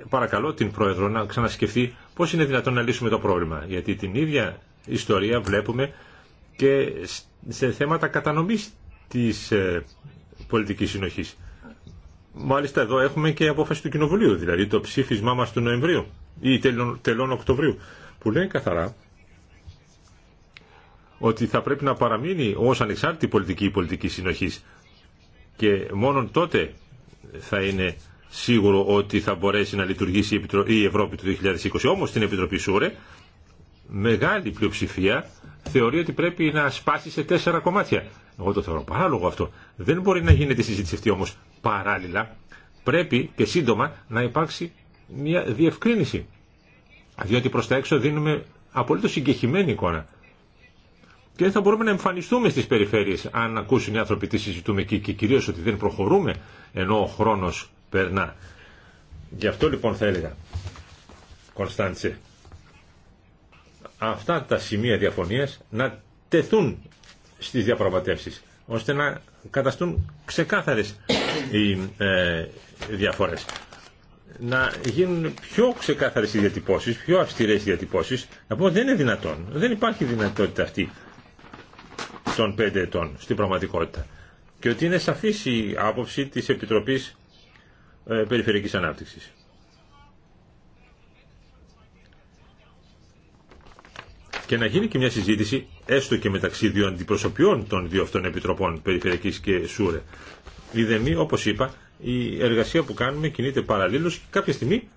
Speaker 2: παρακαλώ την Πρόεδρο να ξανασκεφτεί πώς είναι δυνατόν να λύσουμε το πρόβλημα. Γιατί την ίδια ιστορία βλέπουμε και σε θέματα κατανομής της ε, πολιτική συνοχή. Μάλιστα εδώ έχουμε και απόφαση του Κοινοβουλίου, δηλαδή το ψήφισμά μας του Νοεμβρίου ή τελών, τελών Οκτωβρίου, που λέει καθαρά ότι θα πρέπει να παραμείνει ως ανεξάρτητη πολιτική η πολιτική συνοχής και μόνον τότε θα είναι σίγουρο ότι θα μπορέσει να λειτουργήσει η πολιτικη συνοχη και μονο τοτε θα ειναι σιγουρο οτι θα μπορεσει να λειτουργησει η ευρωπη του 2020. Όμως στην Επιτροπή Σούρε μεγάλη πλειοψηφία θεωρεί ότι πρέπει να σπάσει σε τέσσερα κομμάτια. Εγώ το θεωρώ παράλογο αυτό. Δεν μπορεί να γίνεται η συζήτηση αυτή όμω. παράλληλα. Πρέπει και σύντομα να υπάρξει μια διευκρίνηση. Διότι προ τα έξω δίνουμε απολύτως συγκεχημένη εικόνα. Και δεν θα μπορούμε να εμφανιστούμε στις περιφέρειες αν ακούσουν οι άνθρωποι τι συζητούμε εκεί και κυρίως ότι δεν προχωρούμε ενώ ο χρόνο περνά. Γι' αυτό λοιπόν θα έλεγα, Κωνσταντσε, αυτά τα σημεία διαφωνίας να τεθούν στις διαπραγματεύσεις ώστε να καταστούν ξεκάθαρες οι ε, διαφορές. Να γίνουν πιο ξεκάθαρες οι διατυπώσεις, πιο αυστηρές οι διατυπώσεις. Να πούμε ότι δεν είναι δυνατόν. Δεν υπάρχει δυνατότητα αυτή των πέντε ετών στην πραγματικότητα. Και ότι είναι σαφής η άποψη της Επιτροπής ε, Περιφερειακής Ανάπτυξης. και να γίνει και μια συζήτηση έστω και μεταξύ δύο αντιπροσωπιών των δύο αυτών επιτροπών Περιφερειακής και Σούρε. Η ΔΕΜΗ, όπως είπα, η εργασία που κάνουμε κινείται παραλίλω και κάποια στιγμή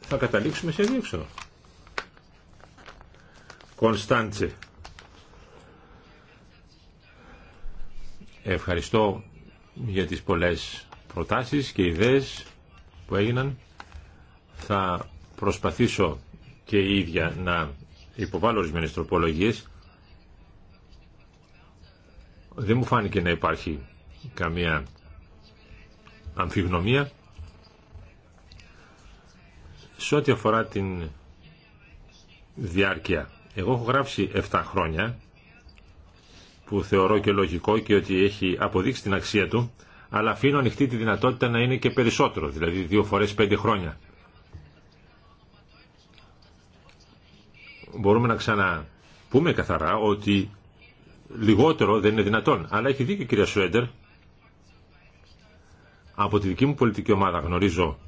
Speaker 2: θα καταλήξουμε σε αδίέξοδο. Κωνσταντζε. Ευχαριστώ για τις πολλές προτάσεις και ιδέες που έγιναν. Θα προσπαθήσω και η ίδια να υποβάλλω ορισμένε τροπολογίε. Δεν μου φάνηκε να υπάρχει καμία αμφιγνωμία. Σε ό,τι αφορά την διάρκεια, εγώ έχω γράψει 7 χρόνια που θεωρώ και λογικό και ότι έχει αποδείξει την αξία του, αλλά αφήνω ανοιχτή τη δυνατότητα να είναι και περισσότερο, δηλαδή δύο φορές πέντε χρόνια. μπορούμε να ξαναπούμε καθαρά ότι λιγότερο δεν είναι δυνατόν. Αλλά έχει δίκιο η κυρία Σουέντερ. Από τη δική μου πολιτική ομάδα γνωρίζω.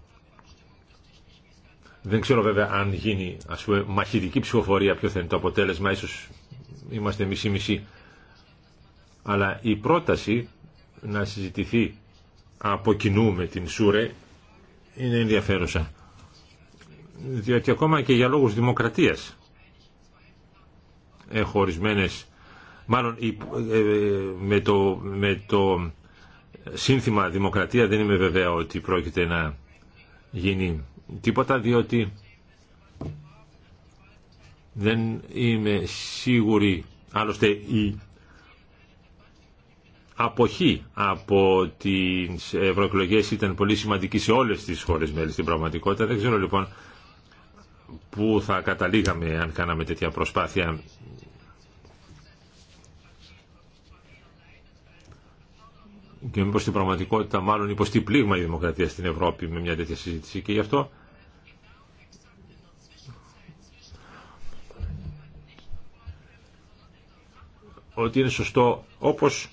Speaker 2: Δεν ξέρω βέβαια αν γίνει ας πούμε, μαχητική ψηφοφορία ποιο θα είναι το αποτέλεσμα. Ίσως είμαστε μισή-μισή. Αλλά η πρόταση να συζητηθεί από κοινού με την Σούρε είναι ενδιαφέρουσα. Διότι ακόμα και για λόγους δημοκρατίας έχω μάλλον ε, ε, με το, με το σύνθημα δημοκρατία δεν είμαι βεβαία ότι πρόκειται να γίνει τίποτα διότι δεν είμαι σίγουρη άλλωστε η αποχή από τις ευρωεκλογέ ήταν πολύ σημαντική σε όλες τις χώρες μέλη στην πραγματικότητα δεν ξέρω λοιπόν που θα καταλήγαμε αν κάναμε τέτοια προσπάθεια και μήπως στην πραγματικότητα μάλλον υποστεί πλήγμα η δημοκρατία στην Ευρώπη με μια τέτοια συζήτηση και γι' αυτό ότι είναι σωστό όπως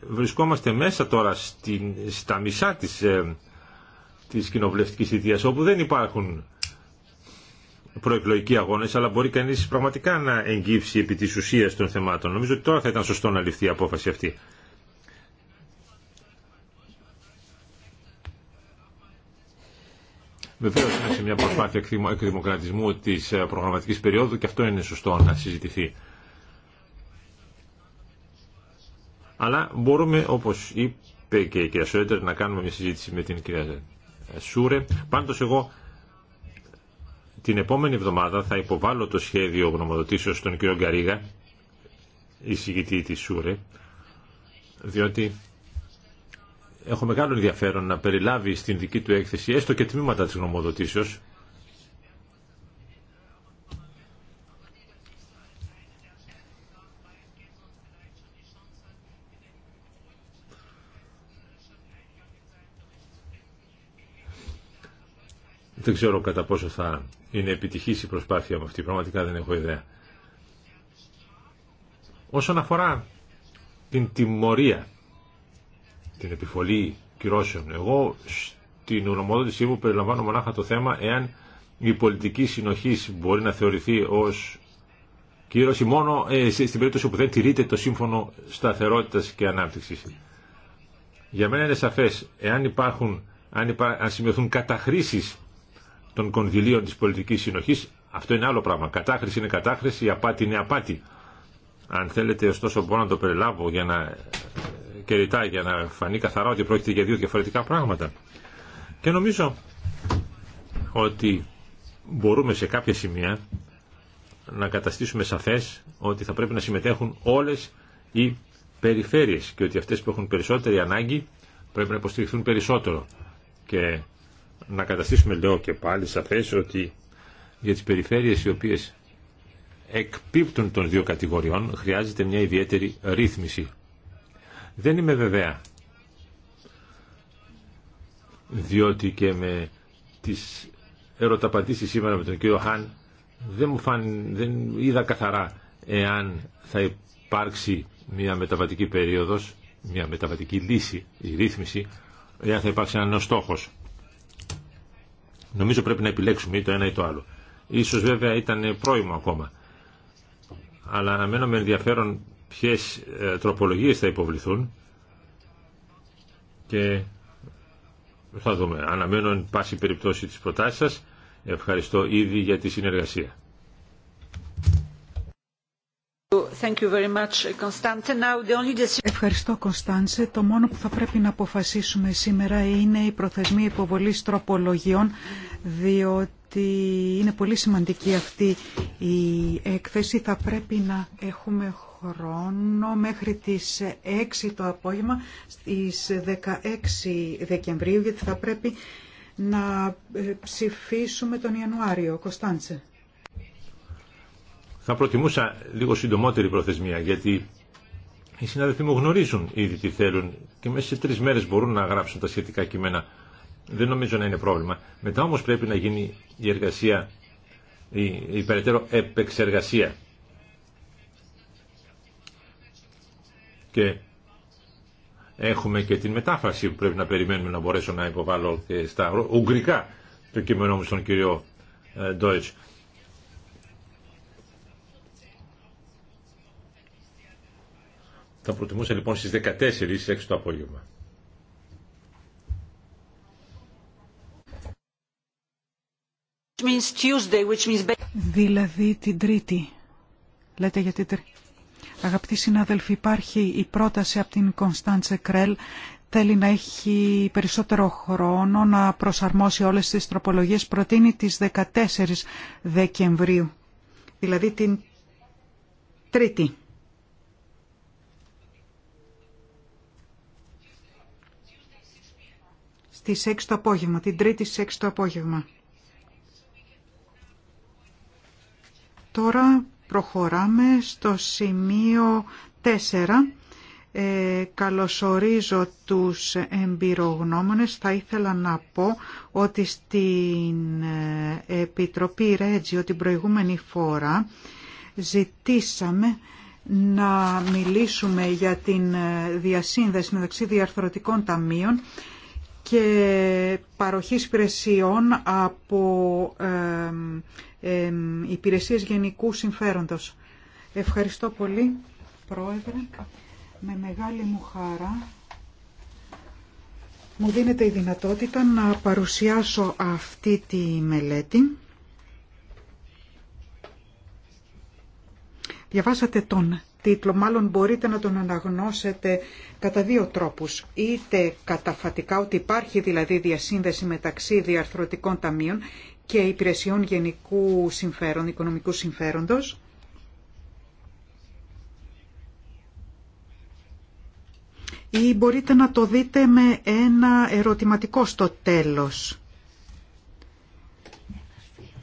Speaker 2: βρισκόμαστε μέσα τώρα στην, στα μισά της, ε, της κοινοβουλευτικής θητείας όπου δεν υπάρχουν προεκλογικοί αγώνες, αλλά μπορεί κανεί πραγματικά να εγγύψει επί τη ουσία των θεμάτων. Νομίζω ότι τώρα θα ήταν σωστό να ληφθεί η απόφαση αυτή. Βεβαίω είναι σε μια προσπάθεια εκδημοκρατισμού τη ε, προγραμματική περίοδου και αυτό είναι σωστό να συζητηθεί. Αλλά μπορούμε, όπω είπε και η κυρία Σόιντερ, να κάνουμε μια συζήτηση με την κυρία Σούρε. Πάντω, εγώ την επόμενη εβδομάδα θα υποβάλω το σχέδιο γνωμοδοτήσεως στον κύριο Γκαρίγα, εισηγητή της ΣΟΥΡΕ, διότι έχω μεγάλο ενδιαφέρον να περιλάβει στην δική του έκθεση έστω και τμήματα της γνωμοδοτήσεως Δεν ξέρω κατά πόσο θα είναι επιτυχής η προσπάθεια μου αυτή. Πραγματικά δεν έχω ιδέα. Όσον αφορά την τιμωρία, την επιφολή κυρώσεων, εγώ στην ουρομόδοτησή μου περιλαμβάνω μονάχα το θέμα εάν η πολιτική συνοχή μπορεί να θεωρηθεί ως κύρωση μόνο ε, στην περίπτωση που δεν τηρείται το σύμφωνο σταθερότητας και ανάπτυξης. Για μένα είναι σαφές, εάν υπάρχουν, αν, υπά, καταχρήσεις των κονδυλίων της πολιτικής συνοχής. Αυτό είναι άλλο πράγμα. Κατάχρηση είναι κατάχρηση, η απάτη είναι απάτη. Αν θέλετε ωστόσο μπορώ να το περιλάβω για να... και για να φανεί καθαρά ότι πρόκειται για δύο διαφορετικά πράγματα. Και νομίζω ότι μπορούμε σε κάποια σημεία να καταστήσουμε σαφές ότι θα πρέπει να συμμετέχουν όλες οι περιφέρειες και ότι αυτές που έχουν περισσότερη ανάγκη πρέπει να υποστηριχθούν περισσότερο. Και να καταστήσουμε λέω και πάλι σαφές ότι για τις περιφέρειες οι οποίες εκπίπτουν των δύο κατηγοριών χρειάζεται μια ιδιαίτερη ρύθμιση. Δεν είμαι βεβαία διότι και με τις ερωταπαντήσεις σήμερα με τον κύριο Χάν δεν μου φαν, δεν είδα καθαρά εάν θα υπάρξει μια μεταβατική περίοδος, μια μεταβατική λύση, η ρύθμιση, εάν θα υπάρξει ένα νέο στόχος. Νομίζω πρέπει να επιλέξουμε ή το ένα ή το άλλο. Ίσως βέβαια ήταν πρόημο ακόμα. Αλλά αναμένω με ενδιαφέρον ποιες ε, τροπολογίες θα υποβληθούν και θα δούμε. Αναμένω εν πάση περιπτώσει τις προτάσεις σας. Ευχαριστώ ήδη για τη συνεργασία.
Speaker 3: Ευχαριστώ Κωνσταντσε. Το μόνο που θα πρέπει να αποφασίσουμε σήμερα είναι η προθεσμία υποβολής τροπολογιών διότι είναι πολύ σημαντική αυτή η έκθεση. Θα πρέπει να έχουμε χρόνο μέχρι τις 6 το απόγευμα στις 16 Δεκεμβρίου γιατί θα πρέπει να ψηφίσουμε τον Ιανουάριο. Κωνσταντσε.
Speaker 2: Θα προτιμούσα λίγο συντομότερη προθεσμία, γιατί οι συνάδελφοί μου γνωρίζουν ήδη τι θέλουν και μέσα σε τρει μέρε μπορούν να γράψουν τα σχετικά κείμενα. Δεν νομίζω να είναι πρόβλημα. Μετά όμω πρέπει να γίνει η εργασία, η, η περαιτέρω επεξεργασία. Και έχουμε και την μετάφραση που πρέπει να περιμένουμε να μπορέσω να υποβάλω και στα ουγγρικά το κείμενό μου στον κύριο ε, Ντόιτς. Θα προτιμούσα λοιπόν στις 14 6 το απόγευμα.
Speaker 3: Δηλαδή την Τρίτη. Λέτε γιατί την Τρίτη. Αγαπητοί συνάδελφοι, υπάρχει η πρόταση από την Κωνσταντσε Κρέλ θέλει να έχει περισσότερο χρόνο να προσαρμόσει όλες τις τροπολογίες προτείνει τις 14 Δεκεμβρίου, δηλαδή την Τρίτη. στις 6 το απόγευμα, την Τρίτη στις 6 το απόγευμα. Τώρα προχωράμε στο σημείο 4. Ε, καλωσορίζω τους εμπειρογνώμονες. Θα ήθελα να πω ότι στην ε, Επιτροπή Ρέτζιο την προηγούμενη φορά ζητήσαμε να μιλήσουμε για την ε, διασύνδεση μεταξύ διαρθρωτικών ταμείων και παροχής υπηρεσιών από ε, υπηρεσίες γενικού συμφέροντος. Ευχαριστώ πολύ, Πρόεδρε. Με μεγάλη μου χαρά μου δίνεται η δυνατότητα να παρουσιάσω αυτή τη μελέτη. Διαβάσατε τον τίτλο, μάλλον μπορείτε να τον αναγνώσετε κατά δύο τρόπους. Είτε καταφατικά, ότι υπάρχει δηλαδή διασύνδεση μεταξύ διαρθρωτικών ταμείων και υπηρεσιών γενικού συμφέρον, οικονομικού συμφέροντος, ή μπορείτε να το δείτε με ένα ερωτηματικό στο τέλος.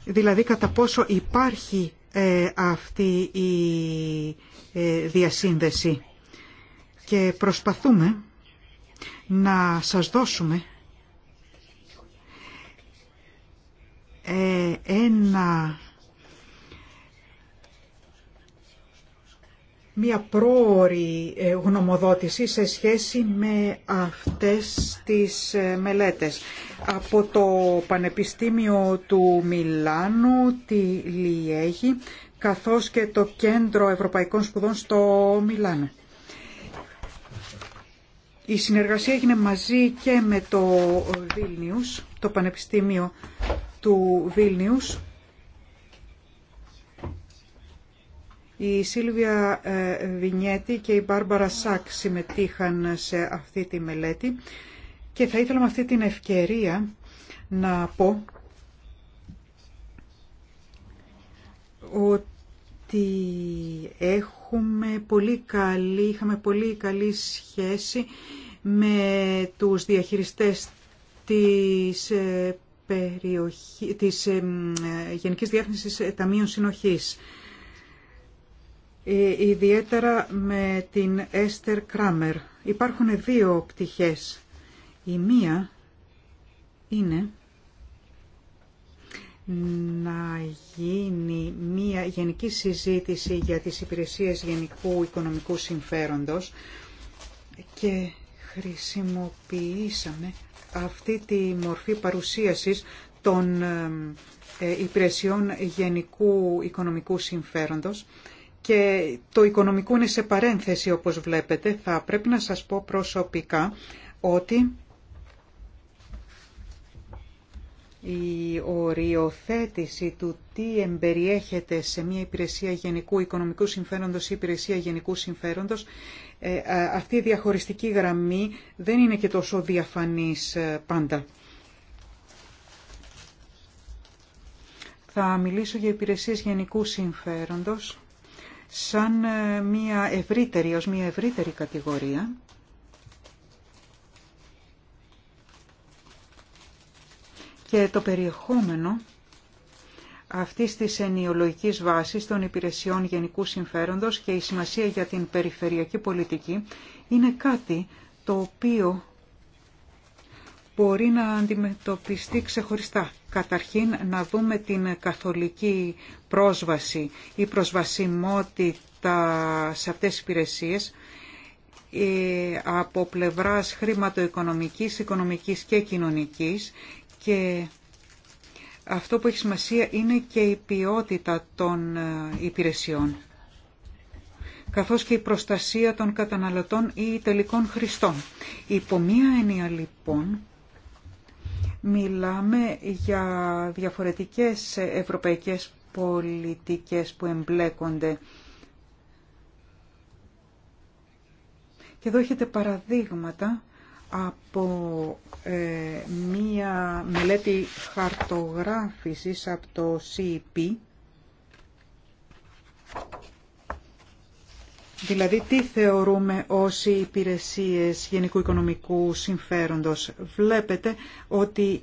Speaker 3: Δηλαδή κατά πόσο υπάρχει ε, αυτή η ε, διασύνδεση και προσπαθούμε να σας δώσουμε ε, ένα μία πρόορη ε, γνωμοδότηση σε σχέση με αυτές τις ε, μελέτες από το Πανεπιστήμιο του Μιλάνου, τη Λιέγη, καθώς και το Κέντρο Ευρωπαϊκών Σπουδών στο Μιλάνο. Η συνεργασία έγινε μαζί και με το Βίλνιους, το Πανεπιστήμιο του Βίλνιους, Η Σίλβια ε, Βινιέτη και η Μπάρμπαρα Σάκ συμμετείχαν σε αυτή τη μελέτη και θα ήθελα με αυτή την ευκαιρία να πω ότι έχουμε πολύ καλή, είχαμε πολύ καλή σχέση με τους διαχειριστές της, ε, της ε, Γενικής Διεύθυνσης Ταμείων Συνοχής ε, ιδιαίτερα με την Έστερ Κράμερ. Υπάρχουν δύο πτυχές. Η μία είναι να γίνει μία γενική συζήτηση για τις υπηρεσίες γενικού οικονομικού συμφέροντος και χρησιμοποιήσαμε αυτή τη μορφή παρουσίασης των ε, ε, υπηρεσιών γενικού οικονομικού συμφέροντος και το οικονομικό είναι σε παρένθεση όπως βλέπετε. Θα πρέπει να σας πω προσωπικά ότι η οριοθέτηση του τι εμπεριέχεται σε μια υπηρεσία γενικού οικονομικού συμφέροντος ή υπηρεσία γενικού συμφέροντος, ε, αυτή η διαχωριστική γραμμή δεν είναι και τόσο διαφανής ε, πάντα. Θα μιλήσω για υπηρεσίες γενικού συμφέροντος σαν ε, μια ευρύτερη, ως μια ευρύτερη κατηγορία και το περιεχόμενο αυτής της ενιολογικής βάσης των υπηρεσιών γενικού συμφέροντος και η σημασία για την περιφερειακή πολιτική είναι κάτι το οποίο μπορεί να αντιμετωπιστεί ξεχωριστά. Καταρχήν να δούμε την καθολική πρόσβαση ή προσβασιμότητα σε αυτές τις υπηρεσίες ε, από πλευράς χρηματοοικονομικής, οικονομικής και κοινωνικής και αυτό που έχει σημασία είναι και η ποιότητα των ε, υπηρεσιών καθώς και η προστασία των καταναλωτών ή τελικών χρηστών. Υπό μία έννοια λοιπόν Μιλάμε για διαφορετικές ευρωπαϊκές πολιτικές που εμπλέκονται. Και εδώ έχετε παραδείγματα από ε, μία μελέτη χαρτογράφησης από το CEP Δηλαδή, τι θεωρούμε ως υπηρεσίες γενικού οικονομικού συμφέροντος. Βλέπετε ότι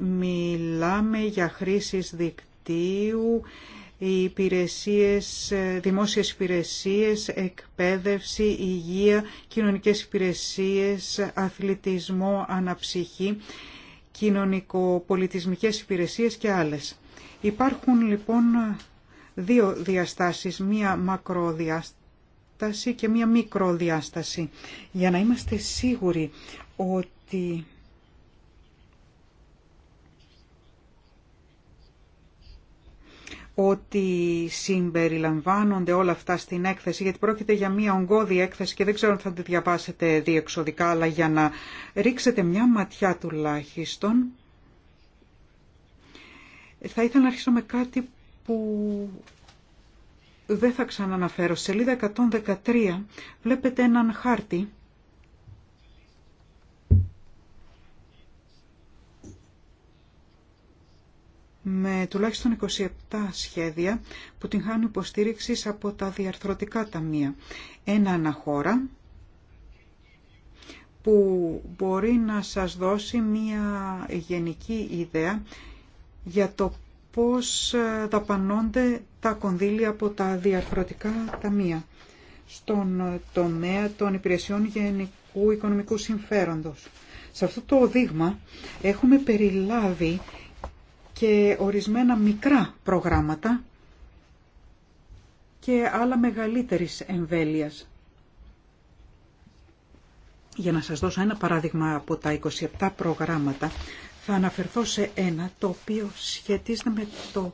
Speaker 3: μιλάμε για χρήσεις δικτύου, υπηρεσίες, ε, δημόσιες υπηρεσίες, εκπαίδευση, υγεία, κοινωνικές υπηρεσίες, αθλητισμό, αναψυχή, κοινωνικοπολιτισμικές υπηρεσίες και άλλες. Υπάρχουν λοιπόν δύο διαστάσεις, μία μακροδιάσταση διάσταση και μία μικροδιάσταση για να είμαστε σίγουροι ότι ότι συμπεριλαμβάνονται όλα αυτά στην έκθεση, γιατί πρόκειται για μία ογκώδη έκθεση και δεν ξέρω αν θα τη διαβάσετε διεξοδικά, αλλά για να ρίξετε μια ματιά τουλάχιστον, θα ήθελα να αρχίσω με κάτι που δεν θα ξαναναφέρω. Σελίδα 113 βλέπετε έναν χάρτη με τουλάχιστον 27 σχέδια που την χάνουν υποστήριξη από τα διαρθρωτικά ταμεία. Ένα αναχώρα που μπορεί να σας δώσει μία γενική ιδέα για το πώς ε, δαπανώνται τα κονδύλια από τα διαφορετικά ταμεία στον τομέα των υπηρεσιών γενικού οικονομικού συμφέροντος. Σε αυτό το δείγμα έχουμε περιλάβει και ορισμένα μικρά προγράμματα και άλλα μεγαλύτερης εμβέλειας. Για να σας δώσω ένα παράδειγμα από τα 27 προγράμματα, θα αναφερθώ σε ένα το οποίο σχετίζεται με το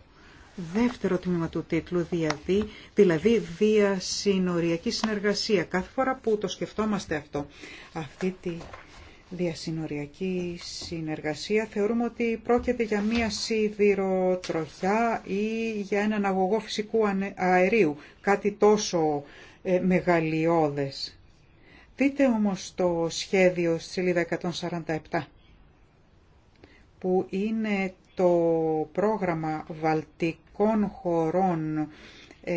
Speaker 3: δεύτερο τμήμα του τίτλου, δηλαδή, δηλαδή διασυνοριακή συνεργασία. Κάθε φορά που το σκεφτόμαστε αυτό, αυτή τη διασυνοριακή συνεργασία, θεωρούμε ότι πρόκειται για μία σιδηροτροχιά ή για έναν αγωγό φυσικού αερίου, κάτι τόσο ε, μεγαλειώδες. Δείτε όμως το σχέδιο στη σελίδα 147 που είναι το πρόγραμμα βαλτικών χωρών ε,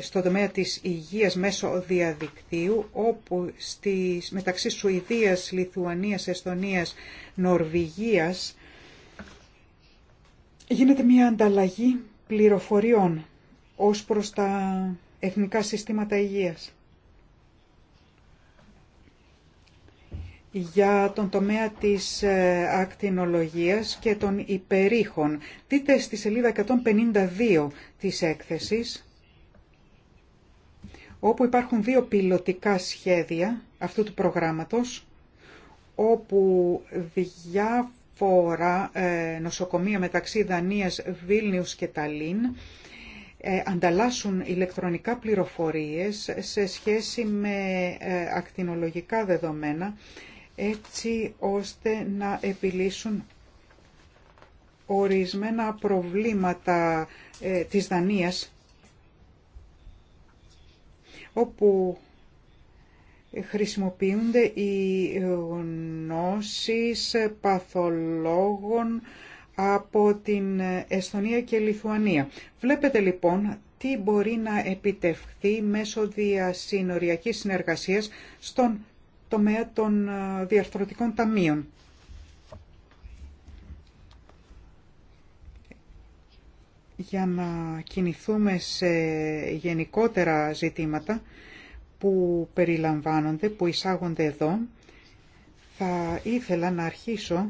Speaker 3: στο τομέα της υγείας μέσω διαδικτύου, όπου στις, μεταξύ Σουηδίας, Λιθουανίας, Εστονίας, Νορβηγίας γίνεται μια ανταλλαγή πληροφοριών ως προς τα εθνικά συστήματα υγείας. για τον τομέα της ε, ακτινολογίας και των υπερήχων. Δείτε στη σελίδα 152 της έκθεσης, όπου υπάρχουν δύο πιλωτικά σχέδια αυτού του προγράμματος, όπου διάφορα ε, νοσοκομεία μεταξύ Δανίας, Βίλνιους και Ταλίν ε, ανταλλάσσουν ηλεκτρονικά πληροφορίες σε σχέση με ακτινολογικά δεδομένα έτσι ώστε να επιλύσουν ορισμένα προβλήματα ε, της Δανίας όπου χρησιμοποιούνται οι γνώσεις παθολόγων από την Εσθονία και Λιθουανία. Βλέπετε λοιπόν τι μπορεί να επιτευχθεί μέσω διασυνοριακής συνεργασίας στον τομέα των ε, διαρθρωτικών ταμείων. Για να κινηθούμε σε γενικότερα ζητήματα που περιλαμβάνονται, που εισάγονται εδώ, θα ήθελα να αρχίσω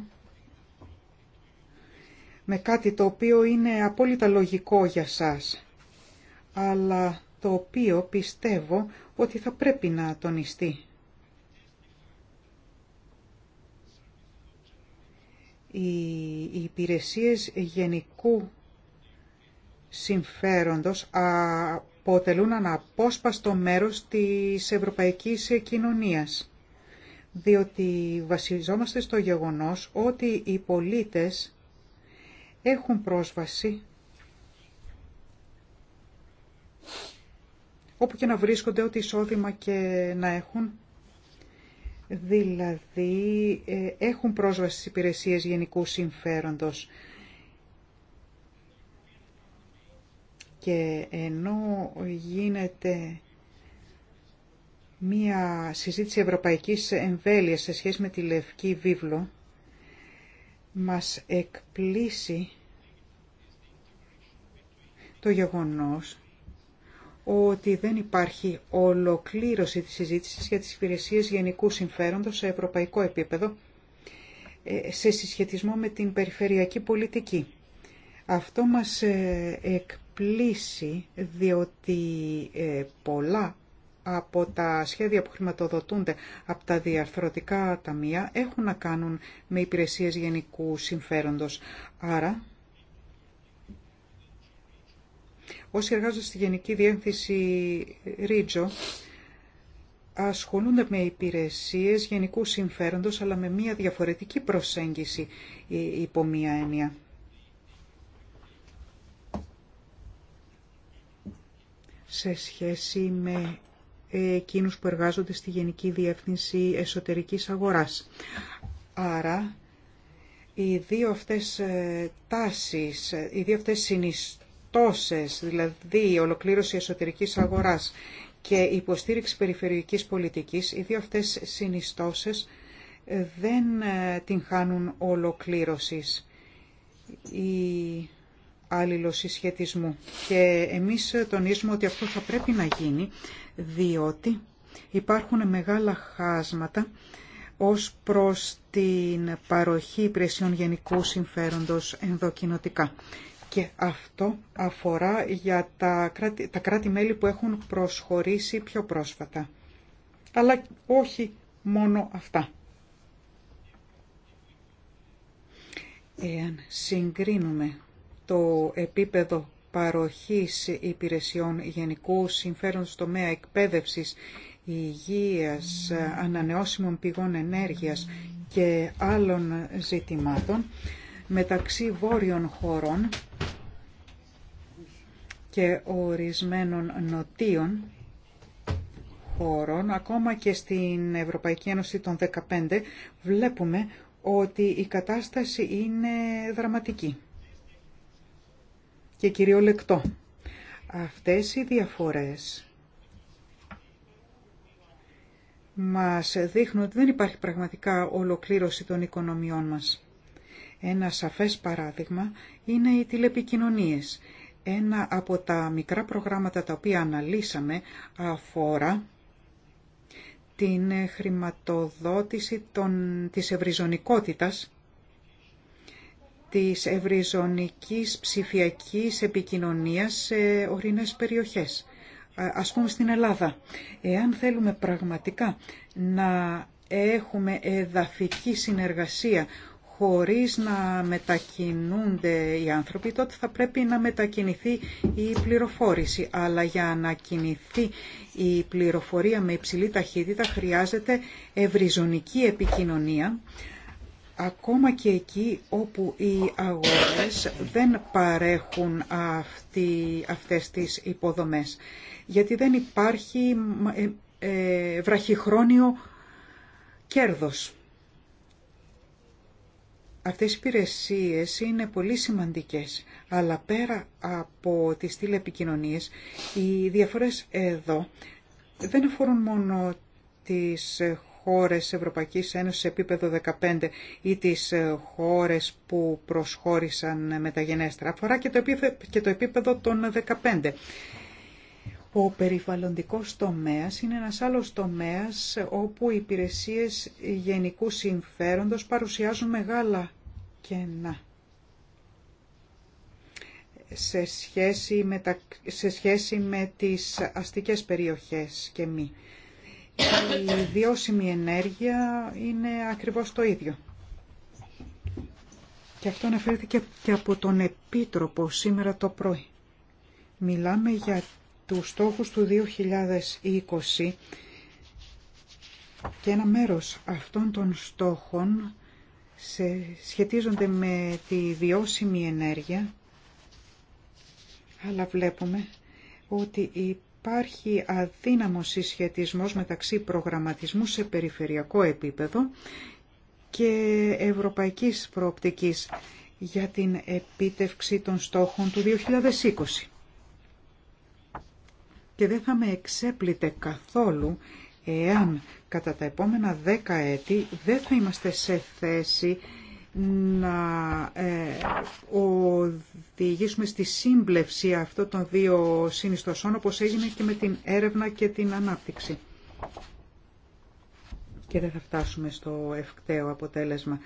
Speaker 3: με κάτι το οποίο είναι απόλυτα λογικό για σας, αλλά το οποίο πιστεύω ότι θα πρέπει να τονιστεί. οι υπηρεσίες γενικού συμφέροντος αποτελούν αναπόσπαστο μέρος της ευρωπαϊκής κοινωνίας, διότι βασιζόμαστε στο γεγονός ότι οι πολίτες έχουν πρόσβαση όπου και να βρίσκονται ό,τι εισόδημα και να έχουν δηλαδή ε, έχουν πρόσβαση στις υπηρεσίες γενικού συμφέροντος. Και ενώ γίνεται μία συζήτηση ευρωπαϊκής εμβέλειας σε σχέση με τη Λευκή Βίβλο, μας εκπλήσει το γεγονός ότι δεν υπάρχει ολοκλήρωση της συζήτησης για τις υπηρεσίες γενικού συμφέροντος σε ευρωπαϊκό επίπεδο ε, σε συσχετισμό με την περιφερειακή πολιτική. Αυτό μας ε, εκπλήσει διότι ε, πολλά από τα σχέδια που χρηματοδοτούνται από τα διαρθρωτικά ταμεία έχουν να κάνουν με υπηρεσίες γενικού συμφέροντος. Άρα Όσοι εργάζονται στη Γενική Διεύθυνση Ρίτζο ασχολούνται με υπηρεσίες γενικού συμφέροντος αλλά με μια διαφορετική προσέγγιση υπό μία έννοια. σε σχέση με εκείνους που εργάζονται στη Γενική Διεύθυνση Εσωτερικής Αγοράς. Άρα, οι δύο αυτές ε, τάσεις, ε, οι δύο αυτές συνιστώσεις τόσες, δηλαδή η ολοκλήρωση εσωτερικής αγοράς και η υποστήριξη περιφερειακής πολιτικής, οι δύο αυτές συνιστώσεις δεν ε, την χάνουν ολοκλήρωσης ή αλληλοσυσχετισμού. Και εμείς τονίζουμε ότι αυτό θα πρέπει να γίνει, διότι υπάρχουν μεγάλα χάσματα ως προς την παροχή υπηρεσιών γενικού συμφέροντος ενδοκινοτικά. Και αυτό αφορά για τα, κράτη, τα μελη που έχουν προσχωρήσει πιο πρόσφατα. Αλλά όχι μόνο αυτά. Εάν συγκρίνουμε το επίπεδο παροχής υπηρεσιών γενικού συμφέρον στο τομέα εκπαίδευσης, υγείας, ανανεώσιμων πηγών ενέργειας και άλλων ζητημάτων, μεταξύ βόρειων χωρών και ορισμένων νοτίων χωρών, ακόμα και στην Ευρωπαϊκή Ένωση των 15, βλέπουμε ότι η κατάσταση είναι δραματική και κυριολεκτό. Αυτές οι διαφορές μας δείχνουν ότι δεν υπάρχει πραγματικά ολοκλήρωση των οικονομιών μας. Ένα σαφές παράδειγμα είναι οι τηλεπικοινωνίες. Ένα από τα μικρά προγράμματα τα οποία αναλύσαμε αφορά την χρηματοδότηση των, της ευρυζωνικότητας της ευρυζωνικής ψηφιακής επικοινωνίας σε ορεινές περιοχές. Ας πούμε στην Ελλάδα, εάν θέλουμε πραγματικά να έχουμε εδαφική συνεργασία χωρίς να μετακινούνται οι άνθρωποι, τότε θα πρέπει να μετακινηθεί η πληροφόρηση. Αλλά για να κινηθεί η πληροφορία με υψηλή ταχύτητα χρειάζεται ευρυζωνική επικοινωνία, ακόμα και εκεί όπου οι αγορές δεν παρέχουν αυτή, αυτές τις υποδομές. Γιατί δεν υπάρχει ε, ε, βραχυχρόνιο κέρδος. Αυτές οι υπηρεσίες είναι πολύ σημαντικές, αλλά πέρα από τις τηλεπικοινωνίες, οι διαφορές εδώ δεν αφορούν μόνο τις χώρες Ευρωπαϊκής Ένωσης σε επίπεδο 15 ή τις χώρες που προσχώρησαν μεταγενέστερα. Αφορά και το επίπεδο των 15. Ο περιβαλλοντικός τομέας είναι ένας άλλος τομέας όπου οι υπηρεσίες γενικού συμφέροντος παρουσιάζουν μεγάλα κενά σε σχέση με, τα, σε σχέση με τις αστικές περιοχές και μη. Η βιώσιμη ενέργεια είναι ακριβώς το ίδιο. Και αυτό αναφέρθηκε και από τον Επίτροπο σήμερα το πρωί. Μιλάμε για τους στόχους του 2020 και ένα μέρος αυτών των στόχων σε, σχετίζονται με τη βιώσιμη ενέργεια, αλλά βλέπουμε ότι υπάρχει αδύναμος συσχετισμός μεταξύ προγραμματισμού σε περιφερειακό επίπεδο και ευρωπαϊκής προοπτικής για την επίτευξη των στόχων του 2020 και δεν θα με εξέπλητε καθόλου εάν κατά τα επόμενα δέκα έτη δεν θα είμαστε σε θέση να ε, οδηγήσουμε στη σύμπλευση αυτών των δύο συνιστοσών όπως έγινε και με την έρευνα και την ανάπτυξη. Και δεν θα φτάσουμε στο ευκταίο αποτέλεσμα.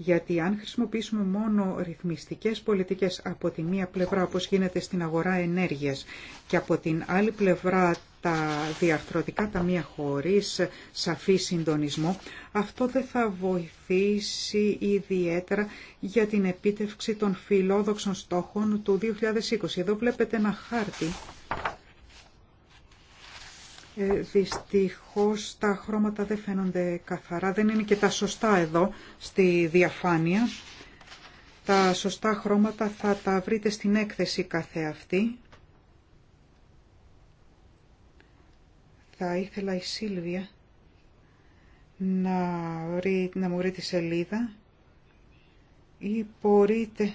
Speaker 3: Γιατί αν χρησιμοποιήσουμε μόνο ρυθμιστικές πολιτικές από τη μία πλευρά όπως γίνεται στην αγορά ενέργειας και από την άλλη πλευρά τα διαρθρωτικά ταμεία χωρίς σαφή συντονισμό, αυτό δεν θα βοηθήσει ιδιαίτερα για την επίτευξη των φιλόδοξων στόχων του 2020. Εδώ βλέπετε ένα χάρτη ε, δυστυχώς τα χρώματα δεν φαίνονται καθαρά, δεν είναι και τα σωστά εδώ στη διαφάνεια. Τα σωστά χρώματα θα τα βρείτε στην έκθεση καθεαυτή. Θα ήθελα η Σίλβια να, βρει, να μου βρει τη σελίδα ή μπορείτε,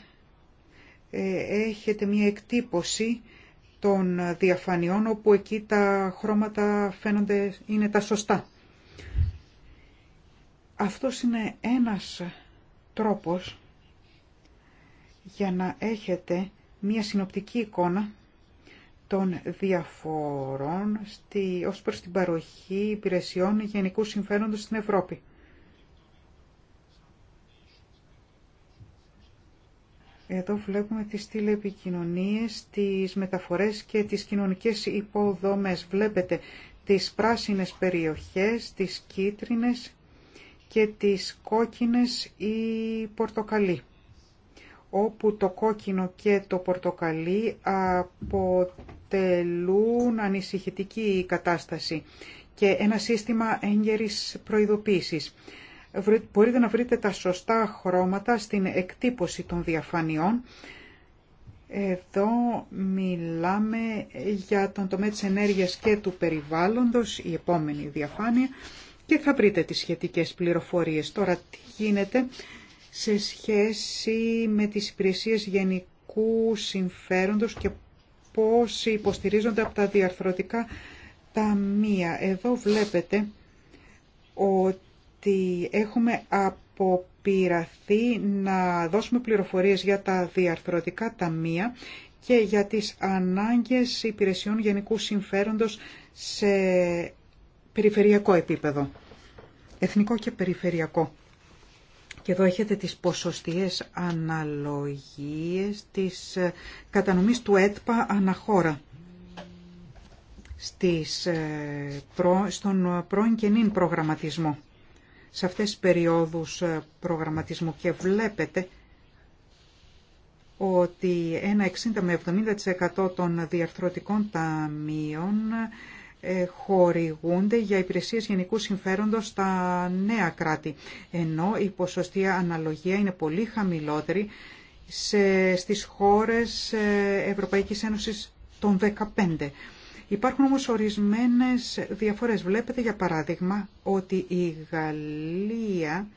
Speaker 3: ε, έχετε μία εκτύπωση των διαφανειών όπου εκεί τα χρώματα φαίνονται είναι τα σωστά. Αυτό είναι ένας τρόπος για να έχετε μία συνοπτική εικόνα των διαφορών στη, ως προς την παροχή υπηρεσιών γενικού συμφέροντος στην Ευρώπη. Εδώ βλέπουμε τις τηλεπικοινωνίες, τις μεταφορές και τις κοινωνικές υποδομές. Βλέπετε τις πράσινες περιοχές, τις κίτρινες και τις κόκκινες ή πορτοκαλί όπου το κόκκινο και το πορτοκαλί αποτελούν ανησυχητική κατάσταση και ένα σύστημα έγκαιρης προειδοποίησης μπορείτε να βρείτε τα σωστά χρώματα στην εκτύπωση των διαφανειών. Εδώ μιλάμε για τον τομέα της ενέργειας και του περιβάλλοντος, η επόμενη διαφάνεια, και θα βρείτε τις σχετικές πληροφορίες. Τώρα τι γίνεται σε σχέση με τις υπηρεσίες γενικού συμφέροντος και πώς υποστηρίζονται από τα διαρθρωτικά ταμεία. Εδώ βλέπετε ότι ότι έχουμε αποπειραθεί να δώσουμε πληροφορίες για τα διαρθρωτικά ταμεία και για τις ανάγκες υπηρεσιών γενικού συμφέροντος σε περιφερειακό επίπεδο, εθνικό και περιφερειακό. Και εδώ έχετε τις ποσοστίες αναλογίες της κατανομής του ΕΤΠΑ αναχώρα στις, ε, στον πρώην και νυν προγραμματισμό σε αυτές τις περιόδους ε, προγραμματισμού και βλέπετε ότι ένα 60 με 70% των διαρθρωτικών ταμείων ε, χορηγούνται για υπηρεσίες γενικού συμφέροντος στα νέα κράτη, ενώ η ποσοστία αναλογία είναι πολύ χαμηλότερη σε, στις χώρες ε, Ευρωπαϊκής Ένωσης των 15. Υπάρχουν όμως ορισμένες διαφορές. Βλέπετε για παράδειγμα ότι η Γαλλία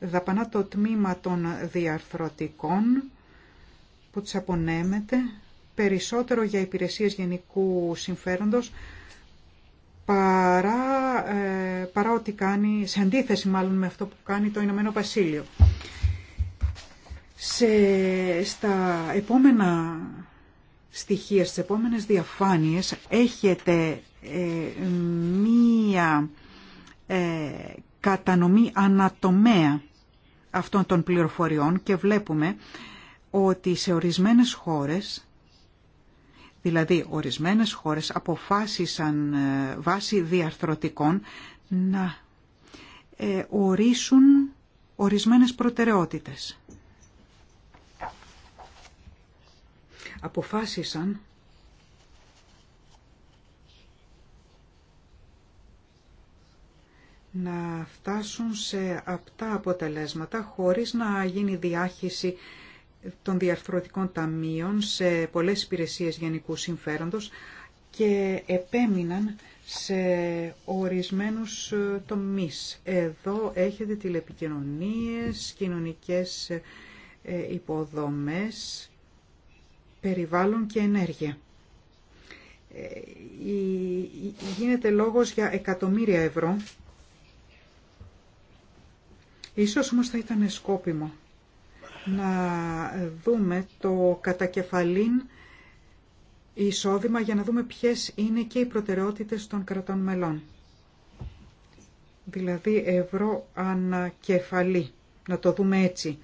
Speaker 3: δαπανά το τμήμα των διαρθρωτικών που τους απονέμεται περισσότερο για υπηρεσίες γενικού συμφέροντος παρά, ε, παρά ό,τι κάνει, σε αντίθεση μάλλον με αυτό που κάνει το Ηνωμένο Βασίλειο. Σε, στα επόμενα στοιχεία. Στις επόμενες διαφάνειες έχετε ε, μία ε, κατανομή ανατομέα αυτών των πληροφοριών και βλέπουμε ότι σε ορισμένες χώρες, δηλαδή ορισμένες χώρες αποφάσισαν ε, βάσει διαρθρωτικών να ε, ορίσουν ορισμένες προτεραιότητες. αποφάσισαν να φτάσουν σε αυτά αποτελέσματα χωρίς να γίνει διάχυση των διαρθρωτικών ταμείων σε πολλές υπηρεσίες γενικού συμφέροντος και επέμειναν σε ορισμένους τομείς. Εδώ έχετε τηλεπικοινωνίες, κοινωνικές ε, υποδομές, περιβάλλον και ενέργεια. Ε, γίνεται λόγος για εκατομμύρια ευρώ. Ίσως όμως θα ήταν σκόπιμο να δούμε το κατακεφαλήν εισόδημα για να δούμε ποιες είναι και οι προτεραιότητες των κρατών μελών. Δηλαδή ευρώ ανακεφαλή, να το δούμε έτσι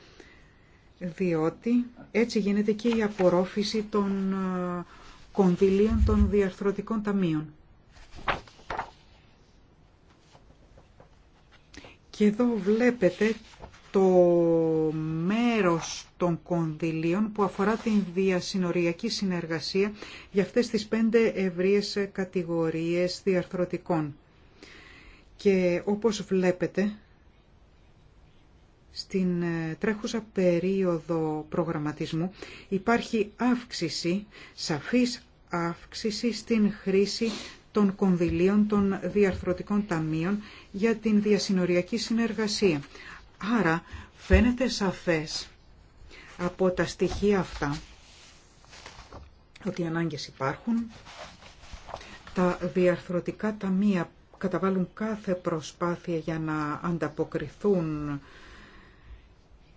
Speaker 3: διότι έτσι γίνεται και η απορρόφηση των ε, κονδυλίων των διαρθρωτικών ταμείων. Και εδώ βλέπετε το μέρος των κονδυλίων που αφορά την διασυνοριακή συνεργασία για αυτές τις πέντε ευρείες κατηγορίες διαρθρωτικών. Και όπως βλέπετε, στην ε, τρέχουσα περίοδο προγραμματισμού υπάρχει αύξηση, σαφής αύξηση στην χρήση των κονδυλίων των διαρθρωτικών ταμείων για την διασυνοριακή συνεργασία. Άρα φαίνεται σαφές από τα στοιχεία αυτά ότι οι ανάγκες υπάρχουν, τα διαρθρωτικά ταμεία καταβάλουν κάθε προσπάθεια για να ανταποκριθούν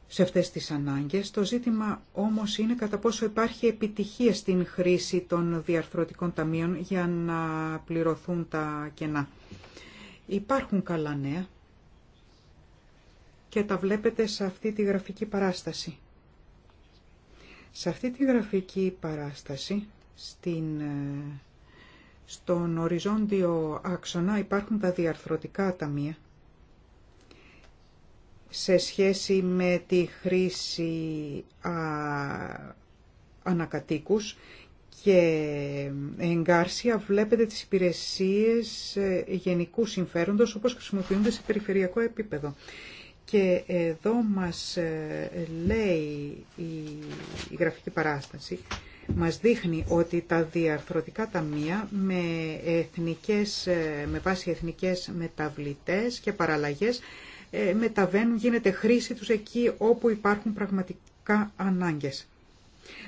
Speaker 3: σε αυτές τις ανάγκες. Το ζήτημα όμως είναι κατά πόσο υπάρχει επιτυχία στην χρήση των διαρθρωτικών ταμείων για να πληρωθούν τα κενά. Υπάρχουν καλά νέα και τα βλέπετε σε αυτή τη γραφική παράσταση. Σε αυτή τη γραφική παράσταση, στην, ε, στον οριζόντιο άξονα υπάρχουν τα διαρθρωτικά ταμεία σε σχέση με τη χρήση α, ανακατοίκους και εγκάρσια βλέπετε τις υπηρεσίες ε, γενικού συμφέροντος όπως χρησιμοποιούνται σε περιφερειακό επίπεδο. Και εδώ μας ε, λέει η γραφική παράσταση, μας δείχνει ότι τα διαρθρωτικά ταμεία με, εθνικές, ε, με βάση εθνικές μεταβλητές και παραλλαγές ε, μεταβαίνουν, γίνεται χρήση τους εκεί όπου υπάρχουν πραγματικά ανάγκες.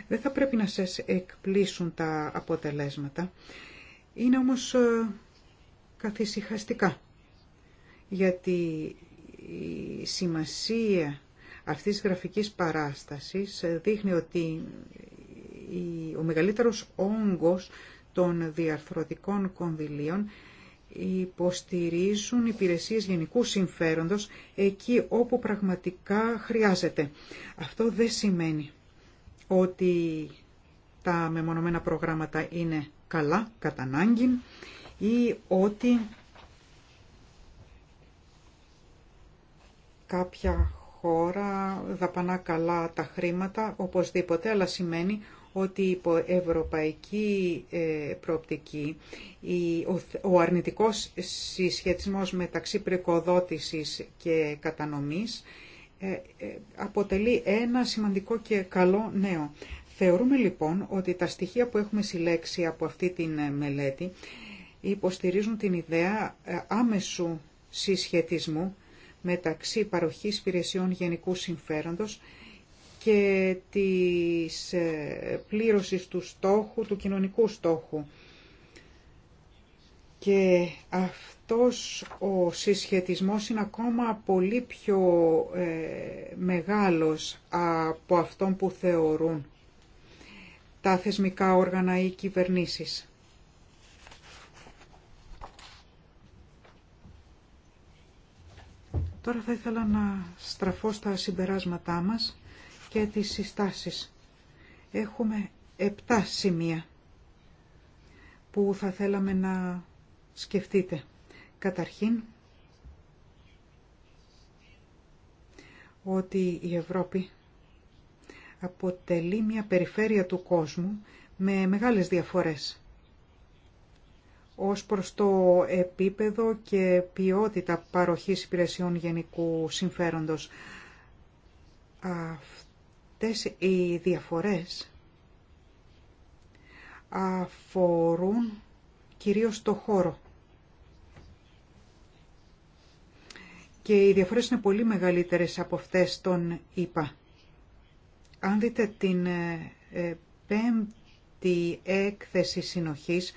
Speaker 3: Δεν θα πρέπει να σας εκπλήσουν τα αποτελέσματα. Είναι όμως ε, καθησυχαστικά, γιατί η σημασία αυτής της γραφικής παράστασης ε, δείχνει ότι ο μεγαλύτερος όγκος των διαρθρωτικών κονδυλίων υποστηρίζουν υπηρεσίες γενικού συμφέροντος εκεί όπου πραγματικά χρειάζεται. Αυτό δεν σημαίνει ότι τα μεμονωμένα προγράμματα είναι καλά, κατά ανάγκη, ή ότι κάποια χώρα δαπανά καλά τα χρήματα, οπωσδήποτε, αλλά σημαίνει ότι υπό ευρωπαϊκή ε, προοπτική ο αρνητικός συσχετισμός μεταξύ πρικοδότησης και κατανομής ε, ε, αποτελεί ένα σημαντικό και καλό νέο. Θεωρούμε λοιπόν ότι τα στοιχεία που έχουμε συλλέξει από αυτή την μελέτη υποστηρίζουν την ιδέα άμεσου συσχετισμού μεταξύ παροχής υπηρεσιών γενικού συμφέροντος και της ε, πλήρωσης του στόχου, του κοινωνικού στόχου. Και αυτός ο συσχετισμός είναι ακόμα πολύ πιο ε, μεγάλος από αυτόν που θεωρούν τα θεσμικά όργανα ή κυβερνήσεις. Τώρα θα ήθελα να στραφώ στα συμπεράσματά μας και τις συστάσεις. Έχουμε επτά σημεία που θα θέλαμε να σκεφτείτε. Καταρχήν, ότι η Ευρώπη αποτελεί μια περιφέρεια του κόσμου με μεγάλες διαφορές ως προς το επίπεδο και ποιότητα παροχής υπηρεσιών γενικού συμφέροντος. Αυτό οι διαφορές αφορούν κυρίως το χώρο. Και οι διαφορές είναι πολύ μεγαλύτερες από αυτές των ΙΠΑ. Αν δείτε την ε, ε πέμπτη έκθεση συνοχής,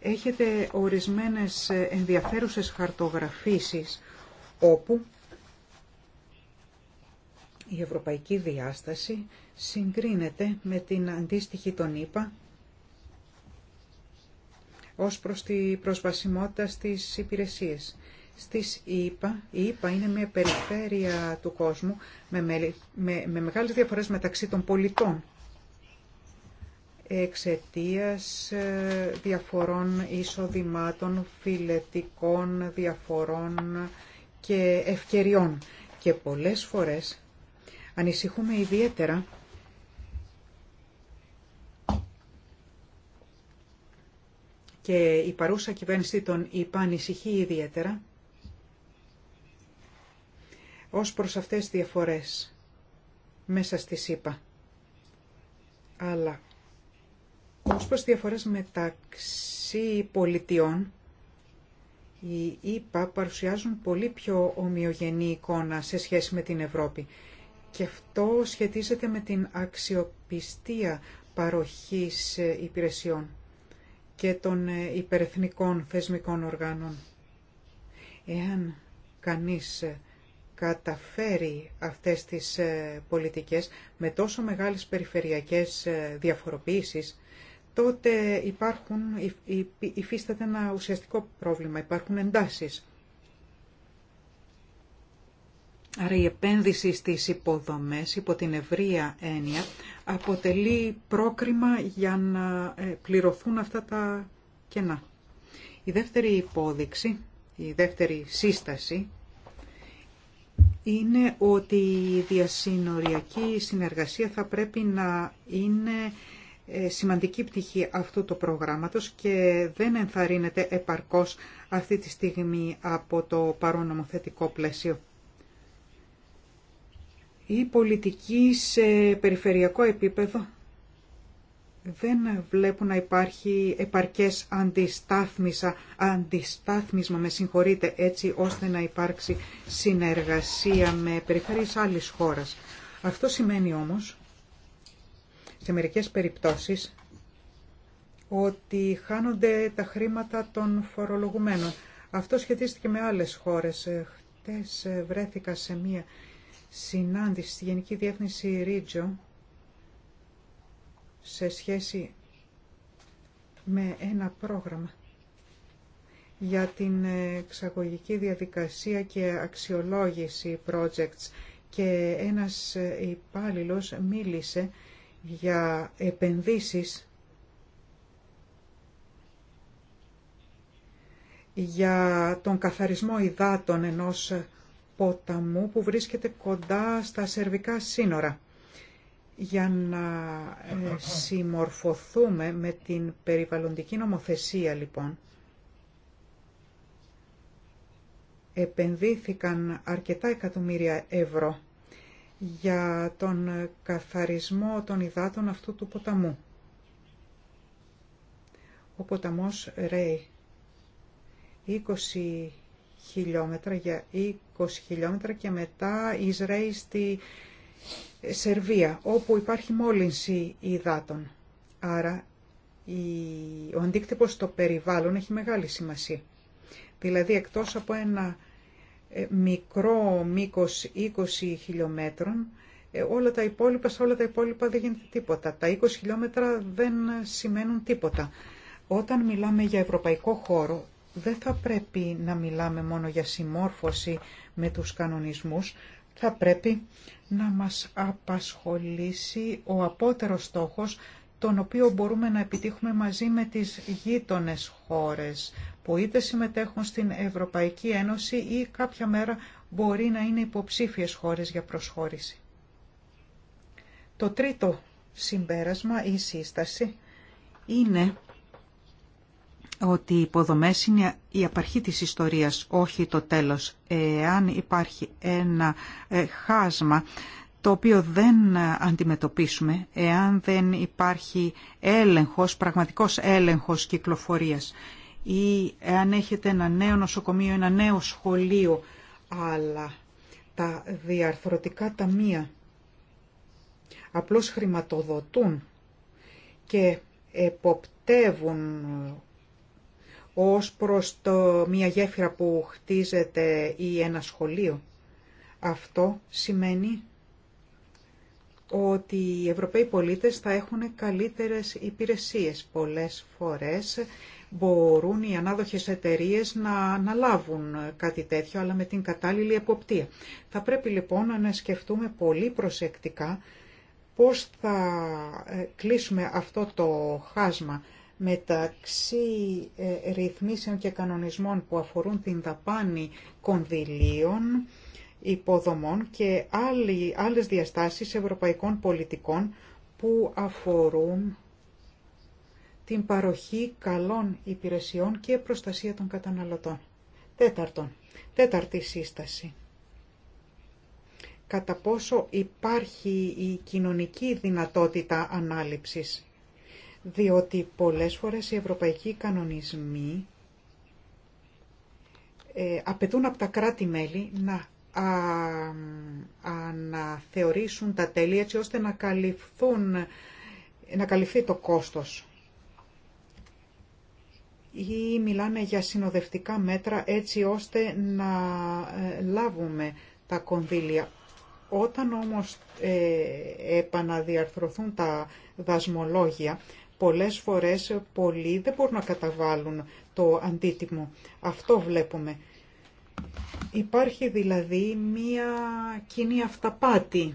Speaker 3: έχετε ορισμένες ενδιαφέρουσες χαρτογραφήσεις όπου η ευρωπαϊκή διάσταση συγκρίνεται με την αντίστοιχη των ΙΠΑ ως προς τη προσβασιμότητα στις υπηρεσίες. Στις ΙΠΑ, η ΗΠΑ είναι μια περιφέρεια του κόσμου με, με, με μεγάλες διαφορές μεταξύ των πολιτών εξαιτίας ε, διαφορών εισοδημάτων, φιλετικών διαφορών και ευκαιριών. Και πολλές φορές Ανησυχούμε ιδιαίτερα και η παρούσα κυβέρνηση των ΙΠΑ ανησυχεί ιδιαίτερα ως προς αυτές τις διαφορές μέσα στη ΣΥΠΑ. Αλλά ως προς διαφορές μεταξύ πολιτιών, οι ΙΠΑ παρουσιάζουν πολύ πιο ομοιογενή εικόνα σε σχέση με την Ευρώπη. Και αυτό σχετίζεται με την αξιοπιστία παροχής ε, υπηρεσιών και των ε, υπερεθνικών θεσμικών οργάνων. Εάν κανείς ε, καταφέρει αυτές τις πολιτικές με τόσο μεγάλες περιφερειακές διαφοροποίησεις, τότε υπάρχουν, υφίσταται ένα ουσιαστικό πρόβλημα, υπάρχουν εντάσεις. Άρα η επένδυση στις υποδομές υπό την ευρεία έννοια αποτελεί πρόκριμα για να ε, πληρωθούν αυτά τα κενά. Η δεύτερη υπόδειξη, η δεύτερη σύσταση είναι ότι η διασυνοριακή συνεργασία θα πρέπει να είναι ε, σημαντική πτυχή αυτού του προγράμματος και δεν ενθαρρύνεται επαρκώς αυτή τη στιγμή από το παρόν νομοθετικό πλαίσιο. Η πολιτική σε περιφερειακό επίπεδο δεν βλέπουν να υπάρχει επαρκές αντιστάθμισα, αντιστάθμισμα, με συγχωρείτε, έτσι ώστε να υπάρξει συνεργασία με περιφέρειες άλλης χώρας. Αυτό σημαίνει όμως, σε μερικές περιπτώσεις, ότι χάνονται τα χρήματα των φορολογουμένων. Αυτό σχετίστηκε με άλλες χώρες. Χτες ε, βρέθηκα σε μία συνάντηση στη Γενική Διεύθυνση Ρίτζο σε σχέση με ένα πρόγραμμα για την εξαγωγική διαδικασία και αξιολόγηση projects και ένας υπάλληλος μίλησε για επενδύσεις για τον καθαρισμό υδάτων ενός ποταμού που βρίσκεται κοντά στα σερβικά σύνορα για να ε, συμμορφωθούμε με την περιβαλλοντική νομοθεσία λοιπόν. Επενδύθηκαν αρκετά εκατομμύρια ευρώ για τον καθαρισμό των υδάτων αυτού του ποταμού. Ο ποταμός Ρέι. 20 χιλιόμετρα, για 20 χιλιόμετρα και μετά Ισραήλ στη Σερβία, όπου υπάρχει μόλυνση υδάτων. Άρα ο αντίκτυπος στο περιβάλλον έχει μεγάλη σημασία. Δηλαδή εκτός από ένα ε, μικρό μήκος 20 χιλιόμετρων, ε, όλα τα υπόλοιπα, σε όλα τα υπόλοιπα δεν γίνεται τίποτα. Τα 20 χιλιόμετρα δεν σημαίνουν τίποτα. Όταν μιλάμε για ευρωπαϊκό χώρο, δεν θα πρέπει να μιλάμε μόνο για συμμόρφωση με τους κανονισμούς, θα πρέπει να μας απασχολήσει ο απότερος στόχος, τον οποίο μπορούμε να επιτύχουμε μαζί με τις γείτονες χώρες, που είτε συμμετέχουν στην Ευρωπαϊκή Ένωση ή κάποια μέρα μπορεί να είναι υποψήφιες χώρες για προσχώρηση. Το τρίτο συμπέρασμα ή σύσταση είναι ότι οι υποδομές είναι η απαρχή της ιστορίας, όχι το τέλος. Εάν υπάρχει ένα ε, χάσμα το οποίο δεν αντιμετωπίσουμε, εάν δεν υπάρχει έλεγχος, πραγματικός έλεγχος κυκλοφορίας ή εάν έχετε ένα νέο νοσοκομείο, ένα νέο σχολείο, αλλά τα διαρθρωτικά ταμεία απλώς χρηματοδοτούν και εποπτεύουν ως προς το, μια γέφυρα που χτίζεται ή ένα σχολείο. Αυτό σημαίνει ότι οι Ευρωπαίοι πολίτες θα έχουν καλύτερες υπηρεσίες. Πολλές φορές μπορούν οι ανάδοχες εταιρείες να αναλάβουν κάτι τέτοιο, αλλά με την κατάλληλη εποπτεία. Θα πρέπει λοιπόν να σκεφτούμε πολύ προσεκτικά πώς θα ε, κλείσουμε αυτό το χάσμα μεταξύ ε, ρυθμίσεων και κανονισμών που αφορούν την δαπάνη κονδυλίων, υποδομών και άλλοι, άλλες διαστάσεις ευρωπαϊκών πολιτικών που αφορούν την παροχή καλών υπηρεσιών και προστασία των καταναλωτών. Τέταρτον, τέταρτη σύσταση. Κατά πόσο υπάρχει η κοινωνική δυνατότητα ανάληψης διότι πολλές φορές οι ευρωπαϊκοί κανονισμοί ε, απαιτούν από τα κράτη-μέλη να αναθεωρήσουν τα τέλη έτσι ώστε να, καλυφθούν, να καλυφθεί το κόστος. Ή μιλάνε για συνοδευτικά μέτρα έτσι ώστε να ε, λάβουμε τα κονδύλια. Όταν όμως ε, επαναδιαρθρωθούν τα δασμολόγια Πολλές φορές πολλοί δεν μπορούν να καταβάλουν το αντίτιμο. Αυτό βλέπουμε. Υπάρχει δηλαδή μία κοινή αυταπάτη.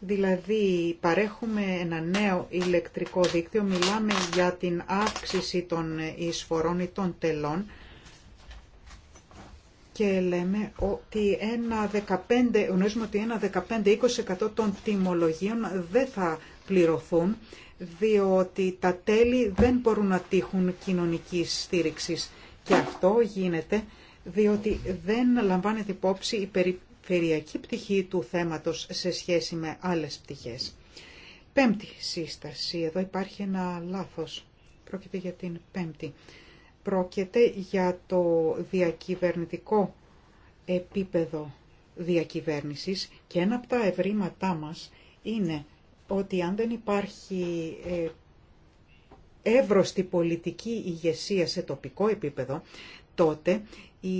Speaker 3: Δηλαδή παρέχουμε ένα νέο ηλεκτρικό δίκτυο, μιλάμε για την αύξηση των εισφορών ή των τελών και λέμε ότι ένα 15, οτι ότι 15-20% των τιμολογίων δεν θα πληρωθούν διότι τα τέλη δεν μπορούν να τύχουν κοινωνικής στήριξης. Και αυτό γίνεται διότι δεν λαμβάνεται υπόψη η περιφερειακή πτυχή του θέματος σε σχέση με άλλες πτυχές. Πέμπτη σύσταση. Εδώ υπάρχει ένα λάθος. Πρόκειται για την πέμπτη. Πρόκειται για το διακυβερνητικό επίπεδο διακυβέρνησης και ένα από τα ευρήματά μας είναι ότι αν δεν υπάρχει ε, εύρωστη πολιτική ηγεσία σε τοπικό επίπεδο, τότε οι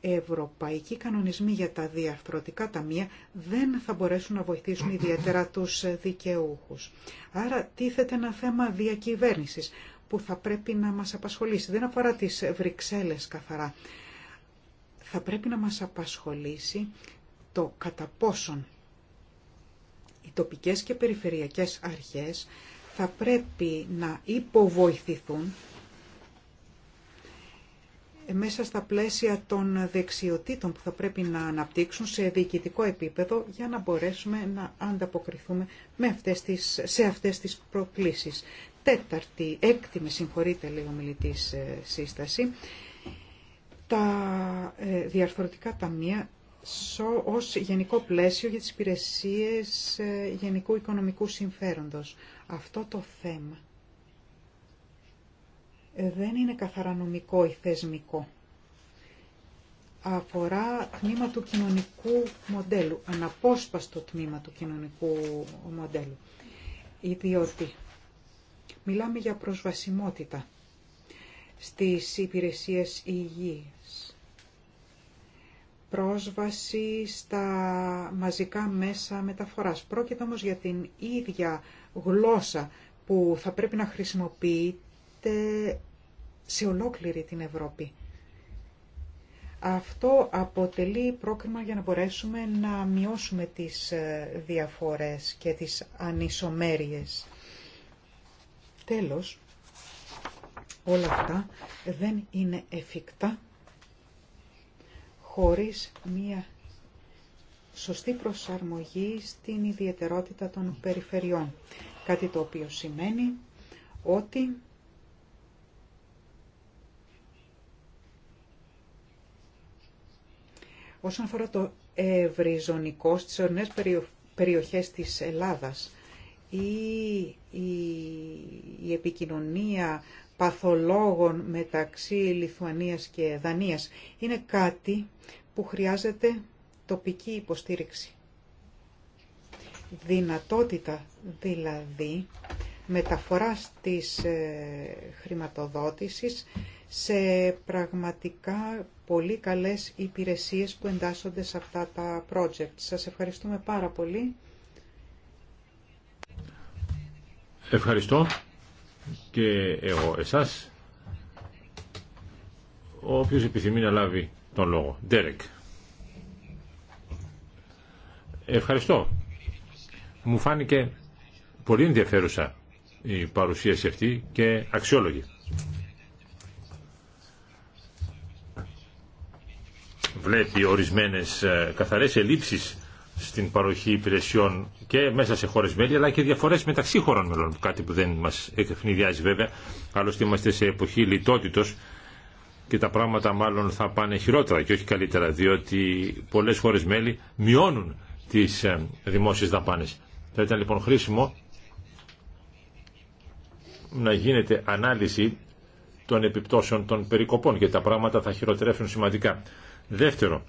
Speaker 3: ευρωπαϊκοί κανονισμοί για τα διαρθρωτικά ταμεία δεν θα μπορέσουν να βοηθήσουν ιδιαίτερα τους δικαιούχους. Άρα τίθεται ένα θέμα διακυβέρνησης που θα πρέπει να μας απασχολήσει. Δεν αφορά τις Βρυξέλλες καθαρά. Θα πρέπει να μας απασχολήσει το κατά πόσον οι τοπικές και περιφερειακές αρχές θα πρέπει να υποβοηθηθούν μέσα στα πλαίσια των δεξιοτήτων που θα πρέπει να αναπτύξουν σε διοικητικό επίπεδο για να μπορέσουμε να ανταποκριθούμε με αυτές τις, σε αυτές τις προκλήσεις. Τέταρτη, έκτη με συγχωρείτε λέει μιλητής ε, σύσταση, τα ε, διαρθρωτικά ταμεία ως γενικό πλαίσιο για τις υπηρεσίες ε, γενικού οικονομικού συμφέροντος. Αυτό το θέμα ε, δεν είναι καθαρανομικό ή θεσμικό. Αφορά τμήμα του κοινωνικού μοντέλου, αναπόσπαστο τμήμα του κοινωνικού μοντέλου. Διότι μιλάμε για προσβασιμότητα στις υπηρεσίες υγείας πρόσβαση στα μαζικά μέσα μεταφοράς. Πρόκειται όμως για την ίδια γλώσσα που θα πρέπει να χρησιμοποιείται σε ολόκληρη την Ευρώπη. Αυτό αποτελεί πρόκριμα για να μπορέσουμε να μειώσουμε τις ε, διαφορές και τις ανισομέρειες. Τέλος, όλα αυτά δεν είναι εφικτά χωρίς μία σωστή προσαρμογή στην ιδιαιτερότητα των περιφερειών. Κάτι το οποίο σημαίνει ότι όσον αφορά το ευρυζωνικό στις ορεινές περιοχές της Ελλάδας ή η, η επικοινωνία παθολόγων μεταξύ Λιθουανίας και Δανίας. Είναι κάτι που χρειάζεται τοπική υποστήριξη. Δυνατότητα δηλαδή μεταφοράς της ε, χρηματοδότησης σε πραγματικά πολύ καλές υπηρεσίες που εντάσσονται σε αυτά τα project. Σας ευχαριστούμε πάρα πολύ.
Speaker 2: Ευχαριστώ και εγώ εσάς όποιος επιθυμεί να λάβει τον λόγο. Ευχαριστώ. Μου φάνηκε πολύ ενδιαφέρουσα η παρουσίαση αυτή και αξιόλογη. Βλέπει ορισμένες ε, καθαρές ελλείψεις στην παροχή υπηρεσιών και μέσα σε χώρες μέλη αλλά και διαφορές μεταξύ χωρών μελών κάτι που δεν μας εκφνιδιάζει βέβαια άλλωστε είμαστε σε εποχή λιτότητος και τα πράγματα μάλλον θα πάνε χειρότερα και όχι καλύτερα διότι πολλές χώρες μέλη μειώνουν τις ε, δημόσιες δαπάνες. Θα ήταν λοιπόν χρήσιμο να γίνεται ανάλυση των επιπτώσεων των περικοπών και τα πράγματα θα χειροτερεύσουν σημαντικά. Δεύτερο,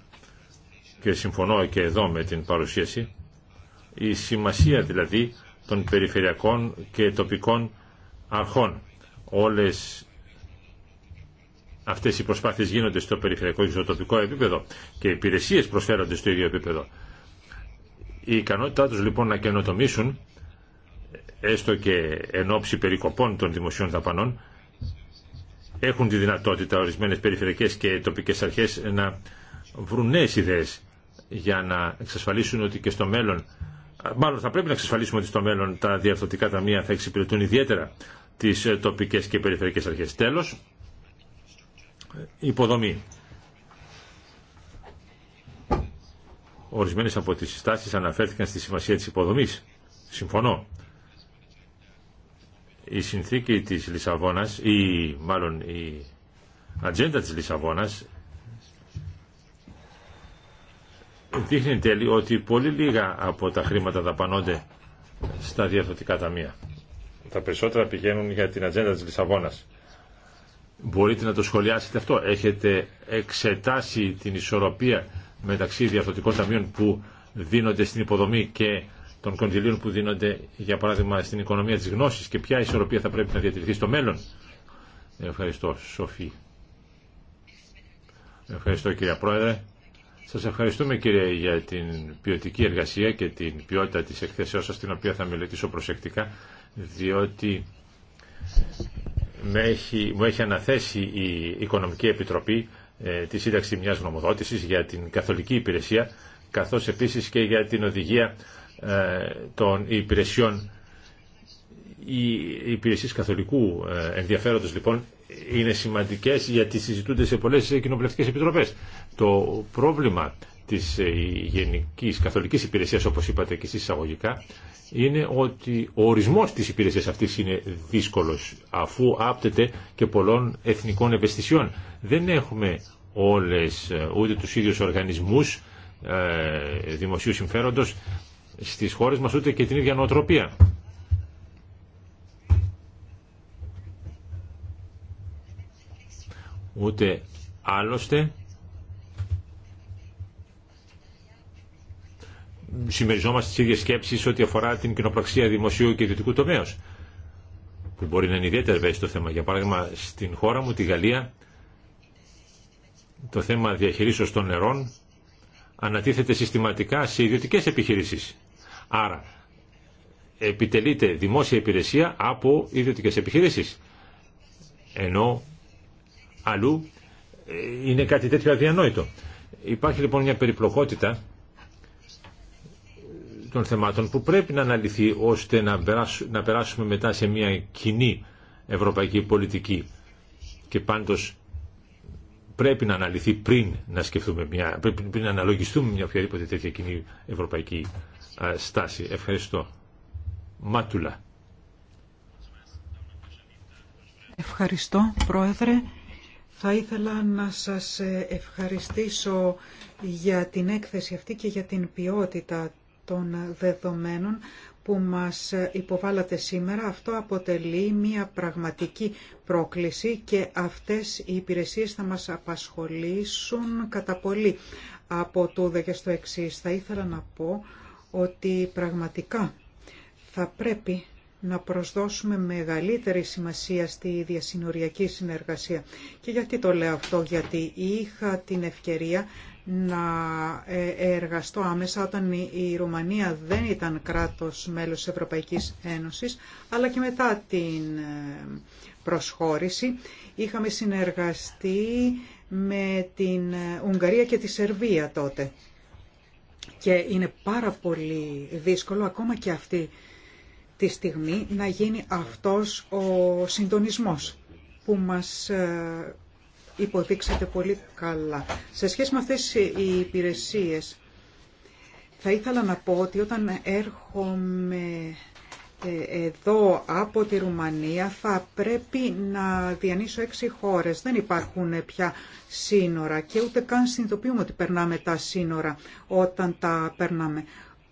Speaker 2: και συμφωνώ και εδώ με την παρουσίαση, η σημασία δηλαδή των περιφερειακών και τοπικών αρχών. Όλες αυτές οι προσπάθειες γίνονται στο περιφερειακό και στο τοπικό επίπεδο και οι υπηρεσίες προσφέρονται στο ίδιο επίπεδο. Η ικανότητά τους λοιπόν να καινοτομήσουν, έστω και εν ώψη περικοπών των δημοσίων δαπανών, έχουν τη δυνατότητα ορισμένες περιφερειακές και τοπικές αρχές να βρουν νέες ιδέες για να εξασφαλίσουν ότι και στο μέλλον, μάλλον θα πρέπει να εξασφαλίσουμε ότι στο μέλλον τα διαρθρωτικά ταμεία θα εξυπηρετούν ιδιαίτερα τις ε, τοπικές και περιφερειακές αρχές. Τέλος, υποδομή. Ορισμένες από τις συστάσεις αναφέρθηκαν στη σημασία της υποδομής. Συμφωνώ. Η συνθήκη της Λισαβόνας, ή μάλλον η ατζέντα της Λισαβόνας, δείχνει εν τέλει ότι πολύ λίγα από τα χρήματα δαπανώνται στα διαφορετικά ταμεία. Τα περισσότερα πηγαίνουν για την ατζέντα της Λισαβόνας. Μπορείτε να το σχολιάσετε αυτό. Έχετε εξετάσει την ισορροπία μεταξύ διαφορετικών ταμείων που δίνονται στην υποδομή και των κοντιλίων που δίνονται, για παράδειγμα, στην οικονομία της γνώσης και ποια ισορροπία θα πρέπει να διατηρηθεί στο μέλλον. Ευχαριστώ, Σοφή. Ευχαριστώ, κυρία Πρόεδρε. Σας ευχαριστούμε κύριε για την ποιοτική εργασία και την ποιότητα της εκθέσεώς σας, την οποία θα μελετήσω προσεκτικά, διότι με έχει, μου έχει αναθέσει η Οικονομική Επιτροπή ε, τη σύνταξη μιας νομοδότησης για την καθολική υπηρεσία, καθώς επίσης και για την οδηγία ε, των υπηρεσιών οι υπηρεσίες καθολικού ε, ενδιαφέροντος λοιπόν είναι σημαντικές γιατί συζητούνται σε πολλές κοινοβουλευτικές επιτροπές. Το πρόβλημα της ε, Γενικής Καθολικής Υπηρεσίας, όπως είπατε και εσείς εισαγωγικά, είναι ότι ο ορισμός της υπηρεσίας αυτής είναι δύσκολος, αφού άπτεται και πολλών εθνικών ευαισθησιών. Δεν έχουμε όλες, ε, ούτε τους ίδιους οργανισμούς ε, δημοσίου συμφέροντος στις χώρες μας, ούτε και την ίδια νοοτροπία. ούτε άλλωστε συμμεριζόμαστε τις ίδιες σκέψεις ό,τι αφορά την κοινοπραξία δημοσίου και ιδιωτικού τομέα, που μπορεί να είναι ιδιαίτερα το θέμα. Για παράδειγμα, στην χώρα μου, τη Γαλλία, το θέμα διαχειρίσεως των νερών ανατίθεται συστηματικά σε ιδιωτικές επιχειρήσεις. Άρα, επιτελείται δημόσια υπηρεσία από ιδιωτικές επιχειρήσεις. Ενώ αλλού ε, είναι κάτι τέτοιο αδιανόητο. Υπάρχει λοιπόν μια περιπλοκότητα ε, των θεμάτων που πρέπει να αναλυθεί ώστε να περάσουμε μετά σε μια κοινή ευρωπαϊκή πολιτική και πάντως πρέπει να αναλυθεί πριν να σκεφτούμε μια, πριν να αναλογιστούμε μια οποιαδήποτε τέτοια κοινή ευρωπαϊκή στάση. Ευχαριστώ. Μάτουλα.
Speaker 3: Ευχαριστώ, Πρόεδρε. Θα ήθελα να σας ευχαριστήσω για την έκθεση αυτή και για την ποιότητα των δεδομένων που μας υποβάλατε σήμερα. Αυτό αποτελεί μια πραγματική πρόκληση και αυτές οι υπηρεσίες θα μας απασχολήσουν κατά πολύ από τούδε και στο εξής. Θα ήθελα να πω ότι πραγματικά θα πρέπει να προσδώσουμε μεγαλύτερη σημασία στη διασυνοριακή συνεργασία. Και γιατί το λέω αυτό, γιατί είχα την ευκαιρία να ε, εργαστώ άμεσα όταν η Ρουμανία δεν ήταν κράτος μέλος της Ευρωπαϊκής Ένωσης, αλλά και μετά την ε, προσχώρηση είχαμε συνεργαστεί με την ε, Ουγγαρία και τη Σερβία τότε. Και είναι πάρα πολύ δύσκολο ακόμα και αυτή τη στιγμή να γίνει αυτός ο συντονισμός που μας ε, υποδείξατε πολύ καλά. Σε σχέση με αυτές οι υπηρεσίες, θα ήθελα να πω ότι όταν έρχομαι ε, εδώ από τη Ρουμανία θα πρέπει να διανύσω έξι χώρες. Δεν υπάρχουν πια σύνορα και ούτε καν συνειδητοποιούμε ότι περνάμε τα σύνορα όταν τα περνάμε.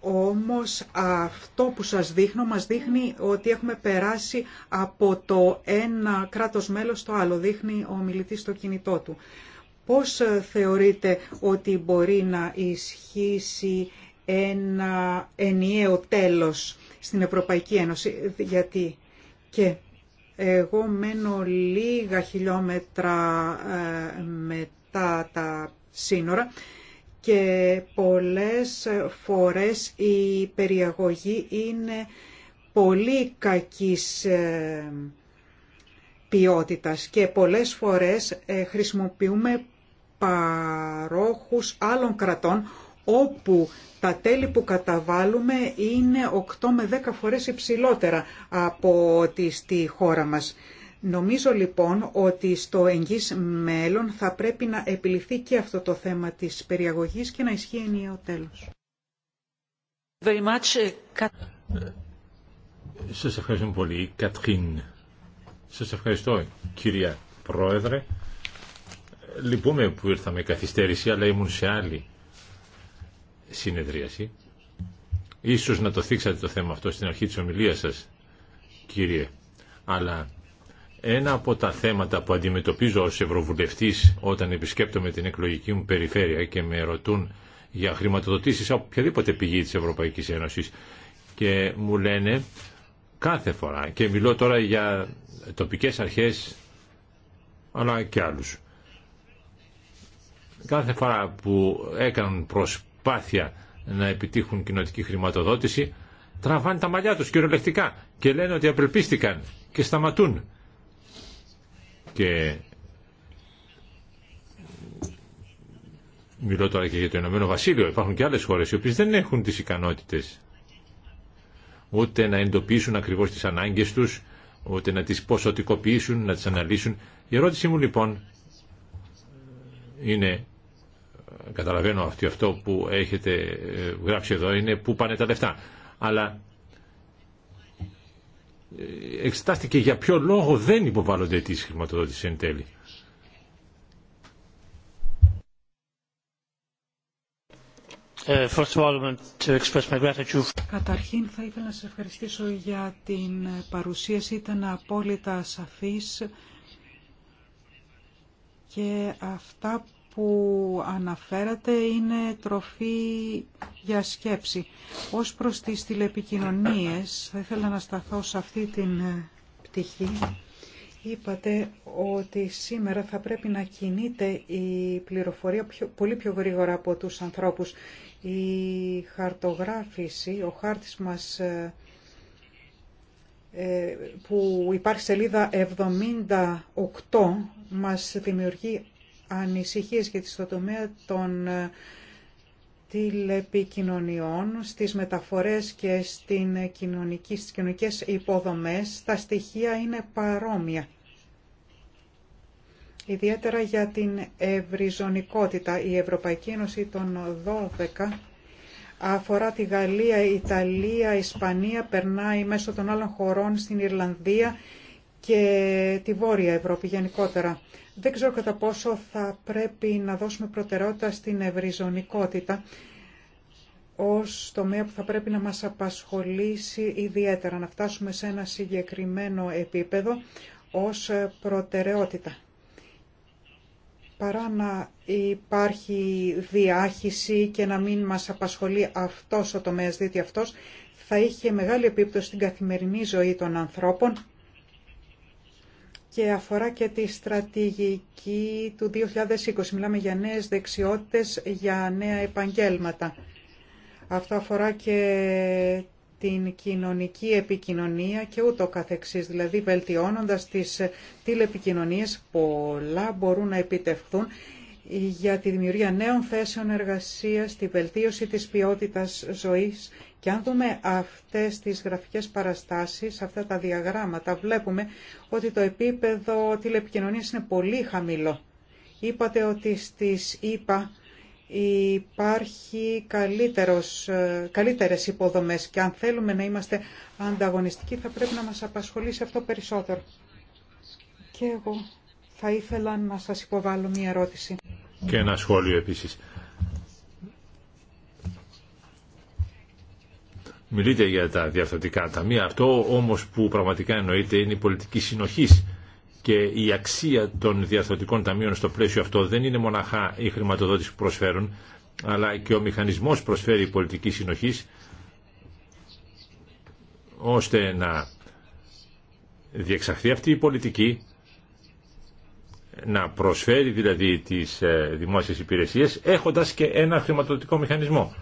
Speaker 3: Όμως αυτό που σας δείχνω μας δείχνει ότι έχουμε περάσει από το ένα κράτος μέλος στο άλλο. Δείχνει ο μιλητής στο κινητό του. Πώς ε, θεωρείτε ότι μπορεί να ισχύσει ένα ενιαίο τέλος στην Ευρωπαϊκή Ένωση. Γιατί και εγώ μένω λίγα χιλιόμετρα ε, μετά τα σύνορα και πολλές φορές η περιαγωγή είναι πολύ κακής ε, ποιότητας και πολλές φορές ε, χρησιμοποιούμε παρόχους άλλων κρατών όπου τα τέλη που καταβάλουμε είναι 8 με 10 φορές υψηλότερα από ό,τι στη χώρα μας. Νομίζω λοιπόν ότι στο εγγύς μέλλον θα πρέπει να επιληθεί και αυτό το θέμα της περιαγωγής και να ισχύει ενιαίο τέλος. Very much. Ε,
Speaker 2: ευχαριστούμε πολύ, Κατρίν. Σας ευχαριστώ, κυρία Πρόεδρε. Λυπούμε που ήρθαμε καθυστέρηση, αλλά ήμουν σε άλλη συνεδρίαση. Ίσως να το θίξατε το θέμα αυτό στην αρχή της ομιλίας σας, κύριε. Αλλά ένα από τα θέματα που αντιμετωπίζω ως Ευρωβουλευτής όταν επισκέπτομαι την εκλογική μου περιφέρεια και με ρωτούν για χρηματοδοτήσεις από οποιαδήποτε πηγή της Ευρωπαϊκής Ένωσης και μου λένε κάθε φορά και μιλώ τώρα για τοπικές αρχές αλλά και άλλους κάθε φορά που έκαναν προσπάθεια να επιτύχουν κοινοτική χρηματοδότηση τραβάνε τα μαλλιά τους κυριολεκτικά και λένε ότι απελπίστηκαν και σταματούν και μιλώ τώρα και για το Ηνωμένο Βασίλειο, υπάρχουν και άλλες χώρες οι οποίες δεν έχουν τις ικανότητες ούτε να εντοπίσουν ακριβώς τις ανάγκες τους, ούτε να τις ποσοτικοποιήσουν, να τις αναλύσουν. Η ερώτησή μου λοιπόν είναι, καταλαβαίνω αυτό που έχετε ε, γράψει εδώ, είναι πού πάνε τα λεφτά. Αλλά εξετάστηκε για ποιο λόγο δεν υποβάλλονται τις χρηματοδότηση εν τέλει. Ε,
Speaker 3: Καταρχήν θα ήθελα να σας ευχαριστήσω για την παρουσίαση. Ήταν απόλυτα σαφής και αυτά που αναφέρατε είναι τροφή για σκέψη. Ως προς τις τηλεπικοινωνίες, θα ήθελα να σταθώ σε αυτή την ε, πτυχή. Είπατε ότι σήμερα θα πρέπει να κινείται η πληροφορία πολύ πιο γρήγορα από τους ανθρώπους. Η χαρτογράφηση, ο χάρτης μας ε, ε, που υπάρχει σελίδα 78 μας δημιουργεί ανησυχίες γιατί στο τομέα των ε, τηλεπικοινωνιών, στις μεταφορές και στην ε, κοινωνική, στις κοινωνικές υποδομές, τα στοιχεία είναι παρόμοια. Ιδιαίτερα για την ευρυζωνικότητα, η Ευρωπαϊκή Ένωση των 12 αφορά τη Γαλλία, Ιταλία, Ισπανία, περνάει μέσω των άλλων χωρών στην Ιρλανδία και τη Βόρεια Ευρώπη γενικότερα. Δεν ξέρω κατά πόσο θα πρέπει να δώσουμε προτεραιότητα στην ευρυζωνικότητα ως τομέα που θα πρέπει να μας απασχολήσει ιδιαίτερα, να φτάσουμε σε ένα συγκεκριμένο επίπεδο ως προτεραιότητα. Παρά να υπάρχει διάχυση και να μην μας απασχολεί αυτός ο τομέας, διότι αυτός θα είχε μεγάλη επίπτωση στην καθημερινή ζωή των ανθρώπων και αφορά και τη στρατηγική του 2020. Μιλάμε για νέες δεξιότητες, για νέα επαγγέλματα. Αυτό αφορά και την κοινωνική επικοινωνία και ούτω καθεξής. Δηλαδή, βελτιώνοντας τις τηλεπικοινωνίες, πολλά μπορούν να επιτευχθούν για τη δημιουργία νέων θέσεων εργασίας, τη βελτίωση της ποιότητας ζωής και αν δούμε αυτές τις γραφικές παραστάσεις, αυτά τα διαγράμματα, βλέπουμε ότι το επίπεδο τηλεπικοινωνίας είναι πολύ χαμηλό. Είπατε ότι στις ΗΠΑ υπάρχει καλύτερος, ε, καλύτερες υποδομές και αν θέλουμε να είμαστε ανταγωνιστικοί θα πρέπει να μας απασχολήσει αυτό περισσότερο. Και εγώ θα ήθελα να σας υποβάλω μία ερώτηση.
Speaker 2: Και ένα σχόλιο επίσης. Μιλείτε για τα διαφθορτικά ταμεία. Αυτό όμως που πραγματικά εννοείται είναι η πολιτική συνοχής και η αξία των διαφθορτικών ταμείων στο πλαίσιο αυτό δεν είναι μοναχά η χρηματοδότηση που προσφέρουν, αλλά και ο μηχανισμός προσφέρει η πολιτική συνοχής ώστε να διεξαχθεί αυτή η πολιτική να προσφέρει δηλαδή τις ε, δημόσιες υπηρεσίες έχοντας και ένα χρηματοδοτικό μηχανισμό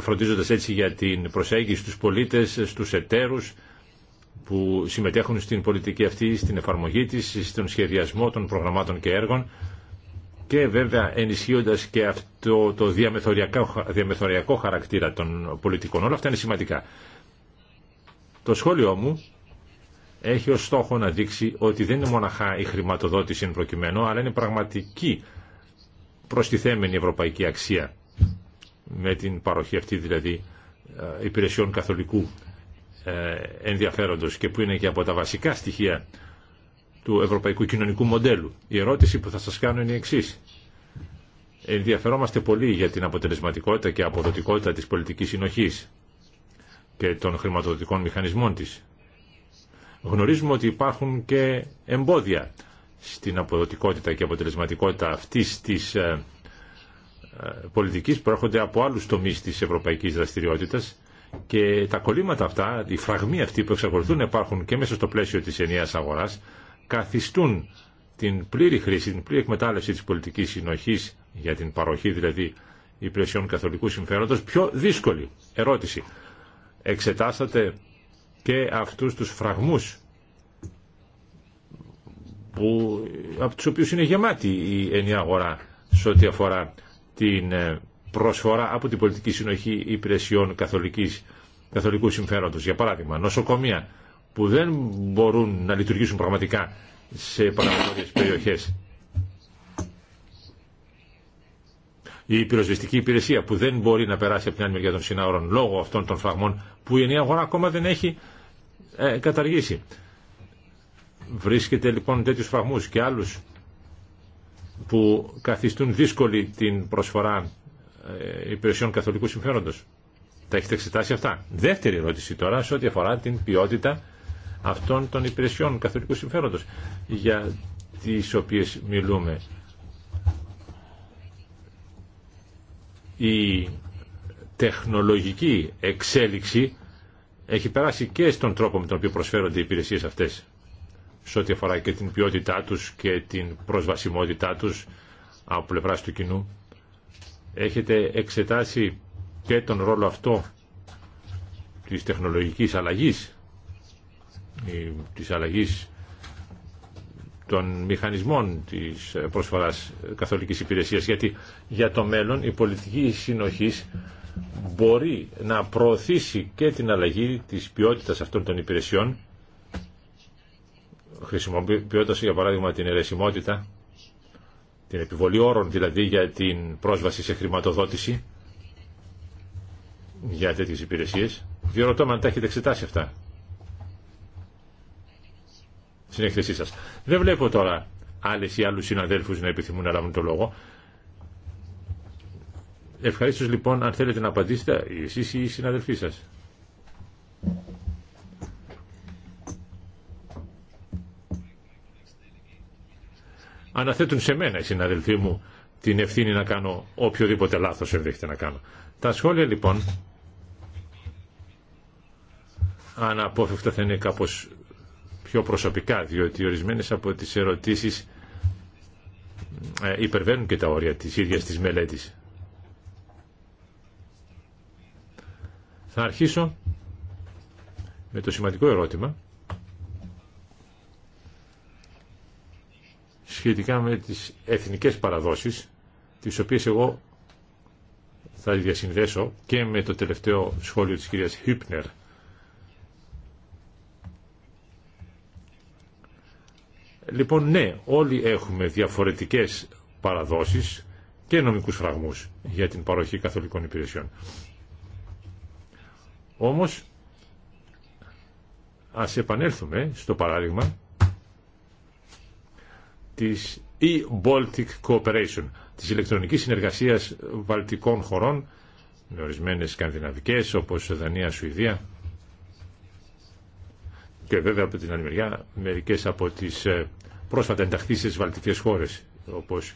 Speaker 2: φροντίζοντας έτσι για την προσέγγιση στους πολίτες, στους εταίρους που συμμετέχουν στην πολιτική αυτή, στην εφαρμογή της, στον σχεδιασμό των προγραμμάτων και έργων και βέβαια ενισχύοντας και αυτό το διαμεθοριακό, διαμεθοριακό χαρακτήρα των πολιτικών. Όλα αυτά είναι σημαντικά. Το σχόλιο μου έχει ως στόχο να δείξει ότι δεν είναι μοναχά η χρηματοδότηση εν προκειμένου, αλλά είναι πραγματική προστιθέμενη ευρωπαϊκή αξία με την παροχή αυτή δηλαδή ε, υπηρεσιών καθολικού ε, ενδιαφέροντος και που είναι και από τα βασικά στοιχεία του ευρωπαϊκού κοινωνικού μοντέλου. Η ερώτηση που θα σας κάνω είναι η εξής. Ενδιαφερόμαστε πολύ για την αποτελεσματικότητα και αποδοτικότητα της πολιτικής συνοχής και των χρηματοδοτικών μηχανισμών της. Γνωρίζουμε ότι υπάρχουν και εμπόδια στην αποδοτικότητα και αποτελεσματικότητα αυτής της ε, πολιτικής προέρχονται από άλλους τομείς της ευρωπαϊκής δραστηριότητας και τα κολλήματα αυτά, οι φραγμοί αυτοί που εξακολουθούν να υπάρχουν και μέσα στο πλαίσιο της ενιαίας αγοράς καθιστούν την πλήρη χρήση, την πλήρη εκμετάλλευση της πολιτικής συνοχής για την παροχή δηλαδή υπηρεσιών καθολικού συμφέροντος πιο δύσκολη. Ερώτηση. Εξετάσατε και αυτούς τους φραγμούς που, από τους οποίους είναι γεμάτη η ενιαία αγορά σε ό,τι αφορά την ε, προσφορά από την πολιτική συνοχή υπηρεσιών καθολικής, καθολικού συμφέροντος. Για παράδειγμα, νοσοκομεία που δεν μπορούν να λειτουργήσουν πραγματικά σε παραγωγικές περιοχές. Η πυροσβεστική υπηρεσία που δεν μπορεί να περάσει από την άλλη των συνάωρων λόγω αυτών των φραγμών που η ενιαία αγορά ακόμα δεν έχει ε, καταργήσει. Βρίσκεται λοιπόν τέτοιου φραγμούς και άλλους που καθιστούν δύσκολη την προσφορά ε, υπηρεσιών καθολικού συμφέροντος. Τα έχετε εξετάσει αυτά. Δεύτερη ερώτηση τώρα σε ό,τι αφορά την ποιότητα αυτών των υπηρεσιών καθολικού συμφέροντος για τις οποίες μιλούμε. Η τεχνολογική εξέλιξη έχει περάσει και στον τρόπο με τον οποίο προσφέρονται οι υπηρεσίες αυτές σε ό,τι αφορά και την ποιότητά τους και την προσβασιμότητά τους από πλευράς του κοινού. Έχετε εξετάσει και τον ρόλο αυτό της τεχνολογικής αλλαγής, της αλλαγής των μηχανισμών της προσφοράς καθολικής υπηρεσίας, γιατί για το μέλλον η πολιτική συνοχής μπορεί να προωθήσει και την αλλαγή της ποιότητας αυτών των υπηρεσιών χρησιμοποιώντας για παράδειγμα την ερεσιμότητα την επιβολή όρων δηλαδή για την πρόσβαση σε χρηματοδότηση για τέτοιες υπηρεσίες. Διερωτώ με αν τα έχετε εξετάσει αυτά Συνεχισή σας. Δεν βλέπω τώρα άλλες ή άλλους συναδέλφους να επιθυμούν να λάβουν το λόγο. Ευχαρίστως λοιπόν αν θέλετε να απαντήσετε εσείς ή οι συναδελφοί σας. αναθέτουν σε μένα οι συναδελφοί μου την ευθύνη να κάνω οποιοδήποτε λάθος ενδέχεται να κάνω. Τα σχόλια λοιπόν, αναπόφευκτα θα είναι κάπως πιο προσωπικά, διότι ορισμένες από τις ερωτήσεις ε, υπερβαίνουν και τα όρια της ίδιας της μελέτης. Θα αρχίσω με το σημαντικό ερώτημα σχετικά με τις εθνικές παραδόσεις, τις οποίες εγώ θα διασυνδέσω και με το τελευταίο σχόλιο της κυρίας Χίπνερ. Λοιπόν, ναι, όλοι έχουμε διαφορετικές παραδόσεις και νομικούς φραγμούς για την παροχή καθολικών υπηρεσιών. Όμως, ας επανέλθουμε στο παράδειγμα της e-Baltic Cooperation, της ηλεκτρονικής συνεργασίας βαλτικών χωρών με ορισμένες σκανδιναβικές όπως Δανία, Σουηδία και βέβαια από την άλλη μεριά μερικές από τις ε, πρόσφατα ενταχθήσεις βαλτικές χώρες όπως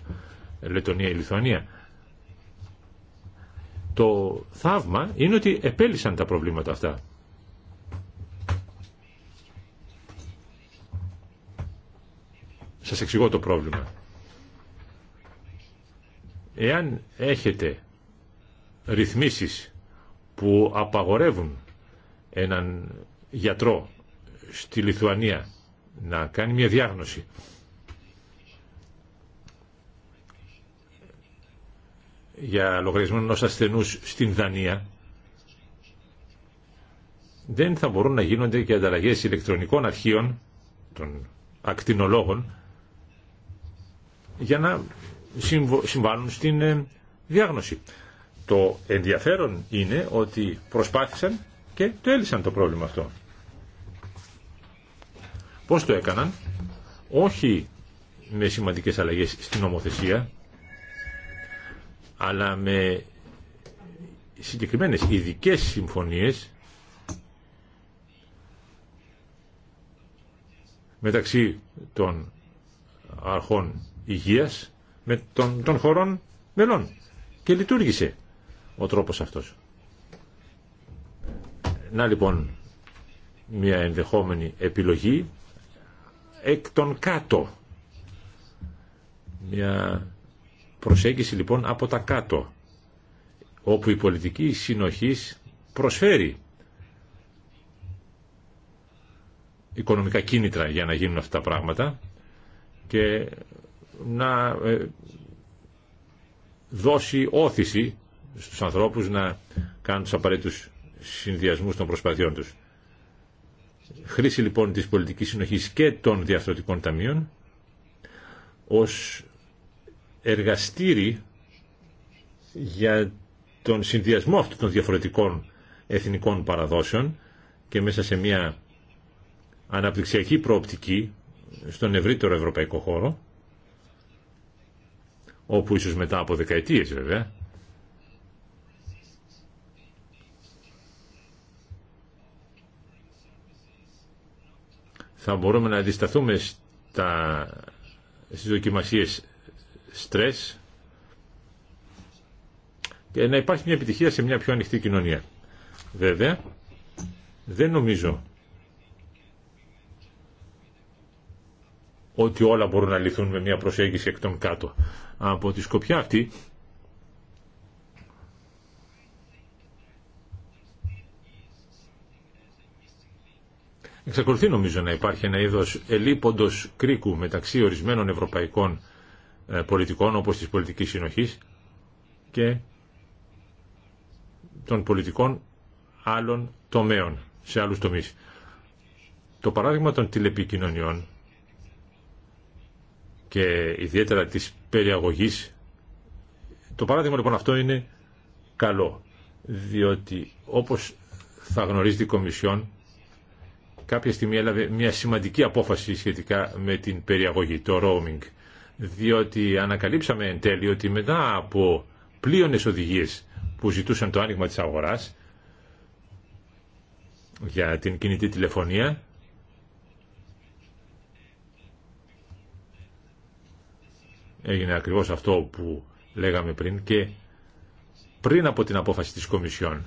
Speaker 2: Λετωνία ή Λιθουανία. Το θαύμα είναι ότι επέλυσαν τα προβλήματα αυτά. Σας εξηγώ το πρόβλημα. Εάν έχετε ρυθμίσεις που απαγορεύουν έναν γιατρό στη Λιθουανία να κάνει μια διάγνωση για λογαριασμό ενός ασθενούς στην Δανία δεν θα μπορούν να γίνονται και ανταλλαγές ηλεκτρονικών αρχείων των ακτινολόγων για να συμβάλλουν στην ε, διάγνωση. Το ενδιαφέρον είναι ότι προσπάθησαν και το έλυσαν το πρόβλημα αυτό. Πώς το έκαναν, όχι με σημαντικές αλλαγές στην νομοθεσία, αλλά με συγκεκριμένες ειδικέ συμφωνίες μεταξύ των αρχών υγείας με τον των χωρών μελών. Και λειτουργήσε ο τρόπος αυτός. Να λοιπόν μια ενδεχόμενη επιλογή εκ των κάτω. Μια προσέγγιση λοιπόν από τα κάτω όπου η πολιτική συνοχής προσφέρει οικονομικά κίνητρα για να γίνουν αυτά τα πράγματα και να ε, δώσει όθηση στους ανθρώπους να κάνουν τους απαραίτητους συνδυασμούς των προσπαθειών τους. Χρήση λοιπόν της πολιτικής συνοχής και των διαφορετικών ταμείων ως εργαστήρι για τον συνδυασμό αυτών των διαφορετικών εθνικών παραδόσεων και μέσα σε μια αναπτυξιακή προοπτική στον ευρύτερο ευρωπαϊκό χώρο όπου ίσως μετά από δεκαετίες βέβαια, θα μπορούμε να αντισταθούμε στα, στις δοκιμασίες στρες και να υπάρχει μια επιτυχία σε μια πιο ανοιχτή κοινωνία. Βέβαια, δεν νομίζω ότι όλα μπορούν να λυθούν με μια προσέγγιση εκ των κάτω. Από τη σκοπιά αυτή Εξακολουθεί νομίζω να υπάρχει ένα είδος ελίποντος κρίκου μεταξύ ορισμένων ευρωπαϊκών ε, πολιτικών όπως της πολιτικής συνοχής και των πολιτικών άλλων τομέων σε άλλους τομείς. Το παράδειγμα των τηλεπικοινωνιών και ιδιαίτερα της περιαγωγής. Το παράδειγμα λοιπόν αυτό είναι καλό, διότι όπως θα γνωρίζει η Κομισιόν, κάποια στιγμή έλαβε μια σημαντική απόφαση σχετικά με την περιαγωγή, το roaming, διότι ανακαλύψαμε εν τέλει ότι μετά από πλήρωνες οδηγίες που ζητούσαν το άνοιγμα της αγοράς για την κινητή τηλεφωνία, έγινε ακριβώς αυτό που λέγαμε πριν και πριν από την απόφαση της Κομισιόν.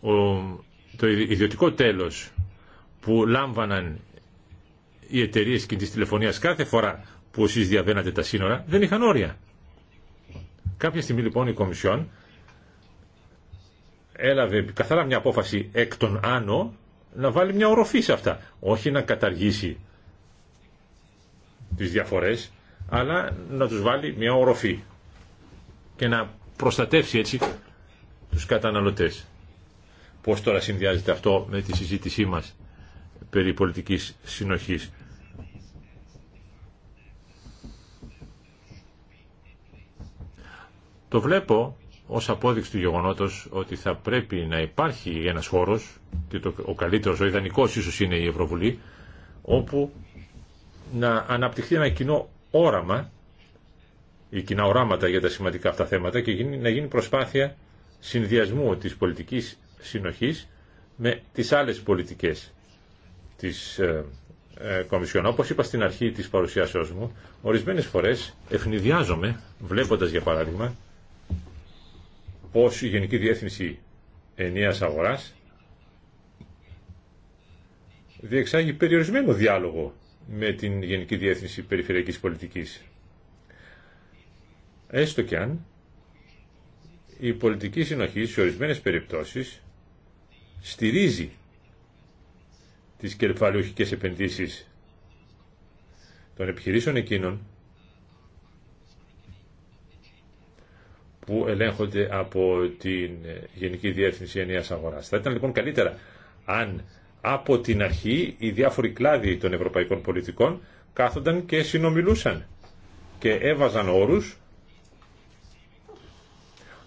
Speaker 2: Ο, το ιδιωτικό τέλος που λάμβαναν οι εταιρείε της τηλεφωνίας κάθε φορά που εσείς διαβαίνατε τα σύνορα δεν είχαν όρια. Κάποια στιγμή λοιπόν η Κομισιόν έλαβε καθαρά μια απόφαση εκ των άνω να βάλει μια οροφή σε αυτά. Όχι να καταργήσει τις διαφορές, αλλά να τους βάλει μια οροφή και να προστατεύσει έτσι τους καταναλωτές. Πώς τώρα συνδυάζεται αυτό με τη συζήτησή μας περί πολιτικής συνοχής. Το βλέπω ως απόδειξη του γεγονότος ότι θα πρέπει να υπάρχει ένας χώρος, και ο καλύτερος, ο ιδανικός ίσως είναι η Ευρωβουλή, όπου να αναπτυχθεί ένα κοινό όραμα ή κοινά οράματα για τα σημαντικά αυτά θέματα και να γίνει προσπάθεια συνδυασμού της πολιτικής συνοχής με τις άλλες πολιτικές της ε, ε, Κομισιόν. Όπως είπα στην αρχή της παρουσιάσεώς μου, ορισμένες φορές ευνηδιάζομαι, βλέποντας για παράδειγμα, πως η Γενική Διεύθυνση Ενίας Αγοράς διεξάγει περιορισμένο διάλογο με την Γενική Διεύθυνση Περιφερειακής Πολιτικής. Έστω και αν η πολιτική συνοχή σε ορισμένες περιπτώσεις στηρίζει τις κερφαλιοχικές επενδύσεις των επιχειρήσεων εκείνων που ελέγχονται από την Γενική Διεύθυνση Ενίας Αγοράς. Θα ήταν λοιπόν καλύτερα αν από την αρχή οι διάφοροι κλάδοι των ευρωπαϊκών πολιτικών κάθονταν και συνομιλούσαν και έβαζαν όρους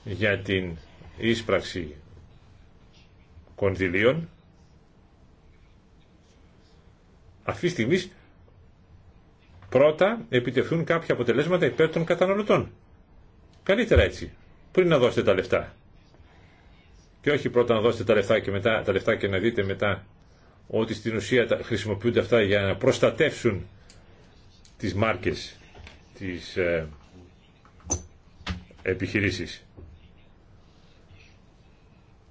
Speaker 2: για την ίσπραξη κονδυλίων αυτή τη στιγμή πρώτα επιτευχθούν κάποια αποτελέσματα υπέρ των καταναλωτών. Καλύτερα έτσι, πριν να δώσετε τα λεφτά. Και όχι πρώτα να δώσετε τα λεφτά και μετά τα λεφτά και να δείτε μετά ότι στην ουσία χρησιμοποιούνται αυτά για να προστατεύσουν τις μάρκες της ε, επιχειρήσεις.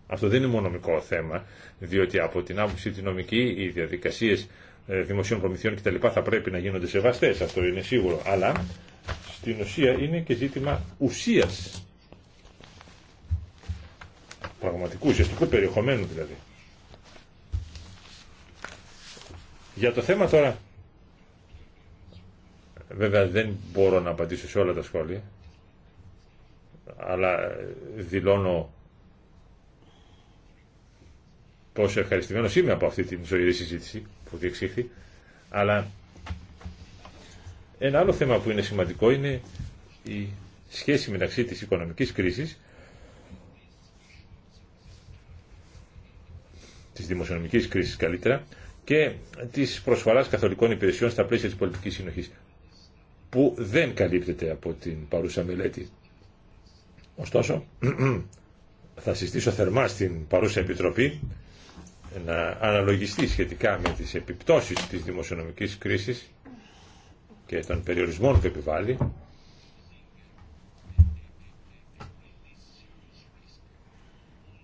Speaker 2: Αυτό δεν είναι μονομικό θέμα, διότι από την άποψη τη νομική οι διαδικασίες ε, δημοσίων προμηθειών κτλ. θα πρέπει να γίνονται σεβαστές, αυτό είναι σίγουρο. Αλλά στην ουσία είναι και ζήτημα ουσίας. Πραγματικού, ουσιαστικού περιεχομένου δηλαδή. Για το θέμα τώρα, βέβαια δεν μπορώ να απαντήσω σε όλα τα σχόλια, αλλά δηλώνω πόσο ευχαριστημένο είμαι από αυτή την ζωηρή συζήτηση που διεξήχθη, αλλά ένα άλλο θέμα που είναι σημαντικό είναι η σχέση μεταξύ της οικονομικής κρίσης, της δημοσιονομικής κρίσης καλύτερα, και τη προσφορά καθολικών υπηρεσιών στα πλαίσια της πολιτικής συνοχή που δεν καλύπτεται από την παρούσα μελέτη. Ωστόσο, [clears throat] θα συστήσω θερμά στην παρούσα Επιτροπή να αναλογιστεί σχετικά με τις επιπτώσεις της δημοσιονομικής κρίσης και των περιορισμών που επιβάλλει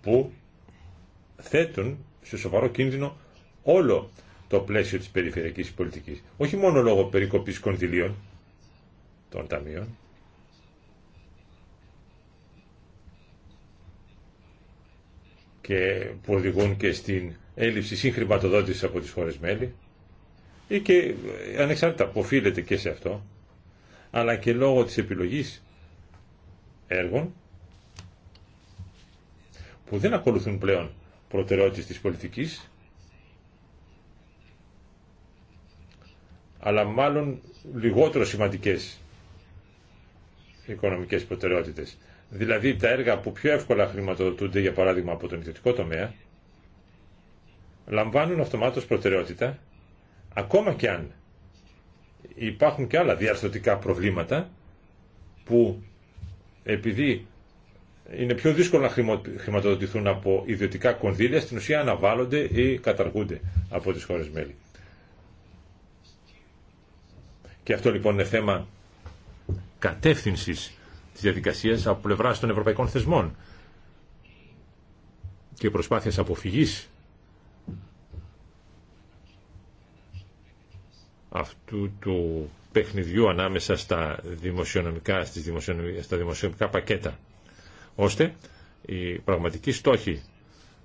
Speaker 2: που θέτουν σε σοβαρό κίνδυνο όλο το πλαίσιο της περιφερειακής πολιτικής. Όχι μόνο λόγω περικοπής κονδυλίων των ταμείων. και που οδηγούν και στην έλλειψη συγχρηματοδότησης από τις χώρες μέλη ή και ανεξάρτητα που οφείλεται και σε αυτό αλλά και λόγω της επιλογής έργων που δεν ακολουθούν πλέον προτεραιότητες της πολιτικής αλλά μάλλον λιγότερο σημαντικές οικονομικές προτεραιότητες. Δηλαδή τα έργα που πιο εύκολα χρηματοδοτούνται, για παράδειγμα από τον ιδιωτικό τομέα, λαμβάνουν αυτομάτως προτεραιότητα, ακόμα και αν υπάρχουν και άλλα διαρθρωτικά προβλήματα, που επειδή είναι πιο δύσκολο να χρηματοδοτηθούν από ιδιωτικά κονδύλια, στην ουσία αναβάλλονται ή καταργούνται από τις χώρες μέλη. Και αυτό λοιπόν είναι θέμα κατεύθυνση τη διαδικασία από πλευρά των ευρωπαϊκών θεσμών και προσπάθειας αποφυγής αυτού του παιχνιδιού ανάμεσα στα δημοσιονομικά, στις στα δημοσιονομικά πακέτα, ώστε η πραγματική στόχη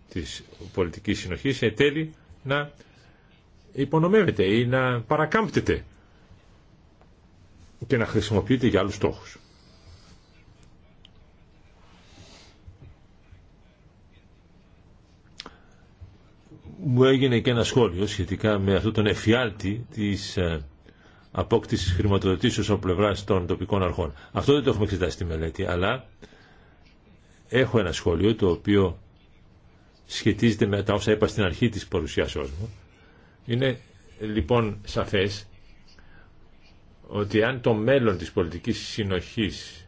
Speaker 2: της πολιτικής συνοχής εν τέλει να υπονομεύεται ή να παρακάμπτεται και να χρησιμοποιείται για άλλους στόχους. Μου έγινε και ένα σχόλιο σχετικά με αυτόν τον εφιάλτη της ε, απόκτησης χρηματοδοτήσεως από πλευρά των τοπικών αρχών. Αυτό δεν το έχουμε εξετάσει στη μελέτη, αλλά έχω ένα σχόλιο το οποίο σχετίζεται με τα όσα είπα στην αρχή της παρουσιάσεώς μου. Είναι λοιπόν σαφές ότι αν το μέλλον της πολιτικής συνοχής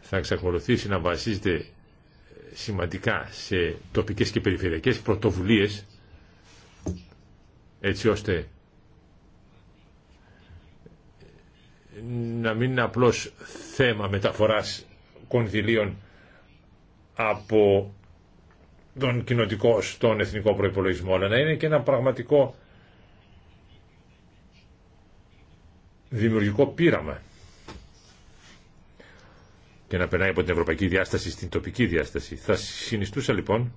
Speaker 2: θα εξακολουθήσει να βασίζεται σημαντικά σε τοπικές και περιφερειακές πρωτοβουλίες έτσι ώστε να μην είναι απλώς θέμα μεταφοράς κονδυλίων από τον κοινοτικό στον εθνικό προϋπολογισμό, αλλά να είναι και ένα πραγματικό δημιουργικό πείραμα και να περνάει από την ευρωπαϊκή διάσταση στην τοπική διάσταση. Θα συνιστούσα λοιπόν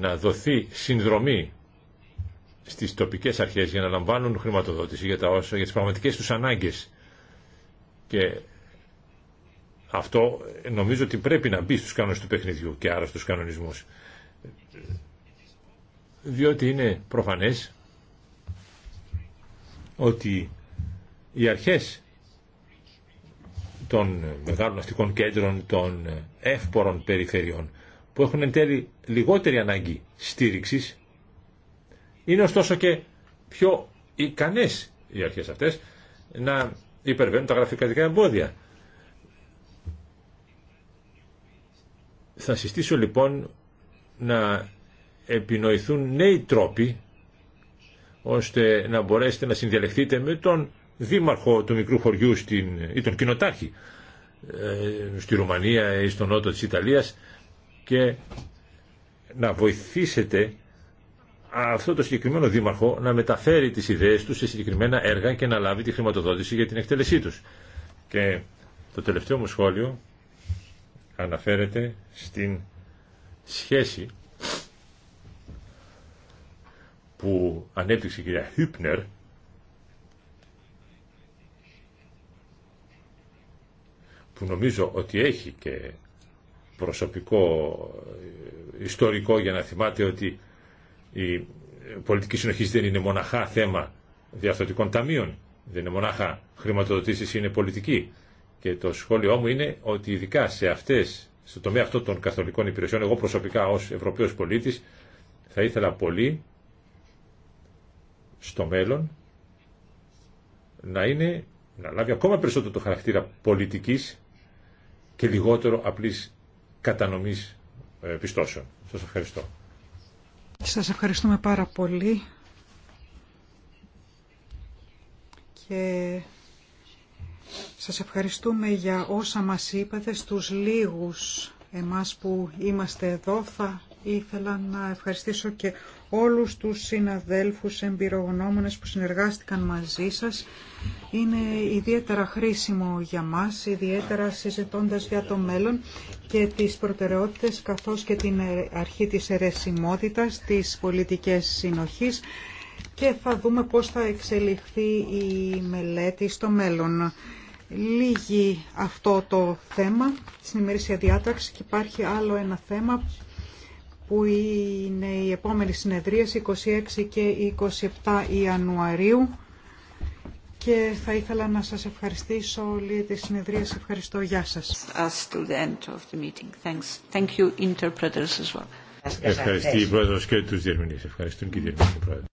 Speaker 2: να δοθεί συνδρομή στις τοπικές αρχές για να λαμβάνουν χρηματοδότηση για, τα όσα, για τις πραγματικές τους ανάγκες και αυτό νομίζω ότι πρέπει να μπει στους κανόνες του παιχνιδιού και άρα στους κανονισμούς. Διότι είναι προφανές ότι οι αρχές των μεγάλων αστικών κέντρων, των εύπορων περιφερειών, που έχουν εν τέλει λιγότερη ανάγκη στήριξης, είναι ωστόσο και πιο ικανές οι αρχές αυτές να υπερβαίνουν τα γραφειοκρατικά εμπόδια. Θα συστήσω λοιπόν να επινοηθούν νέοι τρόποι ώστε να μπορέσετε να συνδιαλεχθείτε με τον δήμαρχο του μικρού χωριού στην, ή τον κοινοτάρχη ε, στη Ρουμανία ή στον νότο της Ιταλίας και να βοηθήσετε αυτό το συγκεκριμένο δήμαρχο να μεταφέρει τις ιδέες του σε συγκεκριμένα έργα και να λάβει τη χρηματοδότηση για την εκτέλεσή τους. Και το τελευταίο μου σχόλιο αναφέρεται στην σχέση που ανέπτυξε η κυρία Χύπνερ που νομίζω ότι έχει και προσωπικό ε, ιστορικό για να θυμάται ότι η πολιτική συνοχή δεν είναι μοναχά θέμα διαφθορτικών ταμείων. Δεν είναι μονάχα χρηματοδοτήσεις, είναι πολιτική. Και το σχόλιο μου είναι ότι ειδικά σε αυτές, στο τομέα αυτών των καθολικών υπηρεσιών, εγώ προσωπικά ως Ευρωπαίος πολίτης θα ήθελα πολύ στο μέλλον να είναι, να λάβει ακόμα περισσότερο το χαρακτήρα πολιτικής και λιγότερο απλής κατανομής ε, πιστώσεων. Σας ευχαριστώ.
Speaker 3: Σας ευχαριστούμε πάρα πολύ και σας ευχαριστούμε για όσα μας είπατε στους λίγους εμάς που είμαστε εδώ. Θα ήθελα να ευχαριστήσω και όλους τους συναδέλφους εμπειρογνώμονες που συνεργάστηκαν μαζί σας. Είναι ιδιαίτερα χρήσιμο για μας, ιδιαίτερα συζητώντας για το μέλλον και τις προτεραιότητες καθώς και την αρχή της αιρεσιμότητας, της πολιτικής συνοχής και θα δούμε πώς θα εξελιχθεί η μελέτη στο μέλλον. Λίγη αυτό το θέμα στην ημερήσια διάταξη και υπάρχει άλλο ένα θέμα που είναι η επόμενη συνεδρία, 26 και 27 Ιανουαρίου και θα ήθελα να σας ευχαριστήσω όλοι τη συνεδρία. ευχαριστώ. Γεια σας. Ευχαριστώ η
Speaker 2: Πρόεδρος και τους Διερμηνείς. Ευχαριστώ και οι Διερμηνείς.